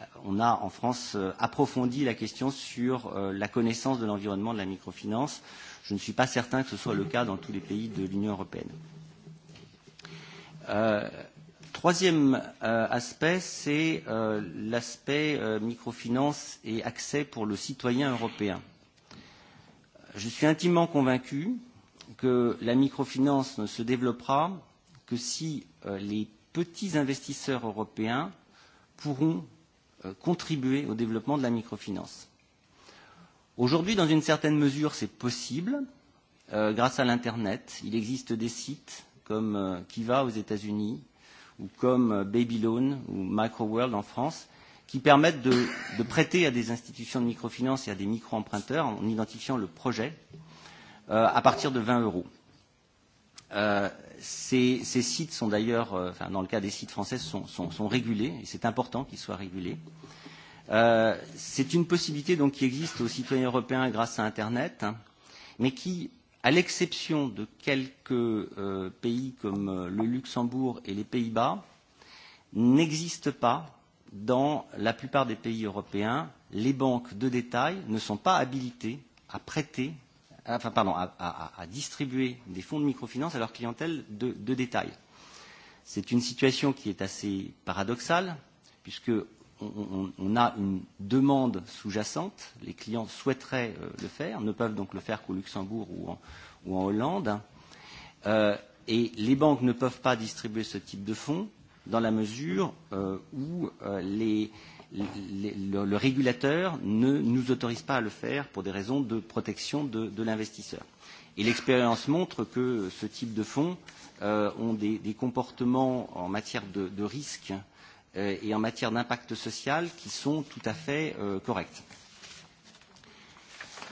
euh, on a en France euh, approfondi la question sur euh, la connaissance de l'environnement de la microfinance. Je ne suis pas certain que ce soit le cas dans tous les pays de l'Union européenne. Euh, troisième euh, aspect, c'est euh, l'aspect euh, microfinance et accès pour le citoyen européen. Je suis intimement convaincu que la microfinance ne se développera que si euh, les petits investisseurs européens pourront euh, contribuer au développement de la microfinance. Aujourd'hui, dans une certaine mesure, c'est possible euh, grâce à l'Internet. Il existe des sites comme euh, Kiva aux États-Unis ou comme euh, Baby Loan ou Microworld en France qui permettent de, de prêter à des institutions de microfinance et à des micro-emprunteurs en identifiant le projet euh, à partir de 20 euros. Euh, ces, ces sites sont d'ailleurs, euh, enfin, dans le cas des sites français, sont, sont, sont régulés, et c'est important qu'ils soient régulés. Euh, c'est une possibilité donc qui existe aux citoyens européens grâce à Internet, hein, mais qui, à l'exception de quelques euh, pays comme euh, le Luxembourg et les Pays-Bas, n'existe pas dans la plupart des pays européens. Les banques de détail ne sont pas habilitées à prêter Ah, enfin, pardon, à, à, à distribuer des fonds de microfinance à leur clientèle de, de détail. C'est une situation qui est assez paradoxale, puisqu'on on, on a une demande sous-jacente, les clients souhaiteraient euh, le faire, ne peuvent donc le faire qu'au Luxembourg ou en, ou en Hollande, euh, et les banques ne peuvent pas distribuer ce type de fonds dans la mesure euh, où euh, les les, le, le régulateur ne nous autorise pas à le faire pour des raisons de protection de, de l'investisseur. Et l'expérience montre que ce type de fonds euh, ont des, des comportements en matière de, de risque euh, et en matière d'impact social qui sont tout à fait euh, corrects.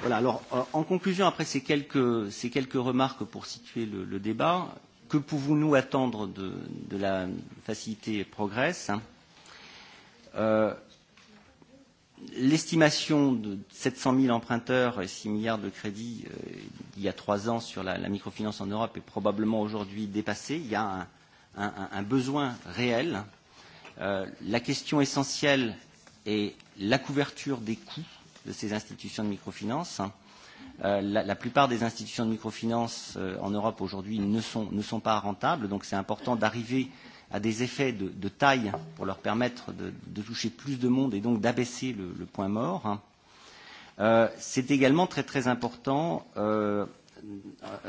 Voilà, alors euh, en conclusion, après ces quelques, ces quelques remarques pour situer le, le débat, que pouvons-nous attendre de, de la facilité progresse hein euh, l'estimation de 700 000 emprunteurs et 6 milliards de crédits euh, il y a trois ans sur la, la microfinance en Europe est probablement aujourd'hui dépassée. Il y a un, un, un besoin réel. Euh, la question essentielle est la couverture des coûts de ces institutions de microfinance. Euh, la, la plupart des institutions de microfinance euh, en Europe aujourd'hui ne sont, ne sont pas rentables, donc c'est important d'arriver euh, à des effets de, de taille pour leur permettre de, de toucher plus de monde et donc d'abaisser le, le point mort. Euh, c'est également très très important euh,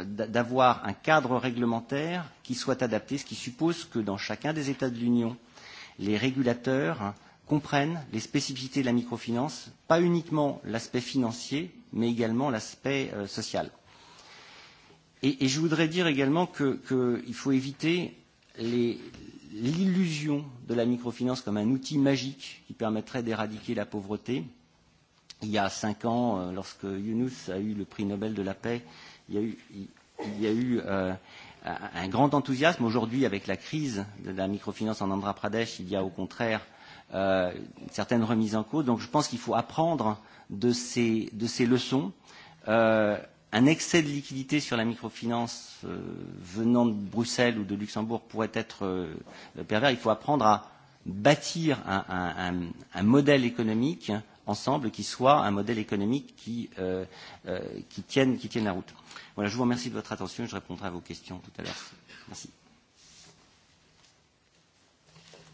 d'avoir un cadre réglementaire qui soit adapté, ce qui suppose que dans chacun des États de l'Union, les régulateurs comprennent les spécificités de la microfinance, pas uniquement l'aspect financier, mais également l'aspect euh, social. Et, et je voudrais dire également qu'il que faut éviter euh, l'illusion de la microfinance comme un outil magique qui permettrait d'éradiquer la pauvreté. Il y a cinq ans, euh, lorsque Yunus a eu le prix Nobel de la paix, il y a eu, il y a eu euh, un grand enthousiasme. Aujourd'hui, avec la crise de la microfinance en Andhra Pradesh, il y a au contraire euh, certaines remises en cause. Donc je pense qu'il faut apprendre de ces, de ces leçons. Euh, un excès de liquidité sur la microfinance euh, venant de Bruxelles ou de Luxembourg pourrait être euh, pervers. Il faut apprendre à bâtir un, un, un, un modèle économique ensemble qui soit un modèle économique qui, euh, euh, qui, tienne, qui tienne la route. Voilà, je vous remercie de votre attention et je répondrai à vos questions tout à l'heure. Merci.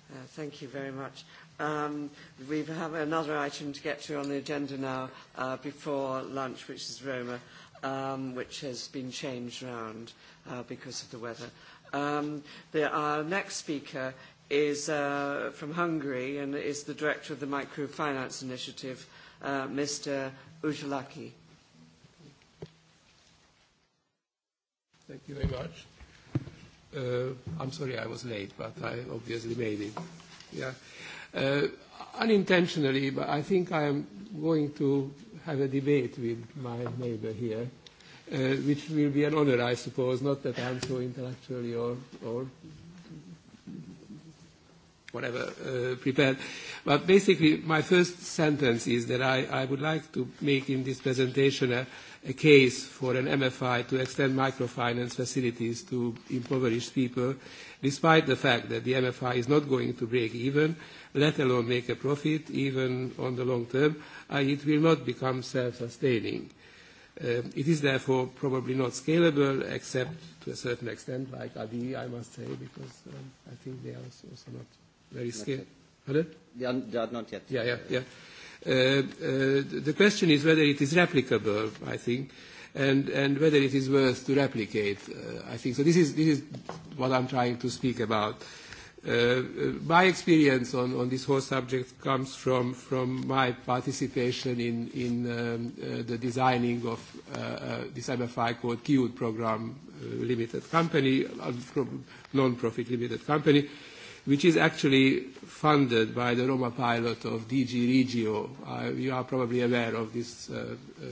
Uh, thank you very much. Um, we have another item to get to on the agenda now uh, before lunch, which is Roma um, which has been changed around uh, because of the weather. Um, the, our next speaker is uh, from Hungary and is the director of the Microfinance Initiative, uh, Mr. Ujulaki. Thank you very much. Uh, I'm sorry I was late, but I obviously made it. Yeah. Uh, unintentionally, but I think I am going to have a debate with my neighbor here, uh, which will be an honor, I suppose, not that I'm so intellectually or, or whatever uh, prepared. But basically, my first sentence is that I, I would like to make in this presentation a, a case for an MFI to extend microfinance facilities to impoverished people, despite the fact that the MFI is not going to break even, let alone make a profit, even on the long term. Uh, it will not become self-sustaining. Uh, it is therefore probably not scalable, except to a certain extent, like Adi, I must say, because um, I think they are also not very scale. Not yet. Pardon? They are not yet. Yeah, yeah. Uh, the question is whether it is replicable, I think, and whether it is worth to replicate, I think. This is what I'm trying to speak about uh, my experience on, on this whole subject comes from, from my participation in, in um, uh, the designing of uh, uh, this MFI called QUD Program uh, Limited Company, a uh, non-profit limited company, which is actually funded by the Roma pilot of DG Regio. Uh, you are probably aware of this uh, uh,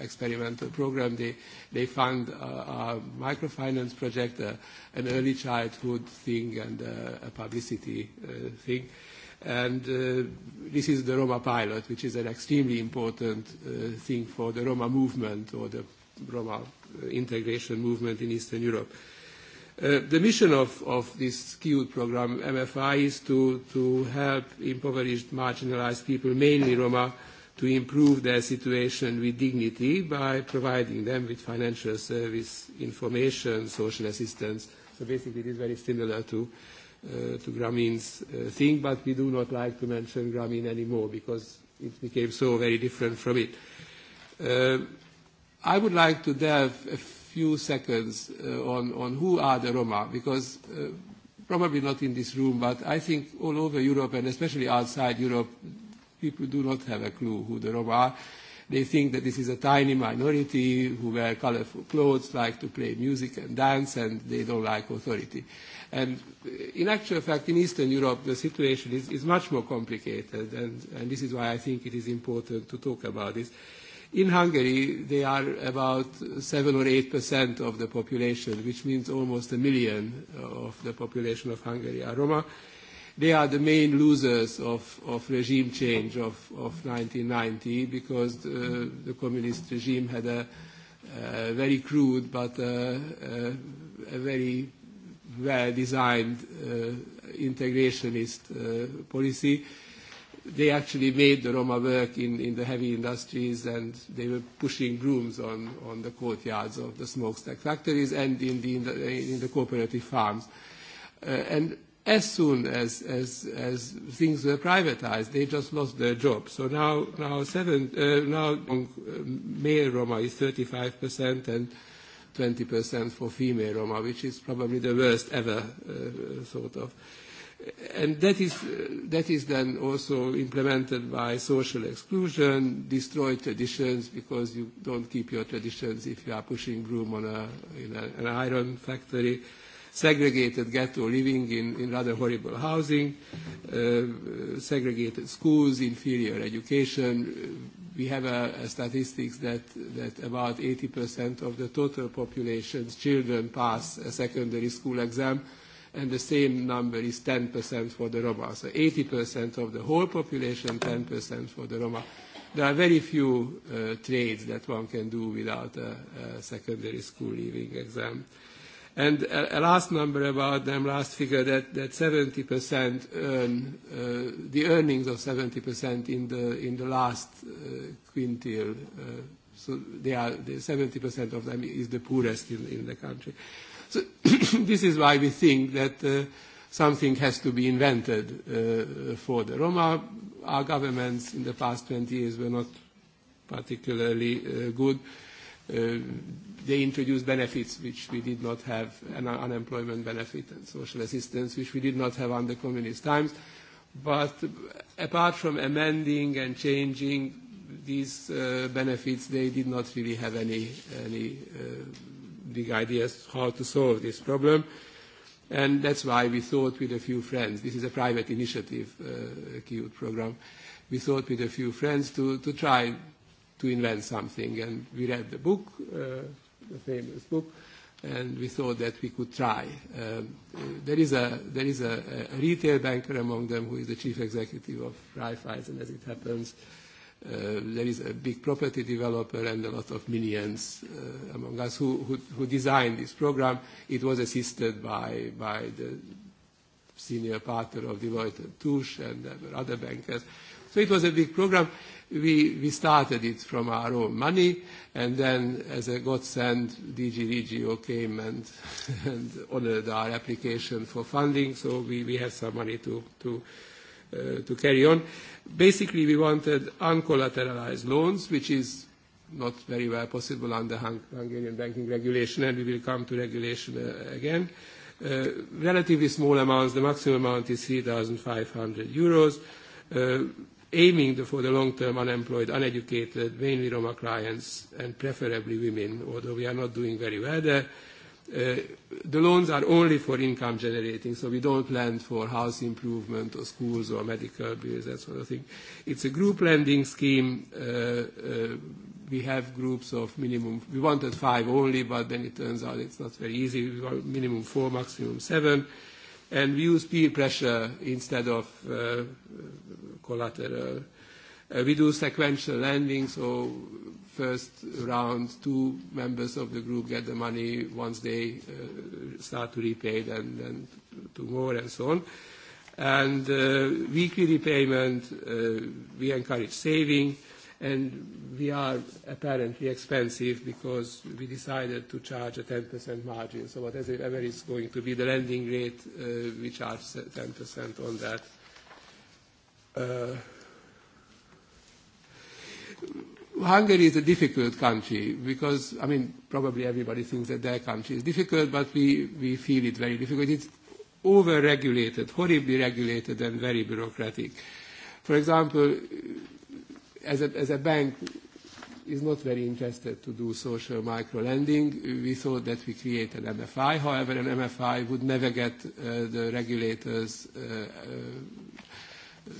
experimental program, they, they found uh, a microfinance project, uh, an early childhood thing, and uh, a publicity uh, thing. And uh, this is the Roma pilot, which is an extremely important uh, thing for the Roma movement or the Roma uh, integration movement in Eastern Europe. Uh, the mission of, of this skilled program, MFI, is to, to help impoverished, marginalized people, mainly Roma, uh, to improve their situation with dignity by providing them with financial service, information, social assistance. So basically, it is very similar to, uh, to Grameen's uh, thing, but we do not like to mention Grameen anymore because it became so very different from it. Uh, I would like to delve a few seconds uh, on, on who are the Roma, because uh, probably not in this room, but I think all over Europe and especially outside Europe, people do not have a clue who the Roma are. They think that this is a tiny minority who wear colorful clothes, like to play music and dance, and they don't like authority. And uh, in actual fact, in Eastern Europe, the situation is, is much more complicated, and, and this is why I think it is important to talk about this. In Hungary, they are about 7 or 8 percent of the population, which means almost a million of the population of Hungary are Roma. Uh, they are the main losers of, of regime change of, of 1990 because the, the communist regime had a, a very crude but a, a, a very well designed uh, integrationist uh, policy. They actually made the Roma work in, in the heavy industries and they were pushing brooms on, on the courtyards of the smokestack factories and in the, in the, in the cooperative farms. Uh, and as soon as, as, as things were privatized, they just lost their jobs. So now, now, seven, uh, now um, male Roma is 35% and 20% for female Roma, which is probably the worst ever, uh, sort of. And that is, uh, that is then also implemented by social exclusion, destroyed traditions because you don't keep your traditions if you are pushing broom on a, in a, an iron factory. Uh, segregated ghetto living in, in rather horrible housing, uh, segregated schools, inferior education. We have a, a statistics that, that about 80% of the total population's children pass a secondary school exam, and the same number is 10% for the Roma. So 80% of the whole population, 10% for the Roma. There are very few uh, trades that one can do without a, a secondary school leaving exam. Uh, Last number about them, last figure, that 70%, uh, the earnings of 70% in the last uh, quintile, uh, so they are, the 70% of them is the poorest in the country. [COUGHS] This is why we think that something has to be invented for the Roma. Our governments in the past 20 years were not particularly good they introduced benefits which we did not have, an unemployment benefit and social assistance which we did not have under communist times. But apart from amending and changing these uh, benefits, they did not really have any, any uh, big ideas how to solve this problem. And that's why we thought with a few friends, this is a private initiative, uh, acute program, we thought with a few friends to, to try to invent something. And we read the book. Uh, a famous book, and we thought that we could try. Um, there is, a, there is a, a retail banker among them who is the chief executive of Raiffeisen, as it happens. Uh, there is a big property developer and a lot of minions uh, among us who, who, who designed this program. It was assisted by, by the senior partner of Deloitte and Touche and other bankers. So it was a big program we, we started it from our own money, and then as a godsend, DG Regio came and, [LAUGHS] and honored our application for funding, so we, we have some money to, to, uh, to carry on. Basically, we wanted uncollateralized loans, which is not very well possible under Hungarian banking regulation, and we will come to regulation uh, again. Uh, relatively small amounts, the maximum amount is 3,500 euros. Uh, aiming for the long-term unemployed, uneducated, mainly Roma clients and preferably women, although we are not doing very well there. Uh, the loans are only for income generating, so we don't lend for house improvement or schools or medical bills, that sort of thing. It's a group lending scheme. Uh, uh, we have groups of minimum. We wanted five only, but then it turns out it's not very easy. We want minimum four, maximum seven. We use peer pressure instead of collateral. Uh, we do sequential lending, so first round, two members of the group get the money once they uh, start to repay, then two more, and so on. And uh, weekly repayment, we encourage saving, and we are apparently expensive because we decided to charge a 10% margin. So whatever is going to be the lending rate, we charge 10% on that. Uh, Hungary is a difficult country because, I mean, probably everybody thinks that their country is difficult, but we, we feel it very difficult. It's over regulated, horribly regulated, and very bureaucratic. For example, as a, as a bank is not very interested to do social micro lending, we thought that we create an MFI. However, an MFI would never get uh, the regulators. Uh, uh,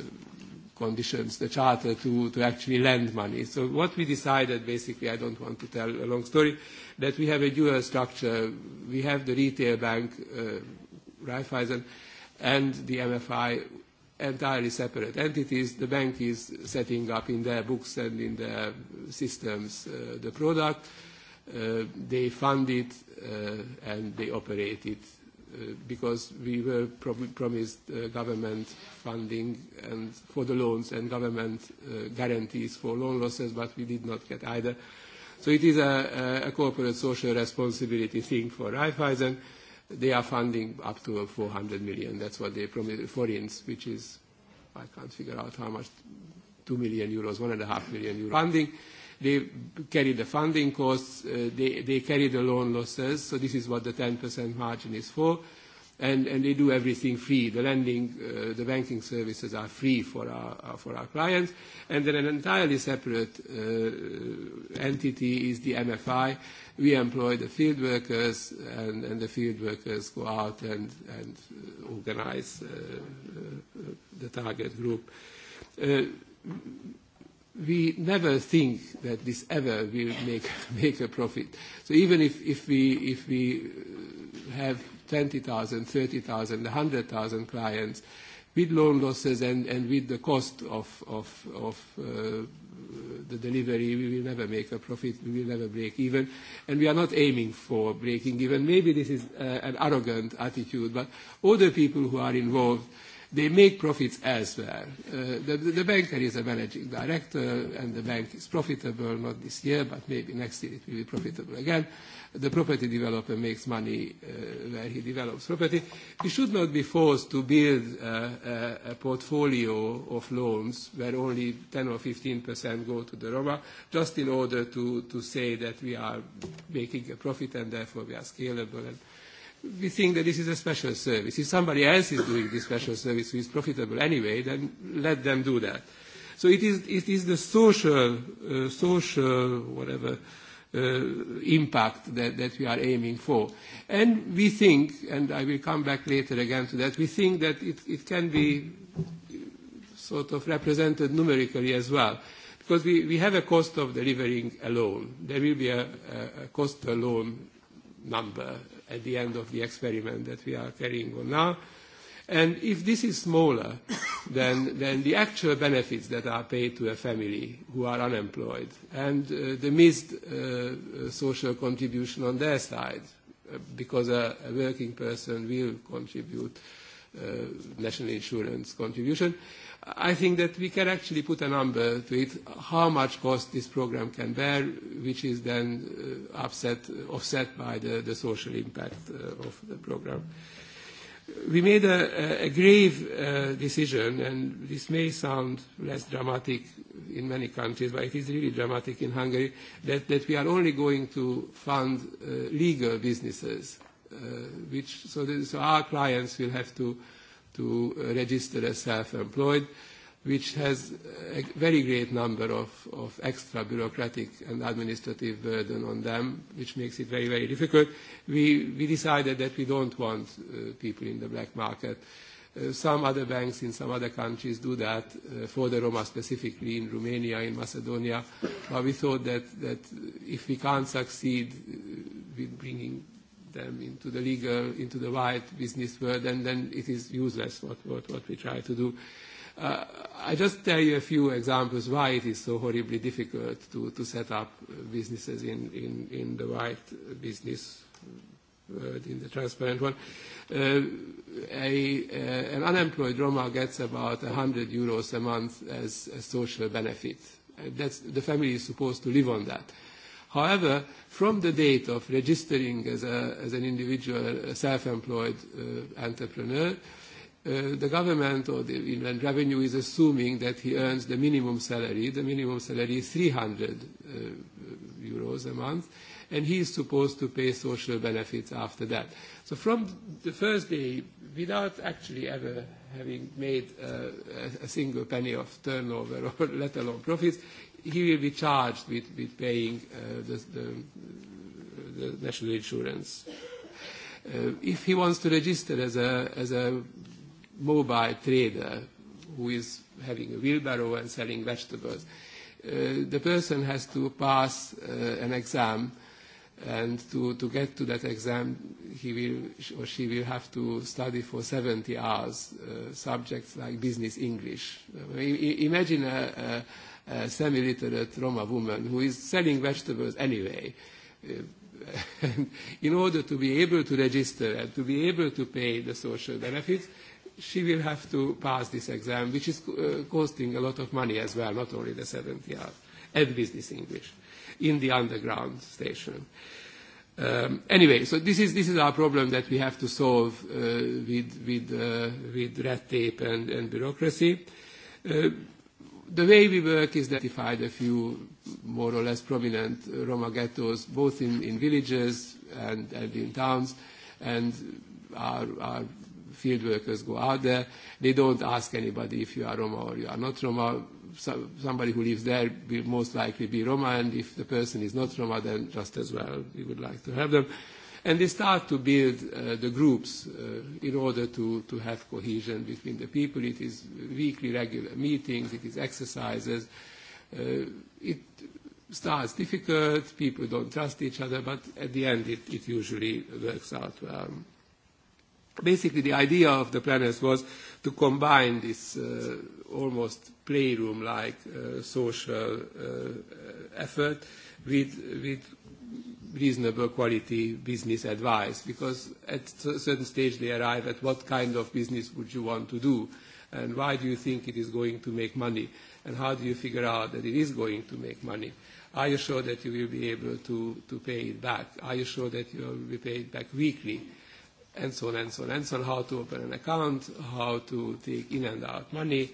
conditions, the charter to, to actually lend money. So what we decided, basically, I don't want to tell a long story, that we have a dual structure. We have the retail bank, uh, Raiffeisen, and the MFI, entirely separate entities. The bank is setting up in their books and in their systems uh, the product. Uh, they fund it uh, and they operate it Uh, because we were prom promised uh, government funding and for the loans and government uh, guarantees for loan losses, but we did not get either. So it is a, a, a corporate social responsibility thing for Raiffeisen. They are funding up to 400 million. That's what they promised, foreigns, which is, I can't figure out how much, 2 million euros, 1.5 million euros funding. Uh, they carry the funding costs, uh, they carry the loan losses, so this is what the 10% margin is for, and they do everything free. The lending, uh, the banking services are free for our uh, clients. And then an entirely separate entity is the MFI. We employ the field workers, and the field workers go out and organize the target group we never think that this ever will make [LAUGHS] a profit. Even if we uh, have 20,000, 30,000, 100,000 clients, with loan losses and with the cost of uh, the delivery, we will never make a profit, we will never break even, and we are not aiming for breaking even. Maybe this is uh, an arrogant attitude, but all the people who are involved they make profits elsewhere. Uh, the banker is a managing director, and the bank is profitable, not this year, but maybe next year it will be profitable again. The property developer makes money uh, where he develops property. We should not be forced to build uh, a portfolio of loans where only 10% or 15% go to the ROBA, just in order to say that we are making a profit and therefore we are scalable we think that this is a special service. If somebody else is doing this special service who is profitable anyway, then let them do that. So it is, it is the social, uh, social whatever uh, impact that, that we are aiming for. And we think, and I will come back later again to that, we think that it, it can be sort of represented numerically as well. Because we, we have a cost of delivering a loan. There will be a, a, a cost alone number at the end of the experiment that we are carrying on now. And if this is smaller [COUGHS] than, than the actual benefits that are paid to a family who are unemployed and uh, the missed uh, uh social contribution on their side, uh, because a, a working person will contribute uh, national insurance contribution, uh, I think that we can actually put a number to it, how much cost this program can bear, which is then uh, upset, offset by the, the social impact uh, of the program. We made a, a grave uh, decision, and this may sound less dramatic in many countries, but it is really dramatic in Hungary, that, that we are only going to fund uh, legal businesses, uh, which, so, the, so our clients will have to uh, to register as self-employed, which has a very great number of, of extra bureaucratic and administrative burden on them, which makes it very, very difficult. We, we decided that we don't want uh, people in the black market. Uh, some other banks in some other countries do that uh, for the Roma specifically in Romania, in Macedonia. But we thought that, that if we can't succeed uh, with bringing them into the legal, into the white business world, and then it is useless what, what, what we try to do. Uh, I just tell you a few examples why it is so horribly difficult to, to set up uh, businesses in, in, in the white uh, business uh, world, in the transparent one. Uh, a, uh, an unemployed Roma gets about 100 euros a month as a social benefit. That's, the family is supposed to live on that. Uh, However, from the date of registering as, a, as an individual self-employed uh, entrepreneur, uh, the government or the Inland Revenue is assuming that he earns the minimum salary. The minimum salary is 300 uh, euros a month, and he is supposed to pay social benefits after that. So, from the first day, without actually ever having made uh, a, a single penny of turnover [LAUGHS] or let alone profits, he will be charged with, with paying uh, the, the, the national insurance. Uh, if he wants to register as a, as a mobile trader who is having a wheelbarrow and selling vegetables, uh, the person has to pass uh, an exam and to, to get to that exam he will or she will have to study for 70 hours uh, subjects like business english. I mean, imagine a, a Eh, semi-literate Roma woman who is selling vegetables anyway. Eh, [LAUGHS] in order to be able to register and to be able to pay the social benefits, she will have to pass this exam, which is uh, costing a lot of money as well, not only the 70 hours, and business English in the underground station. Um, anyway, so this is, this is our problem that we have to solve uh, with, with, uh, with red tape and, and bureaucracy. Uh, the way we work is that we find a few more or less prominent Roma ghettos, both in, in villages and, and in towns, and our, our field workers go out there. They don't ask anybody if you are Roma or you are not Roma. So, somebody who lives there will most likely be Roma, and if the person is not Roma, then just as well, we would like to have them. Uh, And they start to build uh, the groups uh, in order to, to have cohesion between the people. It is weekly regular meetings, it is exercises. Uh, it starts difficult, people don't trust each other, but at the end it, it usually works out well. Basically, the idea of the planners was to combine this uh, almost playroom-like uh, social uh, effort with, with reasonable quality business advice because at a certain stage they arrive at what kind of business would you want to do and why do you think it is going to make money and how do you figure out that it is going to make money? Are you sure that you will be able to, to pay it back? Are you sure that you will be paid back weekly? And so on and so on and so on. How to open an account, how to take in and out money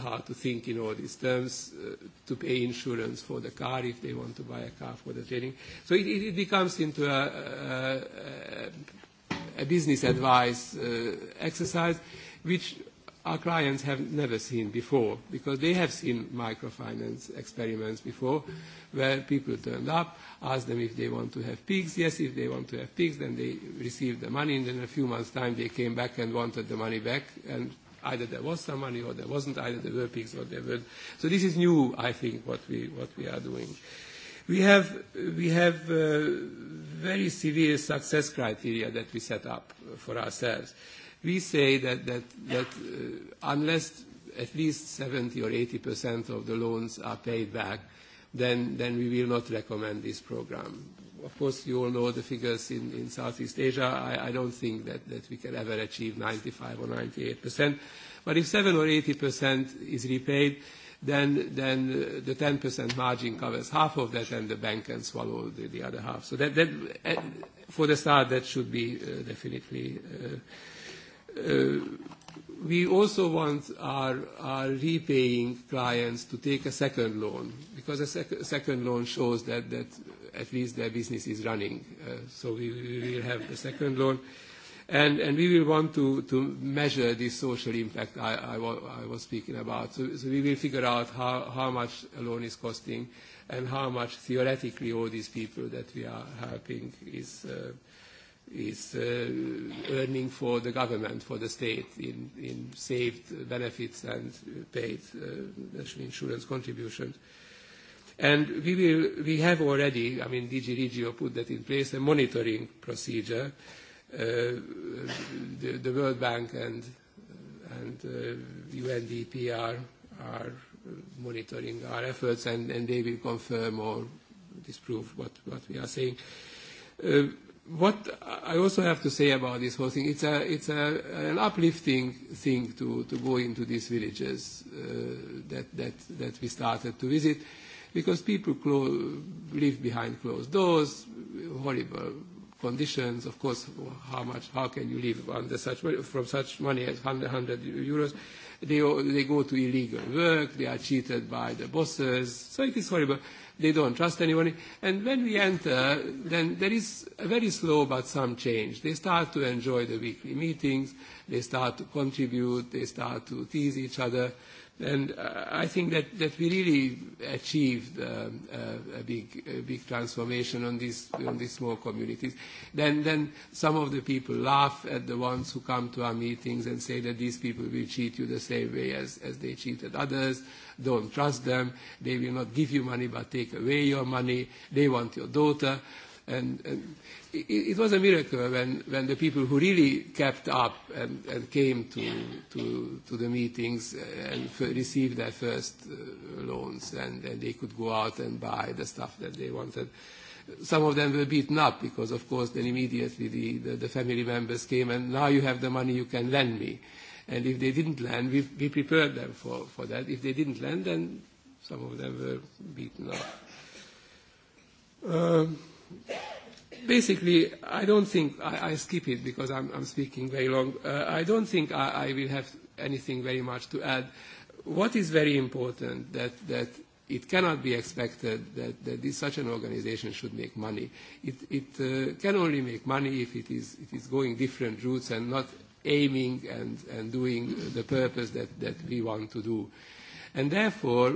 how uh, to think in all these terms uh, to pay insurance for the car if they want to buy a car for the training. So it, it becomes into a, a, a business advice uh, exercise, which our clients have never seen before because they have seen microfinance experiments before where people turned up, asked them if they want to have pigs. Yes, if they want to have pigs, then they received the money and then a few months' time they came back and wanted the money back and either there was some money or there wasn't, either there were pigs or there weren't. So this is new, I think, what we, what we are doing. We have, we have uh, very severe success criteria that we set up for ourselves. We say that, that, that uh, unless at least 70 or 80 percent of the loans are paid back, then, then we will not recommend this program Of course, you all know the figures in Southeast Asia. I don't think that we can ever achieve 95% or 98%. But if 7% or 80% is repaid, then uh, the 10% margin covers half of that, and the bank can swallow the other half. So that, uh, for the start, that should be uh, definitely we also want our, our repaying clients to take a second loan, because a sec- second loan shows that, that at least their business is running. Uh, so we, we will have the second loan. And, and we will want to, to measure this social impact I, I, I was speaking about. So, so we will figure out how, how much a loan is costing and how much theoretically all these people that we are helping is. Uh, is uh, earning for the government, for the state, in, in saved benefits and uh, paid uh, insurance contributions. And we, will, we have already, I mean, DG Regio put that in place, a monitoring procedure. Uh, the, the World Bank and, and uh, UNDP are, are monitoring our efforts, and, and they will confirm or disprove what, what we are saying. Uh, what I also have to say about this whole thing, it's, a, it's a, an uplifting thing to, to go into these villages uh, that, that, that we started to visit, because people clo- live behind closed doors, horrible conditions, of course, how, much, how can you live under such, from such money as 100, 100 euros? They, they go to illegal work, they are cheated by the bosses, so it is horrible they don't trust anybody. And when we enter, then there is a very slow but some change. They start to enjoy the weekly meetings, they start to contribute, they start to tease each other. And uh, I think that, that we really achieved uh, uh, a, big, a big transformation on these, on these small communities. Then, then some of the people laugh at the ones who come to our meetings and say that these people will cheat you the same way as, as they cheated others. Don't trust them. They will not give you money but take away your money. They want your daughter and, and it, it was a miracle when, when the people who really kept up and, and came to, to, to the meetings uh, and f- received their first uh, loans and, and they could go out and buy the stuff that they wanted. Some of them were beaten up because, of course, then immediately the, the, the family members came and now you have the money you can lend me. And if they didn't lend, we, we prepared them for, for that. If they didn't lend, then some of them were beaten up. Um, basically, I don't think I, I skip it because I'm, I'm speaking very long. Uh, I don't think I, I will have anything very much to add. What is very important that that it cannot be expected that, that this, such an organization should make money. It, it uh, can only make money if it is, it is going different routes and not aiming and, and doing the purpose that, that we want to do. And therefore,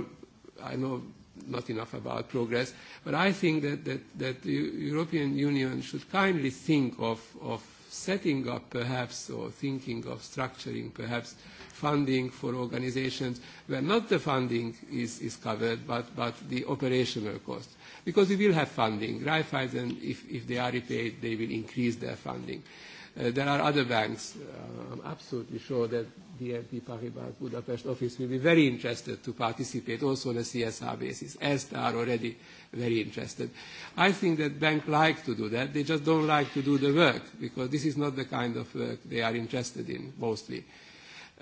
I know not enough about progress. But I think that, that, that the European Union should kindly think of, of setting up perhaps or thinking of structuring perhaps funding for organizations where not the funding is, is covered but, but the operational cost. Because we will have funding. Raiffeisen, if, if they are repaid, they will increase their funding. Uh, Uh, there are other banks. Uh, I'm absolutely sure that the BNP Paribas Budapest office will be very interested to participate also on a CSR basis, as they are already very interested. I think that banks like to do that. They just don't like to do the work because this is not the kind of work they are interested in mostly.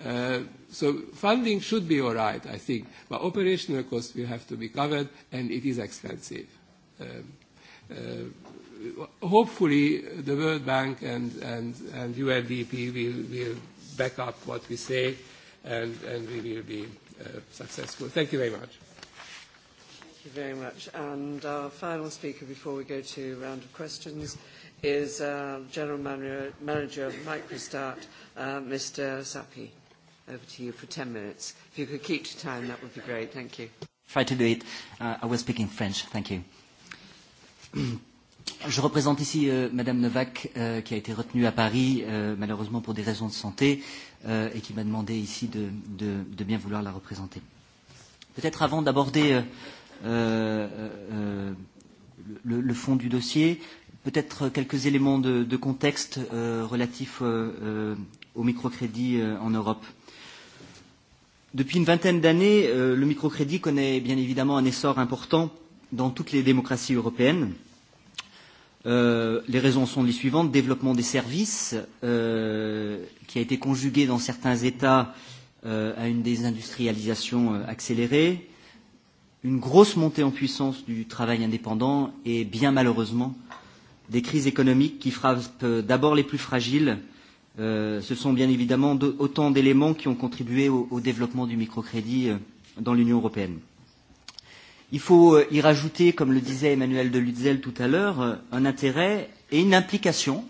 Uh, so funding should be all right, I think, but operational costs will have to be covered, and it is expensive. Um, uh, hopefully the World Bank and, and, and UNDP will, will back up what we say and, and we will be uh, successful. Thank you very much. Thank you very much. And our final speaker before we go to a round of questions is uh, General Manager of MicroStart, uh, Mr. Sapi. Over to you for 10 minutes. If you could keep to time, that would be great. Thank you. Try to do it. Uh, I was speaking French. Thank you. [CLEARS THROAT] Je représente ici euh, Madame Novak, euh, qui a été retenue à Paris, euh, malheureusement pour des raisons de santé, euh, et qui m'a demandé ici de, de, de bien vouloir la représenter. Peut-être avant d'aborder euh, euh, euh, le, le fond du dossier, peut-être quelques éléments de, de contexte euh, relatifs euh, euh, au microcrédit euh, en Europe. Depuis une vingtaine d'années, euh, le microcrédit connaît bien évidemment un essor important dans toutes les démocraties européennes. Euh, les raisons sont les suivantes développement des services euh, qui a été conjugué dans certains États euh, à une désindustrialisation euh, accélérée, une grosse montée en puissance du travail indépendant et bien malheureusement des crises économiques qui frappent euh, d'abord les plus fragiles. Euh, ce sont bien évidemment de, autant d'éléments qui ont contribué au, au développement du microcrédit euh, dans l'Union européenne. Il faut euh, y rajouter, comme le disait Emmanuel de Lutzel tout à l'heure, euh, un intérêt et une implication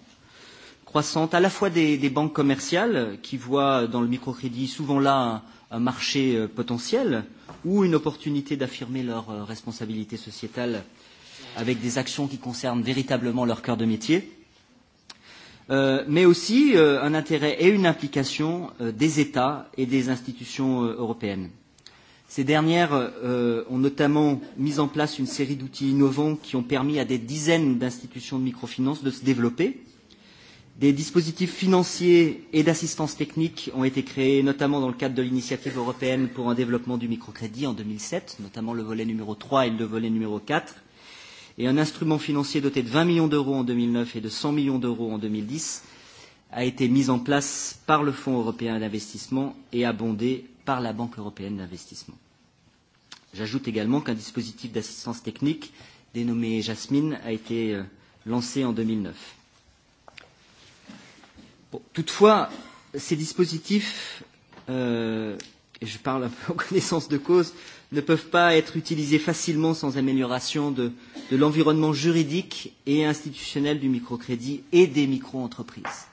croissante à la fois des, des banques commerciales qui voient dans le microcrédit souvent là un, un marché euh, potentiel ou une opportunité d'affirmer leur responsabilité sociétale avec des actions qui concernent véritablement leur cœur de métier, euh, mais aussi euh, un intérêt et une implication euh, des États et des institutions euh, européennes. Ces dernières euh, ont notamment mis en place une série d'outils innovants qui ont permis à des dizaines d'institutions de microfinance de se développer. Des dispositifs financiers et d'assistance technique ont été créés, notamment dans le cadre de l'initiative européenne pour un développement du microcrédit en 2007, notamment le volet numéro 3 et le volet numéro 4. Et un instrument financier doté de 20 millions d'euros en 2009 et de 100 millions d'euros en 2010 a été mis en place par le Fonds européen d'investissement et abondé par la Banque européenne d'investissement. J'ajoute également qu'un dispositif d'assistance technique dénommé Jasmine a été euh, lancé en 2009. Bon, toutefois, ces dispositifs, euh, et je parle un peu en [LAUGHS] connaissance de cause, ne peuvent pas être utilisés facilement sans amélioration de, de l'environnement juridique et institutionnel du microcrédit et des micro-entreprises.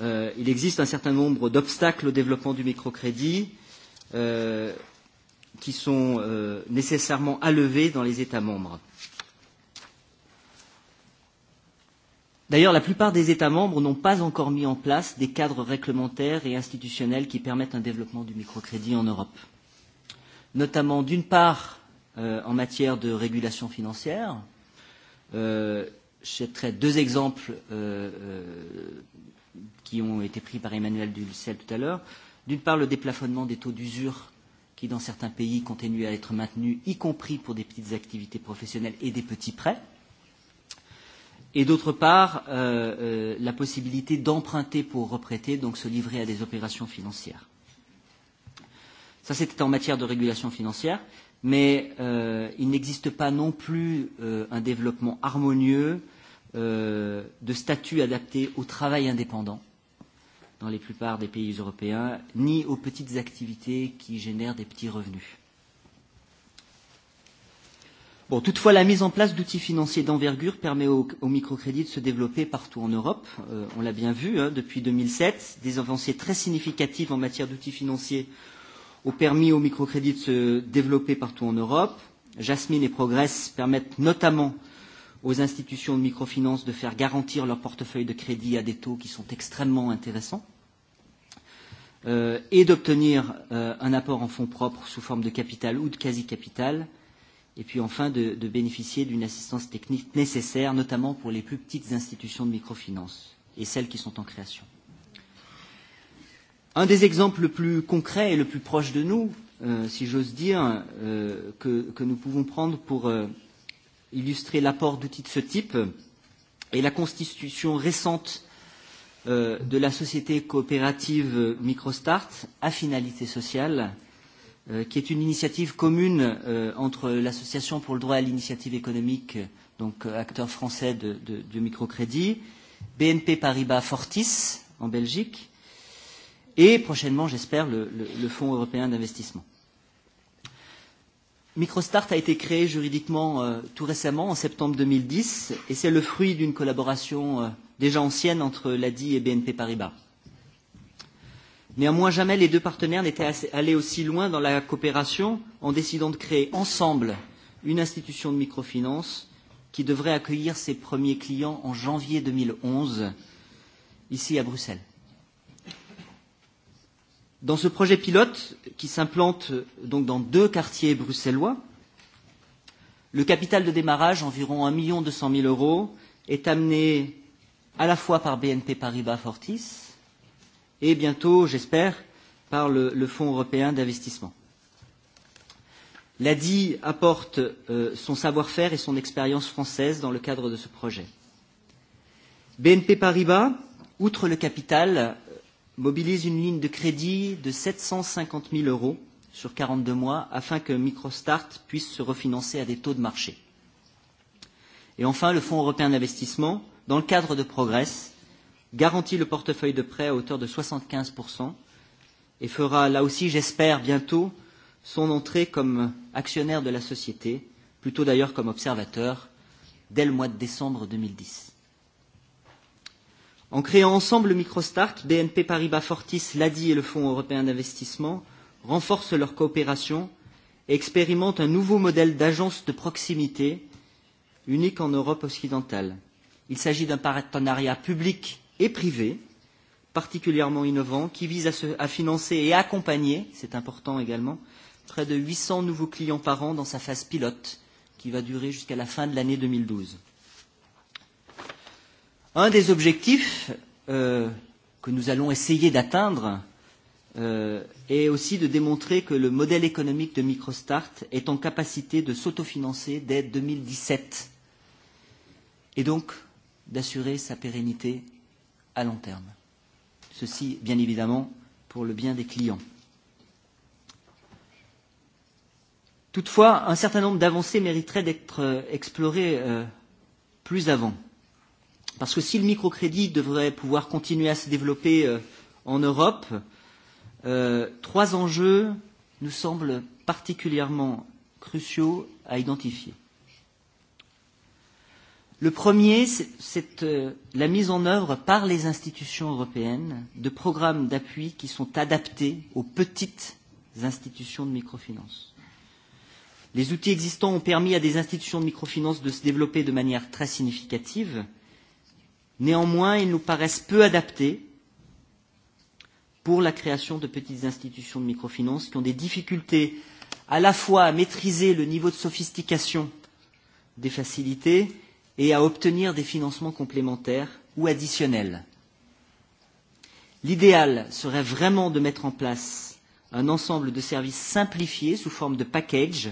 Euh, il existe un certain nombre d'obstacles au développement du microcrédit euh, qui sont euh, nécessairement à lever dans les États membres. D'ailleurs, la plupart des États membres n'ont pas encore mis en place des cadres réglementaires et institutionnels qui permettent un développement du microcrédit en Europe, notamment d'une part euh, en matière de régulation financière. Euh, je traite deux exemples euh, euh, qui ont été pris par Emmanuel Dulcel tout à l'heure. D'une part, le déplafonnement des taux d'usure qui, dans certains pays, continuent à être maintenus, y compris pour des petites activités professionnelles et des petits prêts. Et d'autre part, euh, euh, la possibilité d'emprunter pour reprêter, donc se livrer à des opérations financières. Ça, c'était en matière de régulation financière. Mais euh, il n'existe pas non plus euh, un développement harmonieux euh, Euh, de statut adapté au travail indépendant dans les plupart des pays européens, ni aux petites activités qui génèrent des petits revenus. Bon, toutefois, la mise en place d'outils financiers d'envergure permet au, au microcrédit de se développer partout en Europe. Euh, on l'a bien vu hein, depuis 2007. Des avancées très significatives en matière d'outils financiers ont permis au microcrédit de se développer partout en Europe. Jasmine et Progress permettent notamment euh, aux institutions de microfinance de faire garantir leur portefeuille de crédit à des taux qui sont extrêmement intéressants euh, et d'obtenir euh, un apport en fonds propres sous forme de capital ou de quasi-capital et puis enfin de, de bénéficier d'une assistance technique nécessaire notamment pour les plus petites institutions de microfinance et celles qui sont en création. Un des exemples le plus concrets et le plus proche de nous, euh, si j'ose dire, euh, que, que nous pouvons prendre pour... Euh, illustrer l'apport d'outils de ce type et la constitution récente euh, de la société coopérative MicroStart à finalité sociale, euh, qui est une initiative commune euh, entre l'Association pour le droit à l'initiative économique, donc acteur français de, de, du microcrédit, BNP Paribas Fortis en Belgique, et prochainement, j'espère, le, le, le Fonds européen d'investissement. MicroStart a été créé juridiquement euh, tout récemment, en septembre 2010, et c'est le fruit d'une collaboration euh, déjà ancienne entre l'ADI et BNP Paribas. Néanmoins, jamais les deux partenaires n'étaient allés aussi loin dans la coopération en décidant de créer ensemble une institution de microfinance qui devrait accueillir ses premiers clients en janvier 2011, ici à Bruxelles. Dans ce projet pilote, qui s'implante euh, donc dans deux quartiers bruxellois, le capital de démarrage, environ 1 million deux cent mille euros, est amené à la fois par BNP Paribas Fortis et bientôt, j'espère, par le, le Fonds européen d'investissement. L'ADI apporte euh, son savoir-faire et son expérience française dans le cadre de ce projet. BNP Paribas, outre le capital, mobilise une ligne de crédit de 750 000 euros sur 42 mois afin que MicroStart puisse se refinancer à des taux de marché. Et enfin, le Fonds européen d'investissement, dans le cadre de Progress, garantit le portefeuille de prêts à hauteur de 75 et fera là aussi, j'espère, bientôt son entrée comme actionnaire de la société, plutôt d'ailleurs comme observateur, dès le mois de décembre 2010. En créant ensemble le MicroStart, BNP Paribas Fortis, l'ADI et le Fonds européen d'investissement renforcent leur coopération et expérimentent un nouveau modèle d'agence de proximité unique en Europe occidentale. Il s'agit d'un partenariat public et privé particulièrement innovant qui vise à, se, à financer et accompagner, c'est important également, près de 800 nouveaux clients par an dans sa phase pilote qui va durer jusqu'à la fin de l'année 2012. Un des objectifs euh, que nous allons essayer d'atteindre euh, est aussi de démontrer que le modèle économique de MicroStart est en capacité de s'autofinancer dès 2017 et donc d'assurer sa pérennité à long terme. Ceci, bien évidemment, pour le bien des clients. Toutefois, un certain nombre d'avancées mériteraient d'être euh, explorées euh, plus avant. Parce que si le microcrédit devrait pouvoir continuer à se développer euh, en Europe, euh, trois enjeux nous semblent particulièrement cruciaux à identifier. Le premier, c'est euh, la mise en œuvre par les institutions européennes de programmes d'appui qui sont adaptés aux petites institutions de microfinance. Les outils existants ont permis à des institutions de microfinance de se développer de manière très significative. Néanmoins, ils nous paraissent peu adaptés pour la création de petites institutions de microfinance qui ont des difficultés à la fois à maîtriser le niveau de sophistication des facilités et à obtenir des financements complémentaires ou additionnels. L'idéal serait vraiment de mettre en place un ensemble de services simplifiés sous forme de package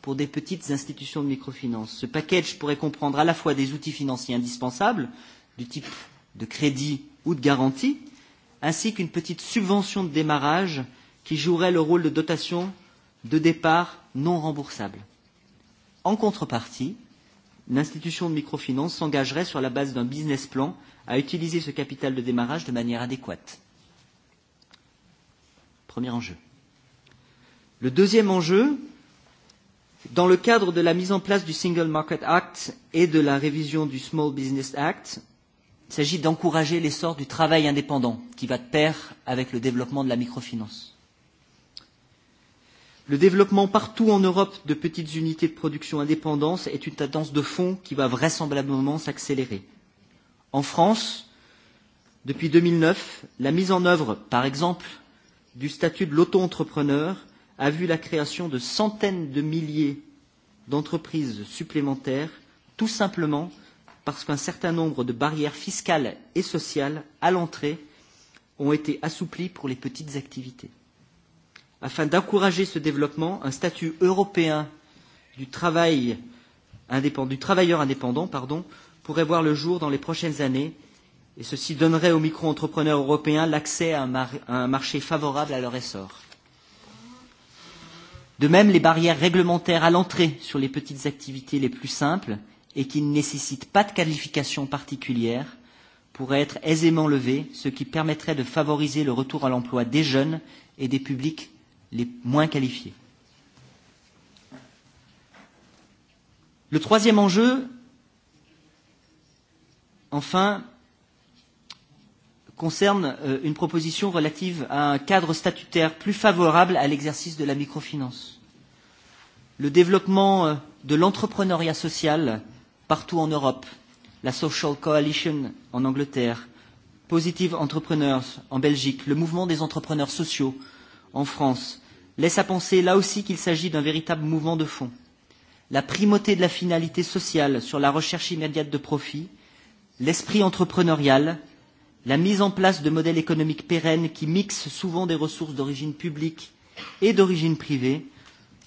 pour des petites institutions de microfinance. Ce package pourrait comprendre à la fois des outils financiers indispensables, du type de crédit ou de garantie, ainsi qu'une petite subvention de démarrage qui jouerait le rôle de dotation de départ non remboursable. En contrepartie, l'institution de microfinance s'engagerait sur la base d'un business plan à utiliser ce capital de démarrage de manière adéquate. Premier enjeu. Le deuxième enjeu, dans le cadre de la mise en place du Single Market Act et de la révision du Small Business Act, Il s'agit d'encourager l'essor du travail indépendant qui va de pair avec le développement de la microfinance. Le développement partout en Europe de petites unités de production indépendantes est une tendance de fond qui va vraisemblablement s'accélérer. En France, depuis 2009, la mise en œuvre, par exemple, du statut de l'auto-entrepreneur a vu la création de centaines de milliers d'entreprises supplémentaires, tout simplement parce qu'un certain nombre de barrières fiscales et sociales à l'entrée ont été assouplies pour les petites activités. Afin d'encourager ce développement, un statut européen du, travail indépendant, du travailleur indépendant pardon, pourrait voir le jour dans les prochaines années et ceci donnerait aux micro-entrepreneurs européens l'accès à, à un marché favorable à leur essor. De même, les barrières réglementaires à l'entrée sur les petites activités les plus simples et qui ne nécessite pas de qualification particulière pourrait être aisément levé, ce qui permettrait de favoriser le retour à l'emploi des jeunes et des publics les moins qualifiés. Le troisième enjeu, enfin, concerne euh, une proposition relative à un cadre statutaire plus favorable à l'exercice de la microfinance. Le développement euh, de l'entrepreneuriat social euh, partout en Europe, la Social Coalition en Angleterre, Positive Entrepreneurs en Belgique, le mouvement des entrepreneurs sociaux en France, laisse à penser là aussi qu'il s'agit d'un véritable mouvement de fond. La primauté de la finalité sociale sur la recherche immédiate de profit, l'esprit entrepreneurial, la mise en place de modèles économiques pérennes qui mixent souvent des ressources d'origine publique et d'origine privée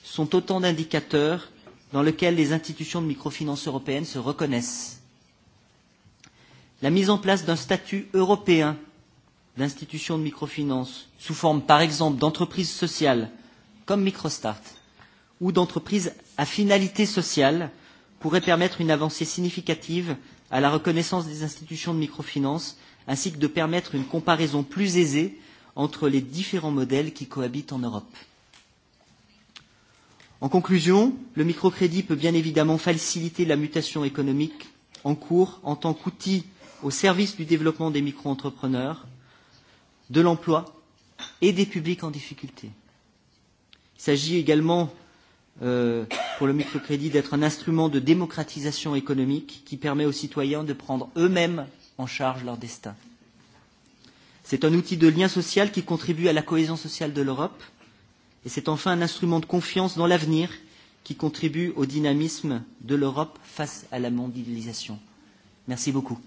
sont autant d'indicateurs dans lequel les institutions de microfinance européenne se reconnaissent. La mise en place d'un statut européen d'institution de microfinance sous forme par exemple d'entreprise sociale comme Microstart ou d'entreprise à finalité sociale pourrait permettre une avancée significative à la reconnaissance des institutions de microfinance ainsi que de permettre une comparaison plus aisée entre les différents modèles qui cohabitent en Europe. En conclusion, le microcrédit peut bien évidemment faciliter la mutation économique en cours en tant qu'outil au service du développement des micro-entrepreneurs, de l'emploi et des publics en difficulté. Il s'agit également euh, pour le microcrédit d'être un instrument de démocratisation économique qui permet aux citoyens de prendre eux-mêmes en charge leur destin. C'est un outil de lien social qui contribue à la cohésion sociale de l'Europe et c'est enfin un instrument de confiance dans l'avenir qui contribue au dynamisme de l'Europe face à la mondialisation. Merci beaucoup.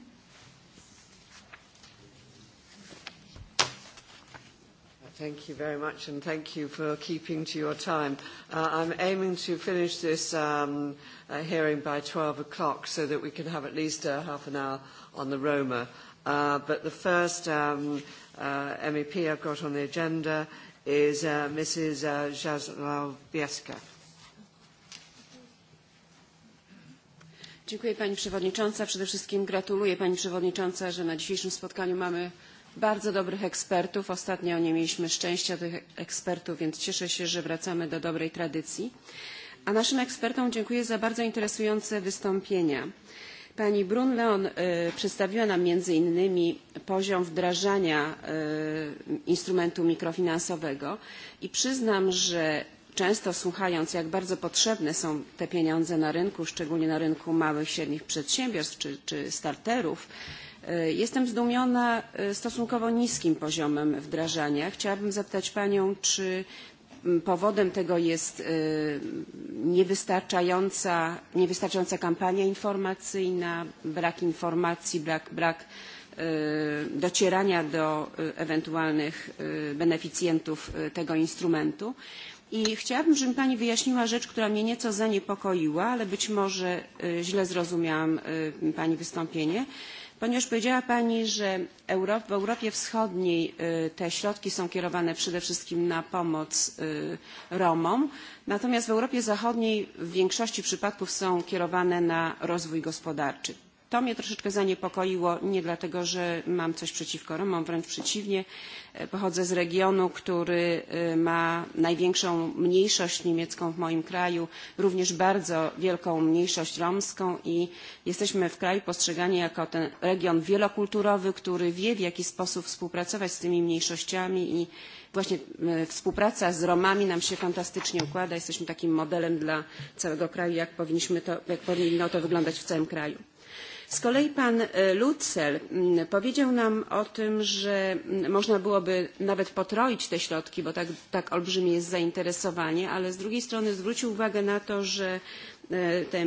Thank you very much, and thank you for keeping to your time. Uh, I'm aiming to finish this um, uh, hearing by 12 o'clock so that we can have at least uh, half an hour on the Roma. Uh, but the first um, uh, MEP I've got on the agenda is uh, Mrs. Jaslawiecka. Uh, dziękuję Pani Przewodnicząca. Przede wszystkim gratuluję Pani Przewodnicząca, że na dzisiejszym spotkaniu mamy bardzo dobrych ekspertów. Ostatnio nie mieliśmy szczęścia tych ekspertów, więc cieszę się, że wracamy do dobrej tradycji. A naszym ekspertom dziękuję za bardzo interesujące wystąpienia pani brn leon e, przedstawiła nam między innymi poziom wdrażania e, instrumentu mikrofinansowego i przyznam że często słuchając jak bardzo potrzebne są te pieniądze na rynku szczególnie na rynku małych i średnich przedsiębiorstw czy, czy starterów e, jestem zdumiona stosunkowo niskim poziomem wdrażania. chciałabym zapytać panią czy powodem tego jest niewystarczająca, niewystarczająca kampania informacyjna, brak informacji, brak, brak docierania do ewentualnych beneficjentów tego instrumentu. I chciałabym, żeby Pani wyjaśniła rzecz, która mnie nieco zaniepokoiła, ale być może źle zrozumiałam Pani wystąpienie ponieważ powiedziała pani że w europie wschodniej te środki są kierowane przede wszystkim na pomoc romom natomiast w europie zachodniej w większości przypadków są kierowane na rozwój gospodarczy. To mnie troszeczkę zaniepokoiło, nie dlatego, że mam coś przeciwko Romom, wręcz przeciwnie. E, pochodzę z regionu, który e, ma największą mniejszość niemiecką w moim kraju, również bardzo wielką mniejszość romską i jesteśmy w kraju postrzegani jako ten region wielokulturowy, który wie, w jaki sposób współpracować z tymi mniejszościami i właśnie e, współpraca z Romami nam się fantastycznie układa. Jesteśmy takim modelem dla całego kraju, jak, powinniśmy to, jak powinno to wyglądać w całym kraju z kolei pan e, lucke powiedział nam o tym że można byłoby nawet potroić te środki bo tak olbrzymie jest zainteresowanie ale z drugiej strony zwrócił uwagę na to że e, te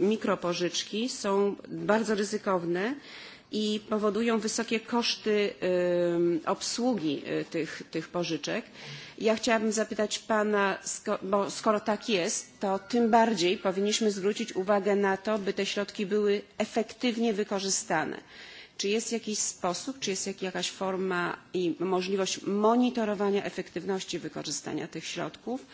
mikropożyczki są bardzo ryzykowne i powodują wysokie koszty e, obsługi tych, tych pożyczek. Ja chciałabym zapytać Pana, bo skoro tak jest, to tym bardziej powinniśmy zwrócić uwagę na to, by te środki były efektywnie wykorzystane. Czy jest jakiś sposób, czy jest jakaś forma i możliwość monitorowania efektywności wykorzystania tych środków?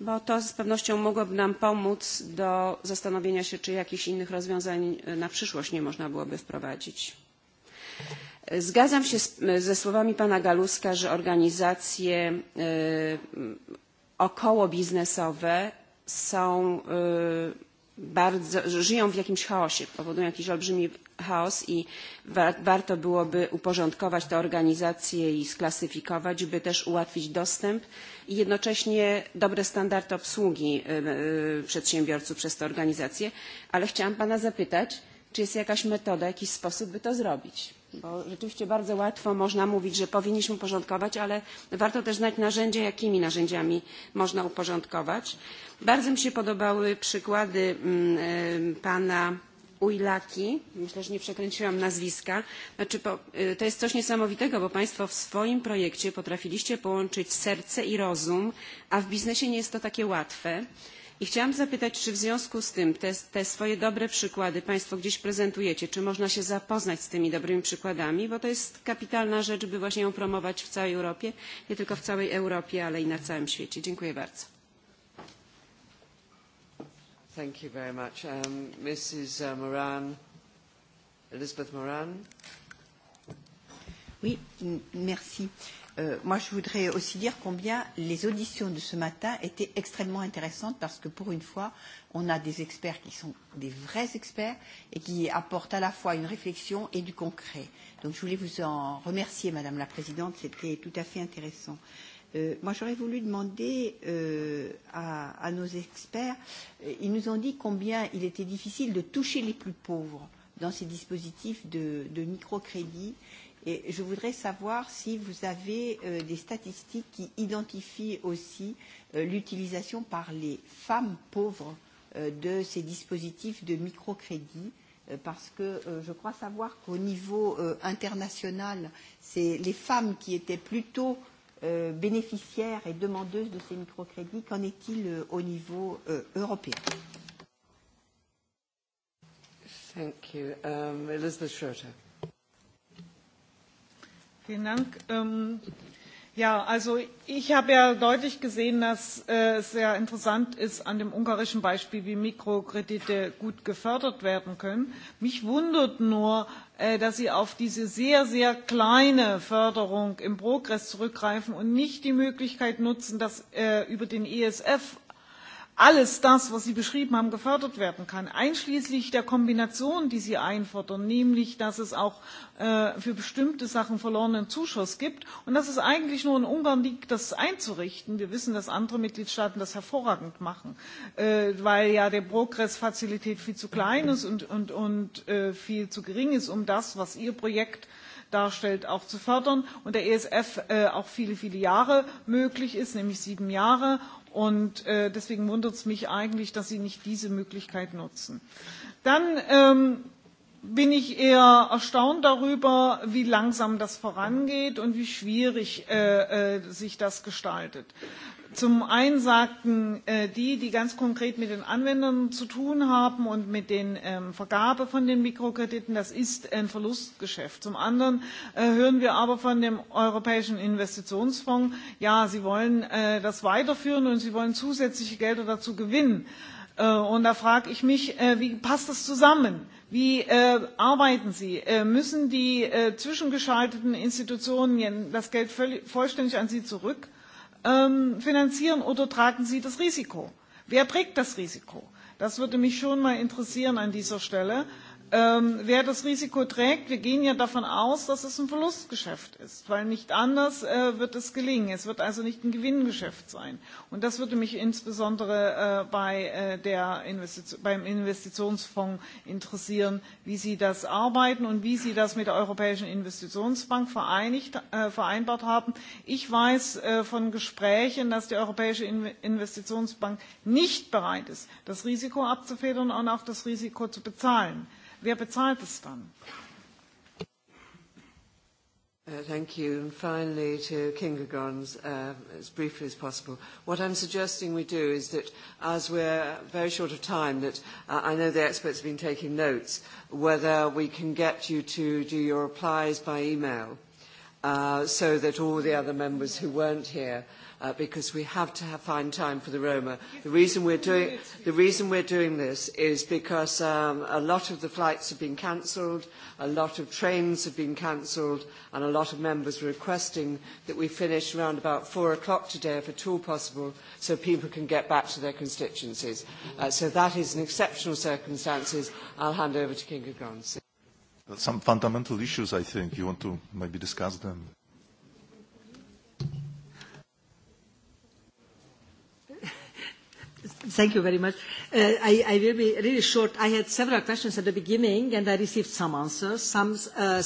Bo to z pewnością mogłoby nam pomóc do zastanowienia się, czy jakichś innych rozwiązań na przyszłość nie można byłoby wprowadzić zgadzam się z, ze słowami pana Galuska, że organizacje y, e, okołobiznesowe są y, e, bardzo, żyją w jakimś chaosie, powodują jakiś olbrzymi chaos i wa warto byłoby uporządkować te organizacje i sklasyfikować, by też ułatwić dostęp i jednocześnie dobre standardy obsługi y, e, y, przedsiębiorców przez te organizacje. Ale chciałam pana zapytać, czy jest jakaś metoda, jakiś sposób, by to zrobić? bo rzeczywiście bardzo łatwo można mówić, że powinniśmy uporządkować, ale warto też znać narzędzia, jakimi narzędziami można uporządkować. Bardzo mi się podobały przykłady mm, pana Ujlaki, myślę, że nie przekręciłam nazwiska. Znaczy, to jest coś niesamowitego, bo Państwo w swoim projekcie potrafiliście połączyć serce i rozum, a w biznesie nie jest to takie łatwe chciałam zapytać czy w związku z tym te, te swoje dobre przykłady państwo gdzieś prezentujecie czy można się zapoznać z tymi dobrymi przykładami bo to jest kapitalna rzecz by właśnie ją promować w całej europie nie tylko w całej europie ale i na całym świecie. dziękuję bardzo. Thank you very much. Um, Mrs. Uh, Moran, Elizabeth Moran. Oui, merci. Euh, Euh, moi, je voudrais aussi dire combien les auditions de ce matin étaient extrêmement intéressantes parce que pour une fois, on a des experts qui sont des vrais experts et qui apportent à la fois une réflexion et du concret. Donc, je voulais vous en remercier, Madame la Présidente, c'était tout à fait intéressant. Euh, moi, j'aurais voulu demander euh, à, à nos experts, euh, ils nous ont dit combien il était difficile de toucher les plus pauvres dans ces dispositifs de, de microcrédit Et je voudrais savoir si vous avez euh, des statistiques qui identifient aussi euh, l'utilisation par les femmes pauvres euh, de ces dispositifs de microcrédit, euh, parce que euh, je crois savoir qu'au niveau euh, international, c'est les femmes qui étaient plutôt euh, bénéficiaires et demandeuses de ces microcrédits. Qu'en est-il euh, au niveau euh, européen Thank you. Um, Elizabeth Schroeder. Vielen Dank. Ähm, ja, also ich habe ja deutlich gesehen, dass äh, es sehr interessant ist an dem ungarischen Beispiel, wie Mikrokredite gut gefördert werden können. Mich wundert nur, äh, dass Sie auf diese sehr, sehr kleine Förderung im Progress zurückgreifen und nicht die Möglichkeit nutzen, das äh, über den ESF alles das, was Sie beschrieben haben, gefördert werden kann, einschließlich der Kombination, die Sie einfordern, nämlich dass es auch äh, für bestimmte Sachen verlorenen Zuschuss gibt und dass es eigentlich nur in Ungarn liegt, das einzurichten. Wir wissen, dass andere Mitgliedstaaten das hervorragend machen, äh, weil ja der Progressfazilität viel zu klein ist und, und, und äh, viel zu gering ist, um das, was Ihr Projekt darstellt, auch zu fördern und der ESF äh, auch viele, viele Jahre möglich ist, nämlich sieben Jahre. Und äh, deswegen wundert es mich eigentlich, dass Sie nicht diese Möglichkeit nutzen. Dann ähm, bin ich eher erstaunt darüber, wie langsam das vorangeht und wie schwierig äh, äh, sich das gestaltet. Zum einen sagten äh, die, die ganz konkret mit den Anwendern zu tun haben und mit den ähm, Vergabe von den Mikrokrediten, das ist ein Verlustgeschäft. Zum anderen äh, hören wir aber von dem Europäischen Investitionsfonds, ja, sie wollen äh, das weiterführen und sie wollen zusätzliche Gelder dazu gewinnen. Äh, und da frage ich mich, äh, wie passt das zusammen? Äh, Wie äh, arbeiten Sie? Äh, müssen die äh, zwischengeschalteten Institutionen das Geld völlig, vollständig an Sie zurückfinanzieren ähm, oder tragen Sie das Risiko? Wer trägt das Risiko? Das würde mich schon mal interessieren an dieser Stelle ähm, wer das Risiko trägt. Wir gehen ja davon aus, dass es ein Verlustgeschäft ist, weil nicht anders äh, wird es gelingen. Es wird also nicht ein Gewinngeschäft sein. Und das würde mich insbesondere äh, bei, äh, der Investition, beim Investitionsfonds interessieren, wie Sie das arbeiten und wie Sie das mit der Europäischen Investitionsbank vereinigt, äh, vereinbart haben. Ich weiß äh, von Gesprächen, dass die Europäische In Investitionsbank nicht bereit ist, das Risiko abzufedern und auch das Risiko zu bezahlen. Wer bezahlt es dann? Uh, thank you. And finally, to Kingagons, uh, as briefly as possible. What I'm suggesting we do is that, as we're very short of time, that uh, I know the experts have been taking notes, whether we can get you to do your replies by email uh, so that all the other members who weren't here uh, because we have to have, find time for the Roma. The reason we're doing, the reason we're doing this is because um, a lot of the flights have been cancelled, a lot of trains have been cancelled, and a lot of members are requesting that we finish around about four o'clock today, if at all possible, so people can get back to their constituencies. Uh, so that is an exceptional circumstances. I'll hand over to King of Grants. Some fundamental issues, I think. You want to maybe discuss them? Thank you very much. Uh, I will be really short. I had several questions at the beginning, and I received some answers. Some uh,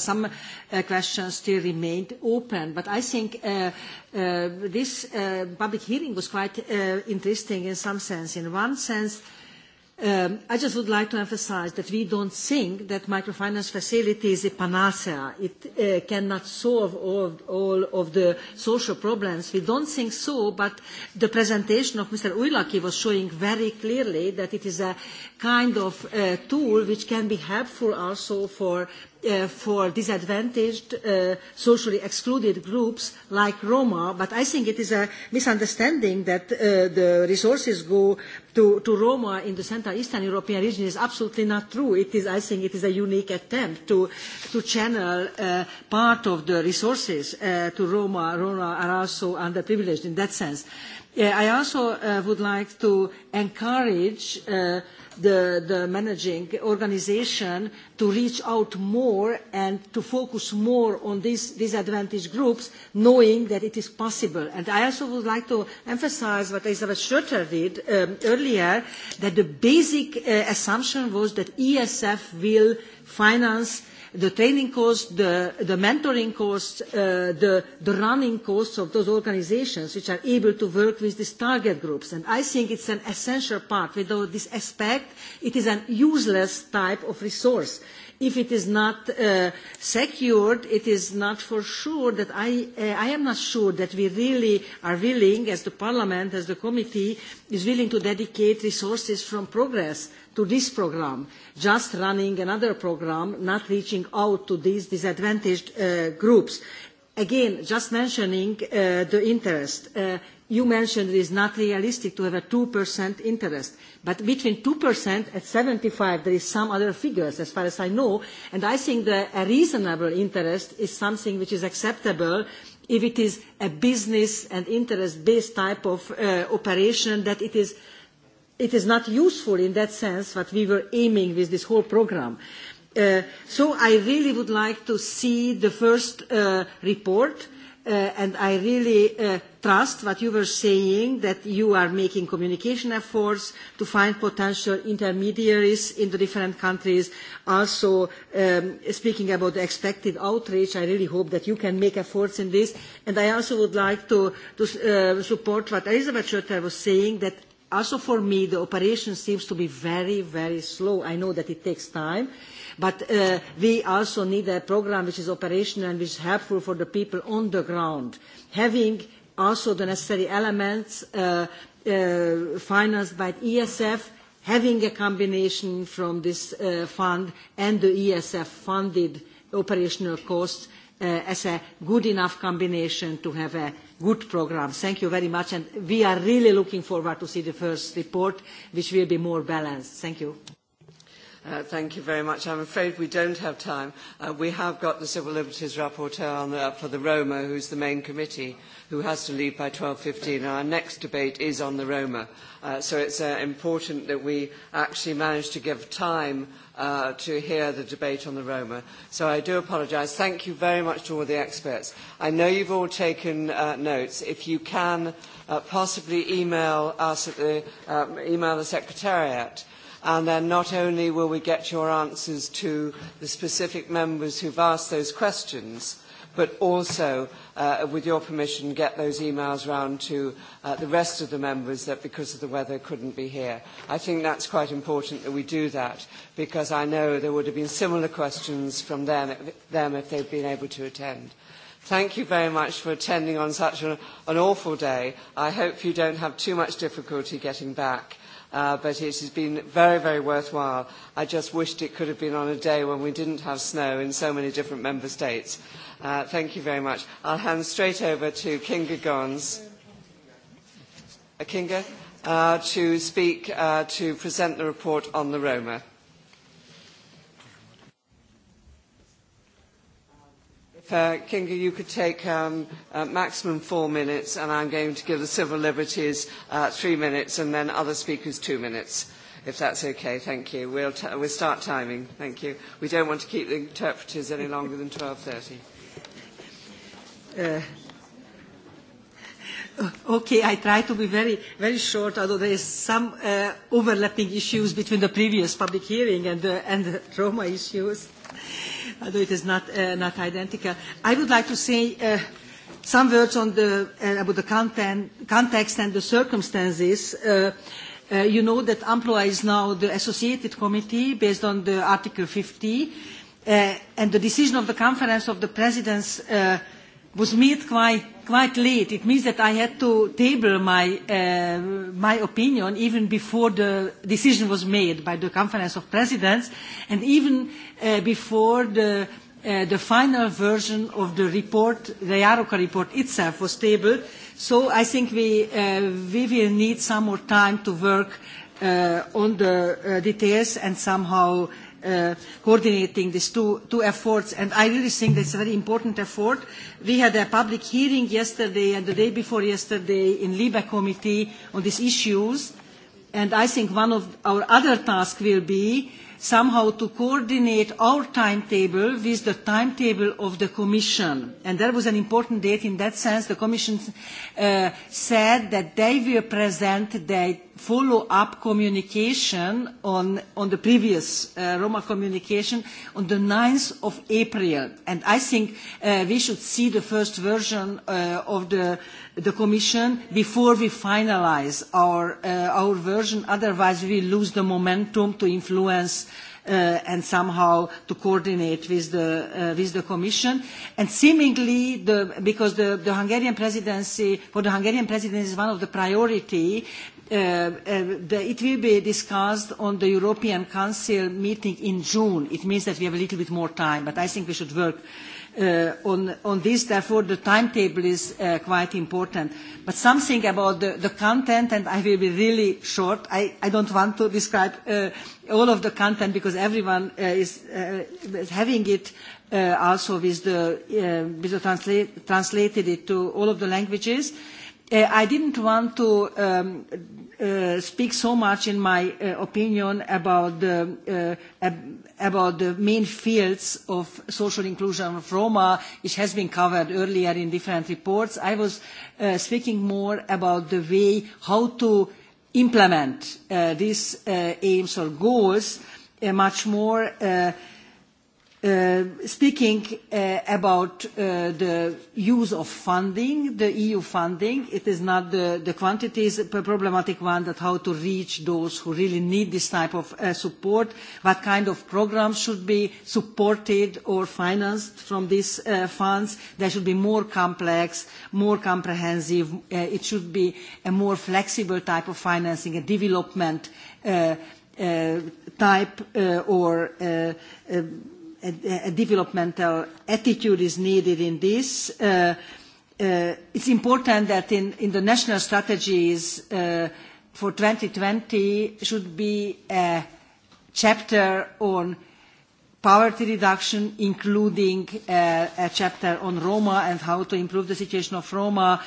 uh, questions still remained open, but I think this public hearing was quite interesting in some sense. In one sense, Um, I just would like to emphasize that we don't think that microfinance facility is a panacea. It uh, cannot solve all of the social problems. We don't think so, but the presentation of Mr. Ujlaki was showing very clearly that it is a kind of uh, tool which can be helpful also for Uh, for disadvantaged, uh, socially excluded groups like Roma. But I think it is a misunderstanding that uh, the resources go to, to Roma in the Central Eastern European region is absolutely not true. It is, I think it is a unique attempt to, to channel uh, part of the resources uh, to Roma. Roma are also underprivileged in that sense. Yeah, uh, I also uh, would like to encourage uh, the managing organization to reach out more and to focus more on these disadvantaged groups, knowing that it is possible. I also would like to emphasize what Elisabeth Schroeter did um, earlier, that the basic uh, assumption was that ESF will finance the training costs, the, the mentoring costs, uh, the, the running costs of those organizations which are able to work with these target groups. And I think it's an essential part. Without this aspect, it is a useless type of resource if it is not uh, secured, it is not for sure that I, uh, I am not sure that we really are willing, as the Parliament, as the committee, is willing to dedicate resources from progress to this program, just running another program, not reaching out to these disadvantaged uh, groups. Again, just mentioning uh, the interest. Uh, You mentioned it is not realistic to have a 2% interest, but between 2% and 75, there is some other figures, as far as I know, and I think that a reasonable interest is something which is acceptable if it is a business and interest-based type of uh, operation, that it is, it is not useful in that sense what we were aiming with this whole program. Uh, so I really would like to see the first uh, report, uh, uh, and I really uh, trust what you were saying, that you are making communication efforts to find potential intermediaries in the different countries. Also, um, speaking about the expected outreach, I really hope that you can make efforts in this. And I also would like to, to uh, support what Elizabeth Schroeter was saying, that also for me, the operation seems to be very, very slow. I know that it takes time. Uh, but uh, we also need a program which is operational and which is helpful for the people on the ground. Having also the necessary elements uh, uh, financed by ESF, having a combination from this uh, fund and the ESF funded operational costs uh, as a good enough combination to have a good program. Thank you very much and we are really looking forward to see the first report which will be more balanced. Thank you. Uh, thank you very much. I'm afraid we don't have time. Uh, we have got the Civil Liberties Rapporteur on the, for the Roma, who's the main committee, who has to leave by 12.15. Our next debate is on the Roma. Uh, so it's uh, important that we actually manage to give time uh, to hear the debate on the Roma. So I do apologise. Thank you very much to all the experts. I know you've all taken uh, notes. If you can uh, possibly email us at the, um, email the Secretariat, And then not only will we get your answers to the specific members who've asked those questions, but also, uh, with your permission, get those emails round to uh, the rest of the members that, because of the weather, couldn't be here. I think that's quite important that we do that, because I know there would have been similar questions from them, them if they'd been able to attend. Thank you very much for attending on such an, an awful day. I hope you don't have too much difficulty getting back. Uh, but it has been very, very worthwhile. I just wished it could have been on a day when we didn't have snow in so many different member states. Uh, thank you very much. I'll hand straight over to Kinga Gons. Uh, Kinga? Uh, to speak, uh, to present the report on the Roma. if uh, Kinga, you could take um, uh, maximum four minutes, and I'm going to give the civil liberties uh, three minutes, and then other speakers two minutes, if that's okay. Thank you. We'll, t- we'll start timing. Thank you. We don't want to keep the interpreters any longer than 12:30. Uh, okay, I try to be very, very short, although there is some uh, overlapping issues between the previous public hearing and the, and the trauma issues although it is not, uh, not identical. I would like to say uh, some words on the, uh, about the content, context and the circumstances. Uh, uh, you know that AMPLOA is now the associated committee based on the Article 50, uh, and the decision of the conference of the presidents uh, was made quite quite late. It means that I had to table my, uh, my opinion even before the decision was made by the Conference of Presidents and even uh, before the, uh, the final version of the report, the IAROCA report itself was tabled. So I think we, uh, we will need some more time to work uh, on the uh, details and somehow uh, uh, coordinating these two, two efforts. And I really think that's a very important effort. We had a public hearing yesterday and the day before yesterday in LIBE committee on these issues. And I think one of our other tasks will be somehow to coordinate our timetable with the timetable of the Commission. And that was an important date in that sense. The Commission uh, said that they will present their follow-up communication on, on the previous uh, Roma communication on the 9th of April. And I think uh, we should see the first version uh, of the, the Commission before we finalize our, uh, our version. Otherwise, we lose the momentum to influence uh, and somehow to coordinate with the, uh, with the Commission. And seemingly, the, because the, the Hungarian presidency, for the Hungarian presidency is one of the priority, uh, uh, the, it will be discussed on the European Council meeting in June. It means that we have a little bit more time, but I think we should work uh, on, on this. Therefore, the timetable is uh, quite important. But something about the, the content, and I will be really short. I, I don't want to describe uh, all of the content because everyone uh, is uh, having it uh, also with the, uh, with the transla- translated it to all of the languages. Uh, Uh, I didn't want to um, uh, speak so much in my uh, opinion about the, uh, ab about the main fields of social inclusion of Roma, which has been covered earlier in different reports. I was uh, speaking more about the way how to implement uh, these uh, aims or goals uh, much more uh, Uh, speaking uh, about uh, the use of funding, the EU funding, it is not the, the quantity is a problematic one that how to reach those who really need this type of uh, support, what kind of programs should be supported or financed from these uh, funds. They should be more complex, more comprehensive. Uh, it should be a more flexible type of financing, a development uh, uh, type uh, or uh, uh, a developmental attitude is needed in this. Uh, uh, it's important that in, in the national strategies uh, for 2020 should be a chapter on poverty reduction, including uh, a chapter on Roma and how to improve the situation of Roma.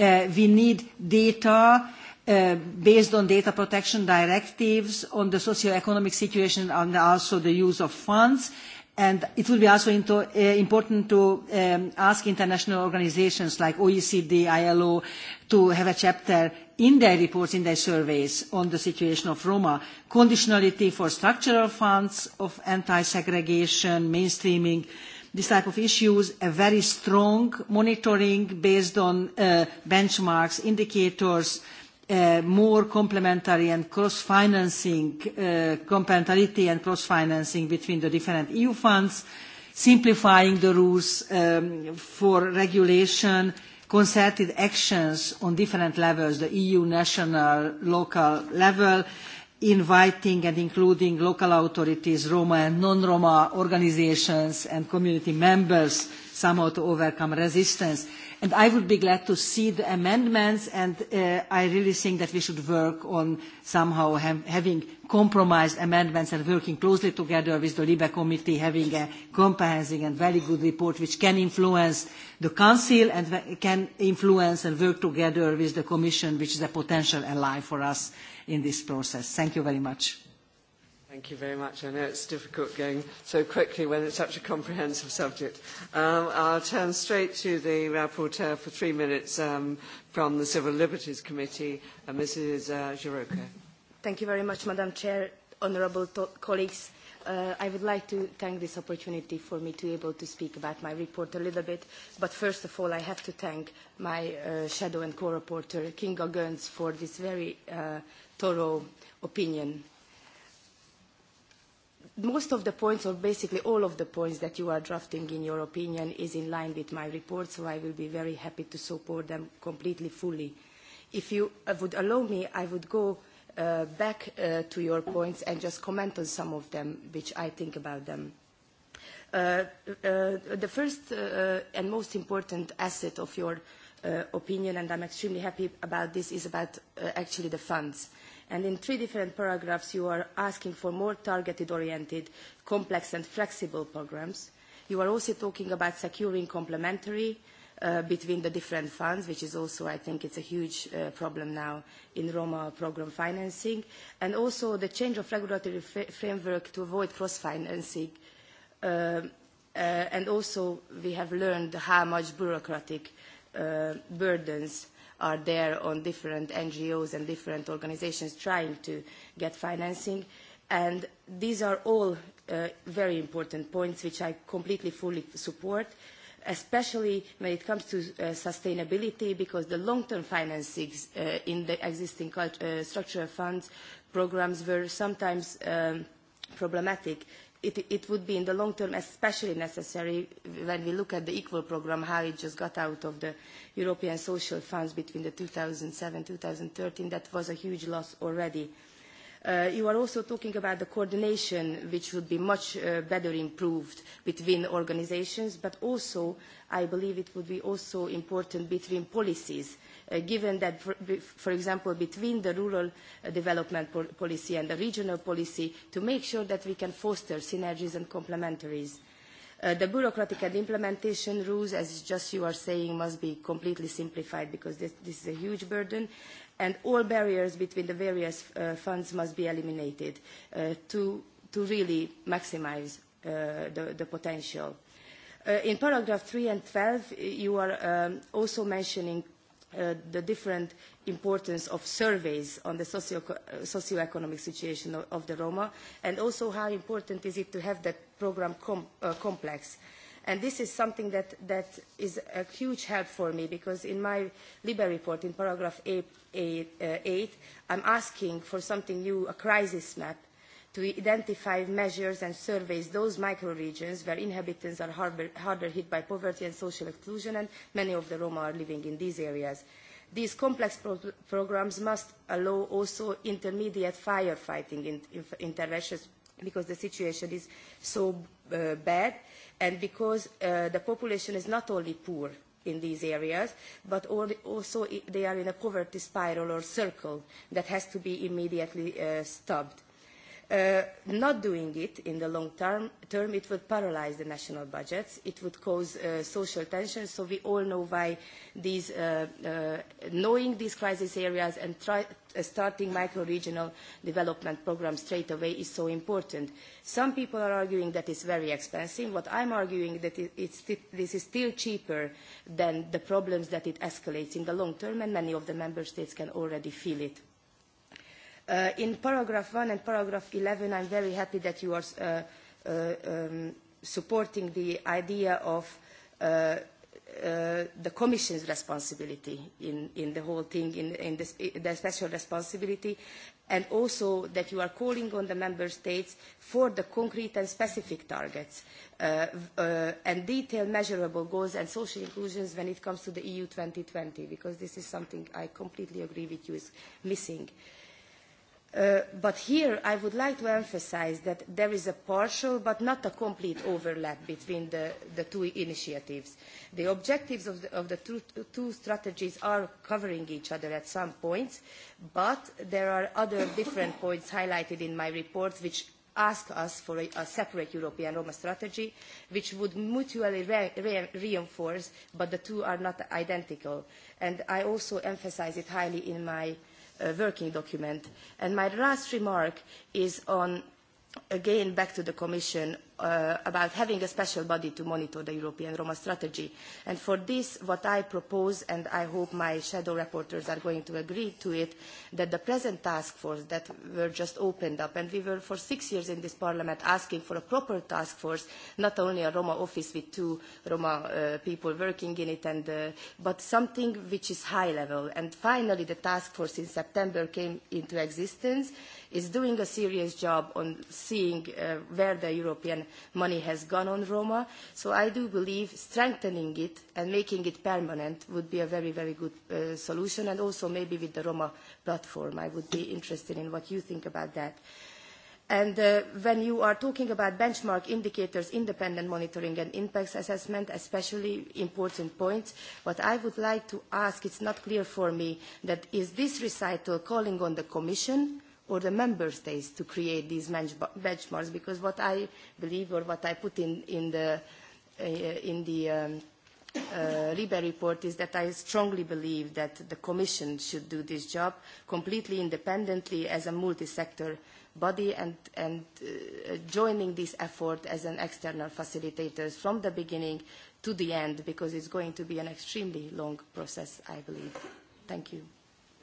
Uh, we need data uh, based on data protection directives on the socio-economic situation and also the use of funds. Uh, And it will be also into, uh, important to um, ask international organizations like OECD, ILO, to have a chapter in their reports, in their surveys on the situation of Roma. Conditionality for structural funds of anti-segregation, mainstreaming, this type of issues, a very strong monitoring based on uh, benchmarks, indicators, uh, Eh, more complementary and cross-financing, uh, complementarity and cross-financing between the different EU funds, simplifying the rules um, for regulation, concerted actions on different levels, the EU, national, local level, inviting and including local authorities, Roma and non-Roma organizations and community members somehow to overcome resistance and I would be glad to see the amendments, and uh, I really think that we should work on somehow ha having compromised amendments and working closely together with the LIBE committee, having a comprehensive and very good report which can influence the Council and can influence and work together with the Commission, which is a potential ally for us in this process. Thank you very much. Thank you very much. I know it's difficult going so quickly when it's such a comprehensive [LAUGHS] subject. Um, I'll turn straight to the rapporteur for three minutes um, from the Civil Liberties Committee, uh, Mrs. Uh, Giroka. Thank you very much, Madam Chair, honourable to- colleagues. Uh, I would like to thank this opportunity for me to be able to speak about my report a little bit. But first of all, I have to thank my uh, shadow and co-reporter, King Goguns, for this very uh, thorough opinion most of the points, or basically all of the points that you are drafting in your opinion is in line with my report, so I will be very happy to support them completely, fully. If you uh, would allow me, I would go uh, back uh, to your points and just comment on some of them, which I think about them. Uh, uh, the first uh, uh and most important asset of your uh, opinion, and I'm extremely happy about this, is about uh, actually the funds. Uh, and in three different paragraphs you are asking for more targeted, oriented, complex and flexible programs. You are also talking about securing complementary uh, between the different funds, which is also, I think, it's a huge uh, problem now in Roma program financing. And also the change of regulatory fr framework to avoid cross-financing. Uh, uh, and also we have learned how much bureaucratic uh, burdens uh, are there on different NGOs and different organizations trying to get financing. And these are all uh, very important points which I completely fully support, especially when it comes to uh, sustainability because the long-term financing uh, in the existing uh, structural funds programs were sometimes um, problematic it, it would be in the long term especially necessary when we look at the equal program how it just got out of the european social funds between the 2007 2013 that was a huge loss already uh, you are also talking about the coordination which would be much uh, better improved between organizations but also i believe it would be also important between policies uh, uh, given that, for, for example, between the rural uh, development pol policy and the regional policy, to make sure that we can foster synergies and complementaries. Uh, the bureaucratic and implementation rules, as just you are saying, must be completely simplified because this, this is a huge burden. And all barriers between the various uh, funds must be eliminated uh, to, to really maximize uh, the, the potential. Uh, in paragraph 3 and 12, you are um, also mentioning Uh, the different importance of surveys on the socio uh, socioeconomic situation of, of the Roma, and also how important is it to have that program com uh, complex. And this is something that, that is a huge help for me, because in my LIBER report, in paragraph 8, eight, uh, eight I'm asking for something new, a crisis map, to identify measures and surveys those microregions where inhabitants are harder, harder hit by poverty and social exclusion, and many of the Roma are living in these areas. These complex pro programs must allow also intermediate firefighting in, in, interventions because the situation is so uh, bad and because uh, the population is not only poor in these areas, but also they are in a poverty spiral or circle that has to be immediately uh, stopped. Uh, not doing it in the long term, term, it would paralyze the national budgets. It would cause uh, social tension. So we all know why these, uh, uh, knowing these crisis areas and try, uh, starting micro-regional development programs straight away is so important. Some people are arguing that it's very expensive. What I'm arguing that it, it's th this is still cheaper than the problems that it escalates in the long term, and many of the member states can already feel it. Uh, in paragraph 1 and paragraph 11, I'm very happy that you are uh, uh, um, supporting the idea of uh, uh, the Commission's responsibility in, in the whole thing, in, in the, the special responsibility, and also that you are calling on the Member States for the concrete and specific targets uh, uh, and detailed measurable goals and social inclusions when it comes to the EU 2020, because this is something I completely agree with you is missing. Uh, Uh, but here I would like to emphasize that there is a partial but not a complete overlap between the, the two initiatives. The objectives of the, of the two, two strategies are covering each other at some points, but there are other different points highlighted in my report which ask us for a, a separate European Roma strategy, which would mutually re, re, reinforce, but the two are not identical. And I also emphasize it highly in my uh, working document. And my last remark is on, again, back to the Commission uh, about having a special body to monitor the European Roma strategy. And for this, what I propose, and I hope my shadow reporters are going to agree to it, that the present task force that were just opened up, and we were for six years in this parliament asking for a proper task force, not only a Roma office with two Roma uh, people working in it, and, uh, but something which is high level. And finally, the task force in September came into existence, is doing a serious job on seeing uh, where the European money has gone on Roma. So I do believe strengthening it and making it permanent would be a very, very good uh, solution. And also maybe with the Roma platform, I would be interested in what you think about that. And uh, when you are talking about benchmark indicators, independent monitoring and impacts assessment, especially important points, what I would like to ask, it's not clear for me, that is this recital calling on the Commission or the member states to create these benchmarks because what I believe or what I put in, in the, uh, in the um, uh, Libe report is that I strongly believe that the Commission should do this job completely independently as a multi-sector body and, and uh, joining this effort as an external facilitator from the beginning to the end because it's going to be an extremely long process, I believe. Thank you.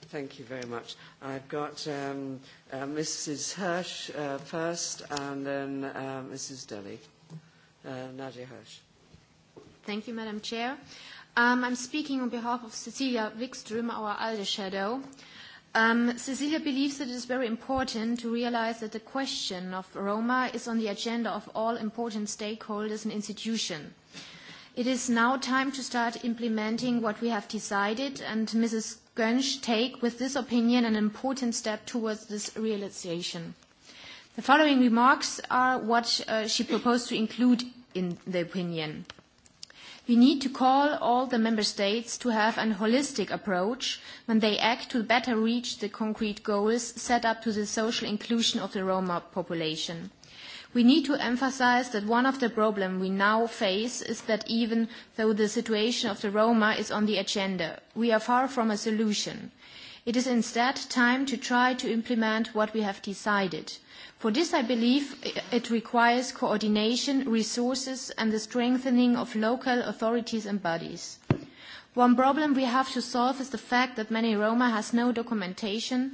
Thank you very much. I've got um, uh, Mrs. Hirsch uh, first and then uh, Mrs. Deli. Uh, Nadia Hirsch. Thank you, Madam Chair. Um, I'm speaking on behalf of Cecilia Wikström, our ALDE shadow. Um, Cecilia believes that it is very important to realize that the question of Roma is on the agenda of all important stakeholders and institutions. It is now time to start implementing what we have decided, and Mrs. Gönsch take with this opinion an important step towards this realization. The following remarks are what uh, she proposed to include in the opinion. We need to call all the member states to have an holistic approach when they act to better reach the concrete goals set up to the social inclusion of the Roma population. We need to emphasize that one of the problems we now face is that even though the situation of the Roma is on the agenda, we are far from a solution. It is instead time to try to implement what we have decided. For this, I believe it requires coordination, resources and the strengthening of local authorities and bodies. One problem we have to solve is the fact that many Roma has no documentation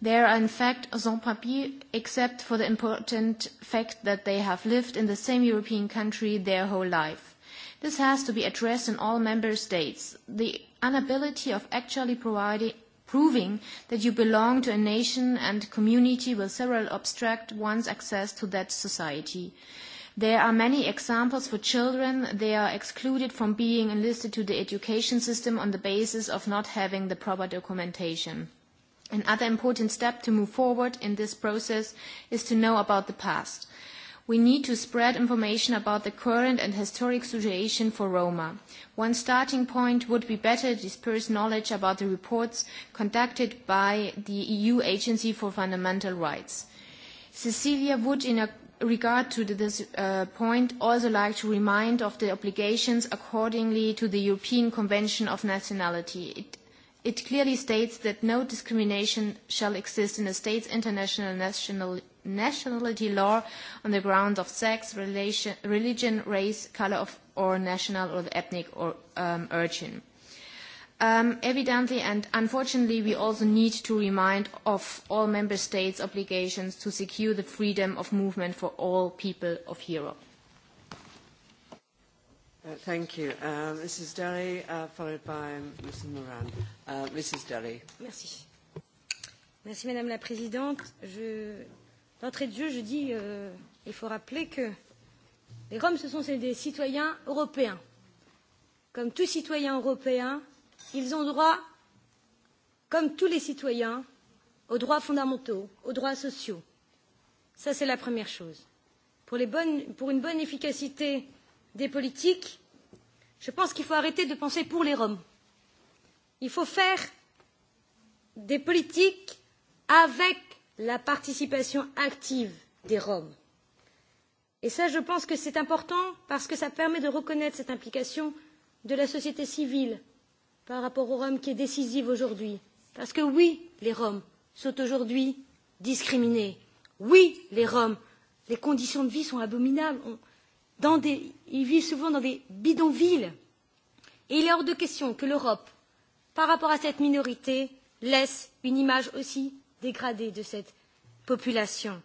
They are in fact sans-papiers, except for the important fact that they have lived in the same European country their whole life. This has to be addressed in all member states. The inability of actually providing, proving that you belong to a nation and community will several obstruct one's access to that society. There are many examples for children. They are excluded from being enlisted to the education system on the basis of not having the proper documentation. Another important step to move forward in this process is to know about the past. We need to spread information about the current and historic situation for Roma. One starting point would be better disperse knowledge about the reports conducted by the EU Agency for Fundamental Rights. Cecilia would, in a regard to this uh, point, also like to remind of the obligations accordingly to the European Convention of Nationality. It it clearly states that no discrimination shall exist in a state's international national nationality law on the ground of sex, relation, religion, race, color of, or national or ethnic or, um, origin. Um, evidently and unfortunately, we also need to remind of all member states' obligations to secure the freedom of movement for all people of Europe. Uh, thank you. Uh, Mrs. Deli, uh, followed by Mrs. Moran. Uh, Mrs. Deli. Merci. Merci, Madame la Présidente. Je... D'entrée de jeu, je dis euh, il faut rappeler que les Roms, ce sont des citoyens européens. Comme tous citoyens européens, ils ont droit, comme tous les citoyens, aux droits fondamentaux, aux droits sociaux. Ça, c'est la première chose. Pour, les bonnes, pour une bonne efficacité des politiques, je pense qu'il faut arrêter de penser pour les Roms. Il faut faire des politiques avec la participation active des Roms. Et ça, je pense que c'est important parce que ça permet de reconnaître cette implication de la société civile par rapport aux Roms qui est décisive aujourd'hui. Parce que oui, les Roms sont aujourd'hui discriminés. Oui, les Roms, les conditions de vie sont abominables. On, dans des, ils vivent souvent dans des bidonvilles. Et il est hors de question que l'Europe, par rapport à cette minorité, laisse une image aussi dégradée de cette population.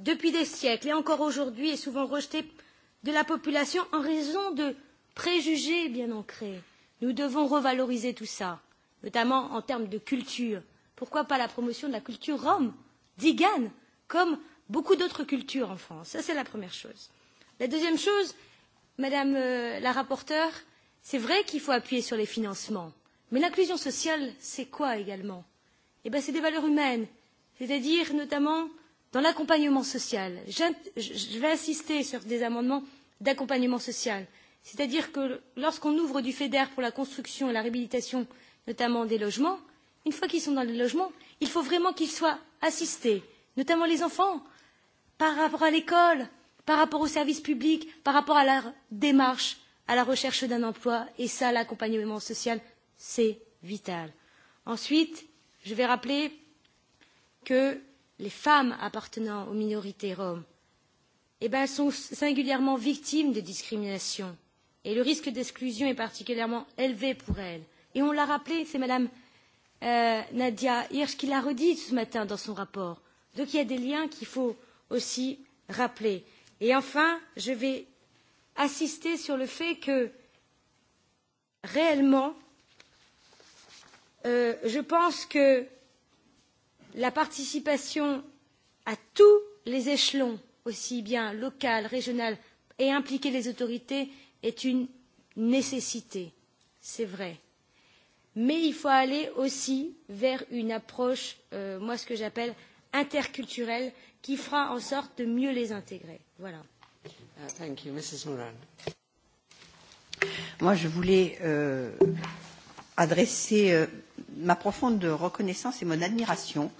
Depuis des siècles et encore aujourd'hui, est souvent rejetée de la population en raison de préjugés bien ancrés. Nous devons revaloriser tout ça, notamment en termes de culture. Pourquoi pas la promotion de la culture rome, zigane, comme beaucoup d'autres cultures en France Ça, c'est la première chose. La deuxième chose, Madame euh, la rapporteure, c'est vrai qu'il faut appuyer sur les financements, mais l'inclusion sociale, c'est quoi également Eh bien, c'est des valeurs humaines, c'est-à-dire notamment dans l'accompagnement social. Je vais insister sur des amendements d'accompagnement social, c'est-à-dire que lorsqu'on ouvre du FEDER pour la construction et la réhabilitation, notamment des logements, une fois qu'ils sont dans les logements, il faut vraiment qu'ils soient assistés, notamment les enfants, par rapport à l'école, par rapport au service public, par rapport à leur démarche, à la recherche d'un emploi. Et ça, l'accompagnement social, c'est vital. Ensuite, je vais rappeler que les femmes appartenant aux minorités roms eh ben, sont singulièrement victimes de discrimination. Et le risque d'exclusion est particulièrement élevé pour elles. Et on l'a rappelé, c'est Madame euh, Nadia Hirsch qui l'a redit ce matin dans son rapport. Donc il y a des liens qu'il faut aussi rappeler. Et enfin, je vais insister sur le fait que réellement, euh, je pense que la participation à tous les échelons, aussi bien local, régional, et impliquer les autorités est une nécessité, c'est vrai. Mais il faut aller aussi vers une approche, euh, moi ce que j'appelle interculturelle, qui fera en sorte de mieux les intégrer. Voilà. Uh, thank you, Mrs. Moran. Moi, je voulais euh, adresser euh, ma profonde reconnaissance et mon admiration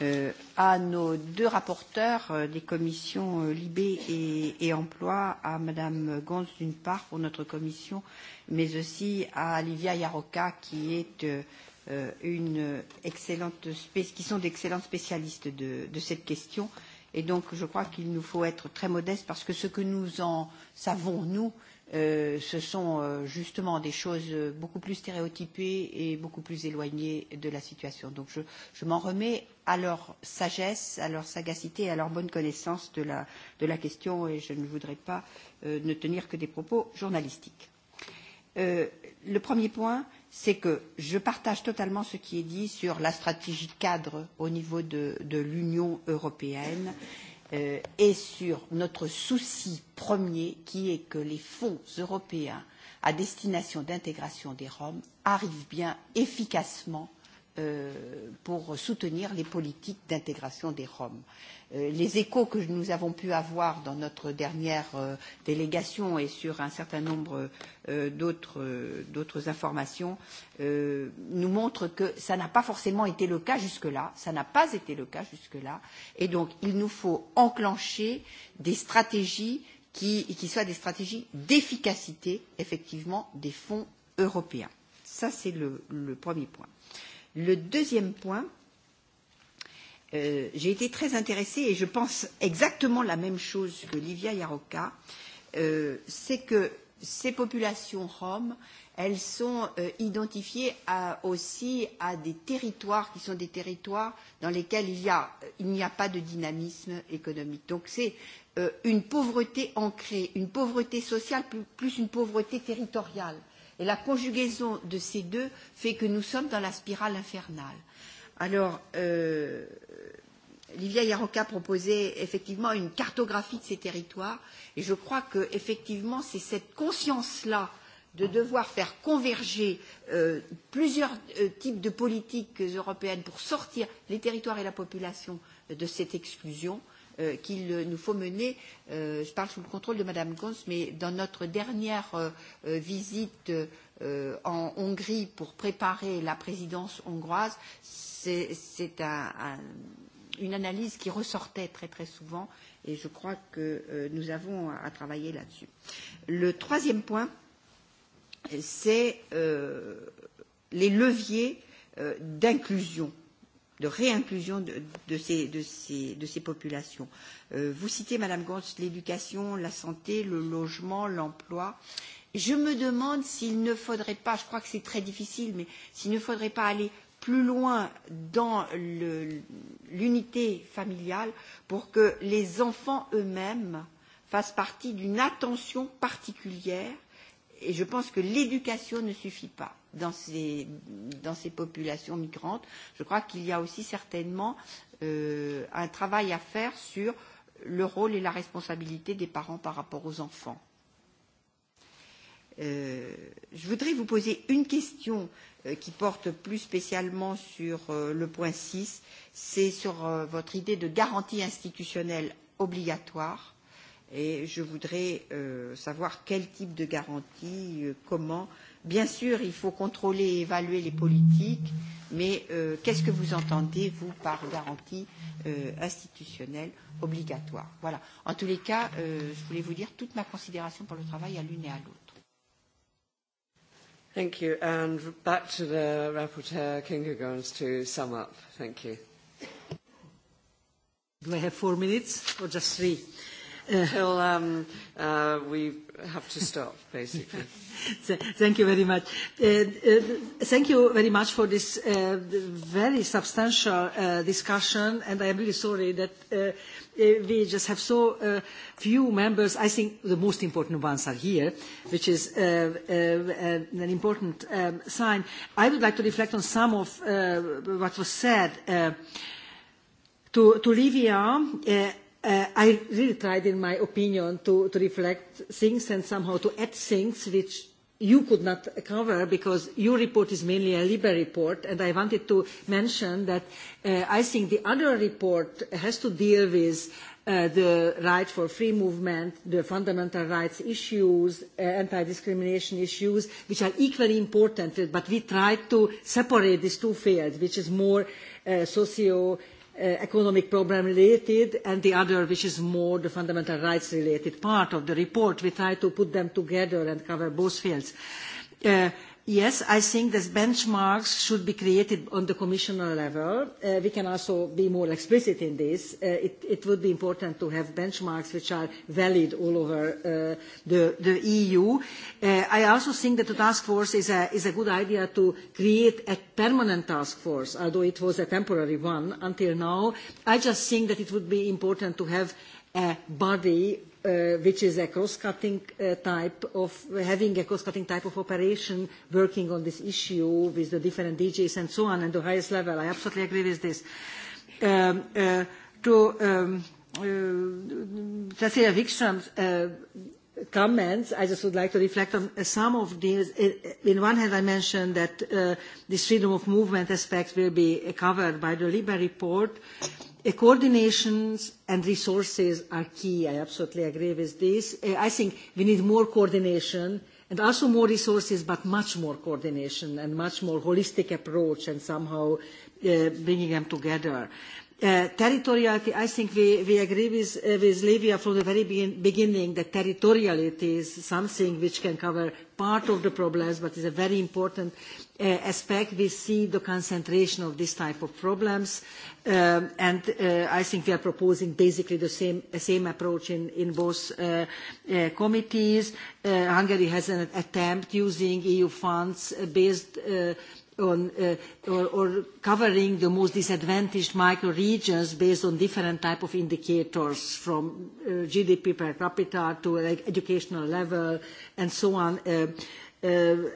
euh, à nos deux rapporteurs euh, des commissions euh, Libé et, et Emploi, à Madame Gons d'une part pour notre commission, mais aussi à Livia Yaroka qui est euh, une excellente qui sont d'excellentes spécialistes de, de cette question. Euh, Et donc, je crois qu'il nous faut être très modestes parce que ce que nous en savons, nous, euh, ce sont euh, justement des choses euh, beaucoup plus stéréotypées et beaucoup plus éloignées de la situation. Donc, je, je m'en remets à leur sagesse, à leur sagacité, à leur bonne connaissance de la, de la question et je ne voudrais pas euh, ne tenir que des propos journalistiques. Euh, le premier point, euh, c'est que je partage totalement ce qui est dit sur la stratégie cadre au niveau de, de l'Union européenne euh, et sur notre souci premier qui est que les fonds européens à destination d'intégration des Roms arrivent bien efficacement Euh, pour soutenir les politiques d'intégration des Roms. Euh, les échos que nous avons pu avoir dans notre dernière euh, délégation et sur un certain nombre d'autres, d'autres informations nous montrent que ça n'a pas forcément été le cas jusque-là, ça n'a pas été le cas jusque-là, et donc il nous faut enclencher des stratégies qui, qui soient des stratégies d'efficacité, effectivement, des fonds européens. Ça, c'est le, le premier point. Euh, Le deuxième point, euh, j'ai été très intéressée et je pense exactement la même chose que Livia Yaroka, euh, c'est que ces populations roms, elles sont euh, identifiées à, aussi à des territoires qui sont des territoires dans lesquels il, y a, euh, il n'y a pas de dynamisme économique. Donc c'est euh, une pauvreté ancrée, une pauvreté sociale plus, plus une pauvreté territoriale. Euh, Et la conjugaison de ces deux fait que nous sommes dans la spirale infernale. Alors, euh, Livia Yaroka proposait effectivement une cartographie de ces territoires. Et je crois que effectivement, c'est cette conscience-là de devoir faire converger euh, plusieurs euh, types de politiques européennes pour sortir les territoires et la population de cette exclusion euh, euh, qu'il nous faut mener, euh, je parle sous le contrôle de Madame Gons, mais dans notre dernière euh, euh visite euh, en Hongrie pour préparer la présidence hongroise, c'est un, un, une analyse qui ressortait très très souvent et je crois que euh, nous avons à, à travailler là-dessus. Le troisième point, c'est euh, les leviers euh, d'inclusion. Euh, de réinclusion de, de, ces, de, ces, de ces populations. Euh, vous citez, Madame Gontz, l'éducation, la santé, le logement, l'emploi. Je me demande s'il ne faudrait pas, je crois que c'est très difficile, mais s'il ne faudrait pas aller plus loin dans l'unité familiale pour que les enfants eux-mêmes fassent partie d'une attention particulière. Et je pense que l'éducation ne suffit pas dans ces, dans ces populations migrantes. Je crois qu'il y a aussi certainement euh, un travail à faire sur le rôle et la responsabilité des parents par rapport aux enfants. Euh, je voudrais vous poser une question euh, qui porte plus spécialement sur euh, le point 6. C'est sur euh, votre idée de garantie institutionnelle obligatoire. Et je voudrais euh, savoir quel type de garantie, euh, comment. Bien sûr, il faut contrôler et évaluer les politiques, mais euh, qu'est-ce que vous entendez, vous, par garantie euh, institutionnelle obligatoire Voilà. En tous les cas, euh, je voulais vous dire toute ma considération pour le travail à l'une et à l'autre. Thank you. And back to the rapporteur, King Higgins, to sum up. Thank you. Do I have four minutes or just three? until um, uh, we have to stop, [LAUGHS] basically. thank you very much. Uh, uh, thank you very much for this uh, very substantial uh, discussion, and I am really sorry that uh, uh we just have so uh, few members. I think the most important ones are here, which is uh, uh, an important um, sign. I would like to reflect on some of uh, what was said. Uh, to, to Livia, uh, uh, I really tried in my opinion to, to reflect things and somehow to add things which you could not cover because your report is mainly a LIBE report and I wanted to mention that uh, I think the other report has to deal with uh, the right for free movement, the fundamental rights issues, uh, anti-discrimination issues, which are equally important, but we try to separate these two fields, which is more uh, socio- uh, Eh, economic problem related and the other which is more the fundamental rights related part of the report. we try to put them together and cover both fields. Eh, Yes, I think that benchmarks should be created on the commissioner level. Uh, we can also be more explicit in this. Uh, it, it would be important to have benchmarks which are valid all over uh, the, the EU. Uh, I also think that the task force is a, is a good idea to create a permanent task force, although it was a temporary one until now. I just think that it would be important to have a body uh, which is a cross-cutting uh, type of having a cross-cutting type of operation working on this issue with the different DJs and so on and the highest level. I absolutely agree with this. Um, uh, to um, uh, Cecilia Wikström's uh, comments, I just would like to reflect on uh, some of these. Uh, uh, in one hand, I mentioned that uh, this freedom of movement aspect will be covered by the Libre report. Uh, coordination and resources are key. I absolutely agree with this. Uh, I think we need more coordination and also more resources, but much more coordination and much more holistic approach and somehow uh, bringing them together. Uh, Uh, territoriality i think we agree with uh, lvia from the very beginning that territoriality is something which can cover part of the problems but is a very important uh, aspect. we see the concentration of this type of problems um, and i think we are proposing basically the same approach in both committees. hungary has an attempt using eu funds based on, uh, or, or covering the most disadvantaged microregions based on different type of indicators from uh, GDP per capita to uh, educational level and so on. Uh, uh,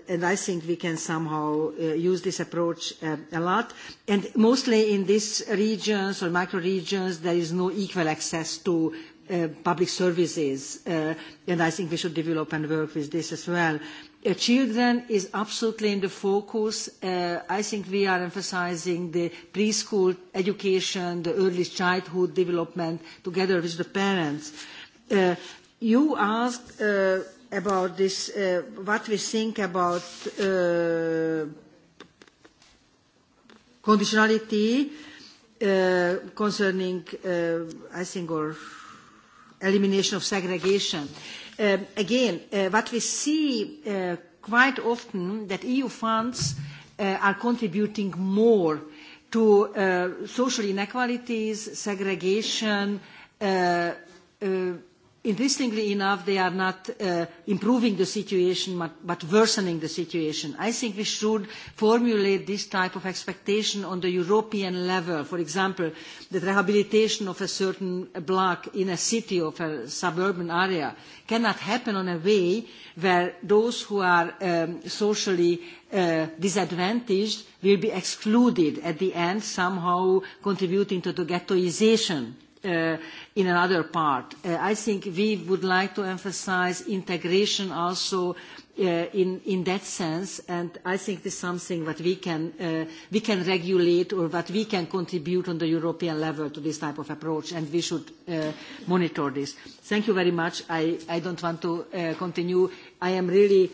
and I think we can somehow uh, use this approach uh, a lot. And mostly in these regions or microregions, there is no equal access to uh, public services. Uh, and I think we should develop and work with this as well. Uh, children is absolutely in the focus. Uh, I think we are emphasizing the preschool education, the early childhood development together with the parents. Uh, you asked uh, about this, uh, what we think about uh, conditionality uh, concerning, uh, I think, or elimination of segregation. Uh, uh, again, uh, what we see uh, quite often that EU funds uh, are contributing more to uh, social inequalities, segregation, uh, uh, interestingly enough, they are not uh, improving the situation but, but worsening the situation. I think we should formulate this type of expectation on the European level. For example, the rehabilitation of a certain block in a city or a suburban area cannot happen in a way where those who are um, socially uh, disadvantaged will be excluded at the end, somehow contributing to the ghettoization. Uh, in another part. Uh, I think we would like to emphasize integration also uh, in, in that sense, and I think this is something that we can, uh, we can regulate or that we can contribute on the European level to this type of approach, and we should uh, monitor this. Thank you very much. I, I don't want to uh, continue. I am really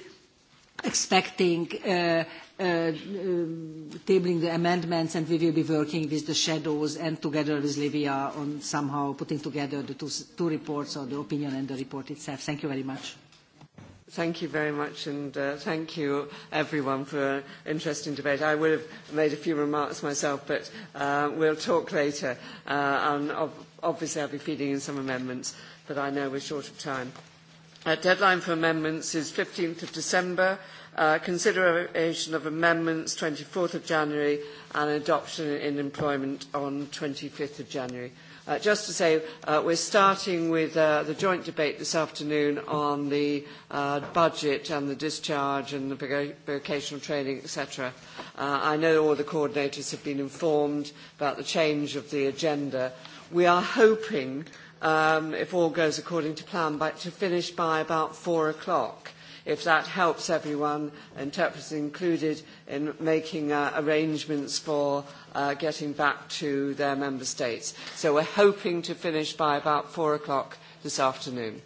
expecting uh, Uh, uh, tabling the amendments and we will be working with the shadows and together with Livia on somehow putting together the two, two reports or the opinion and the report itself. Thank you very much. Thank you very much and uh, thank you everyone for an interesting debate. I would have made a few remarks myself but uh, we'll talk later uh, and obviously I'll be feeding in some amendments but I know we're short of time. Our uh, deadline for amendments is 15th of December uh, consideration of amendments 24th of January and adoption in employment on 25th of January. Uh, just to say, uh, we're starting with uh, the joint debate this afternoon on the uh, budget and the discharge and the vocational training, etc. Uh, I know all the coordinators have been informed about the change of the agenda. We are hoping, um, if all goes according to plan, by, to finish by about four o'clock. Uh, if that helps everyone, interpreters included, in making uh, arrangements for uh, getting back to their member states. So we're hoping to finish by about four o'clock this afternoon.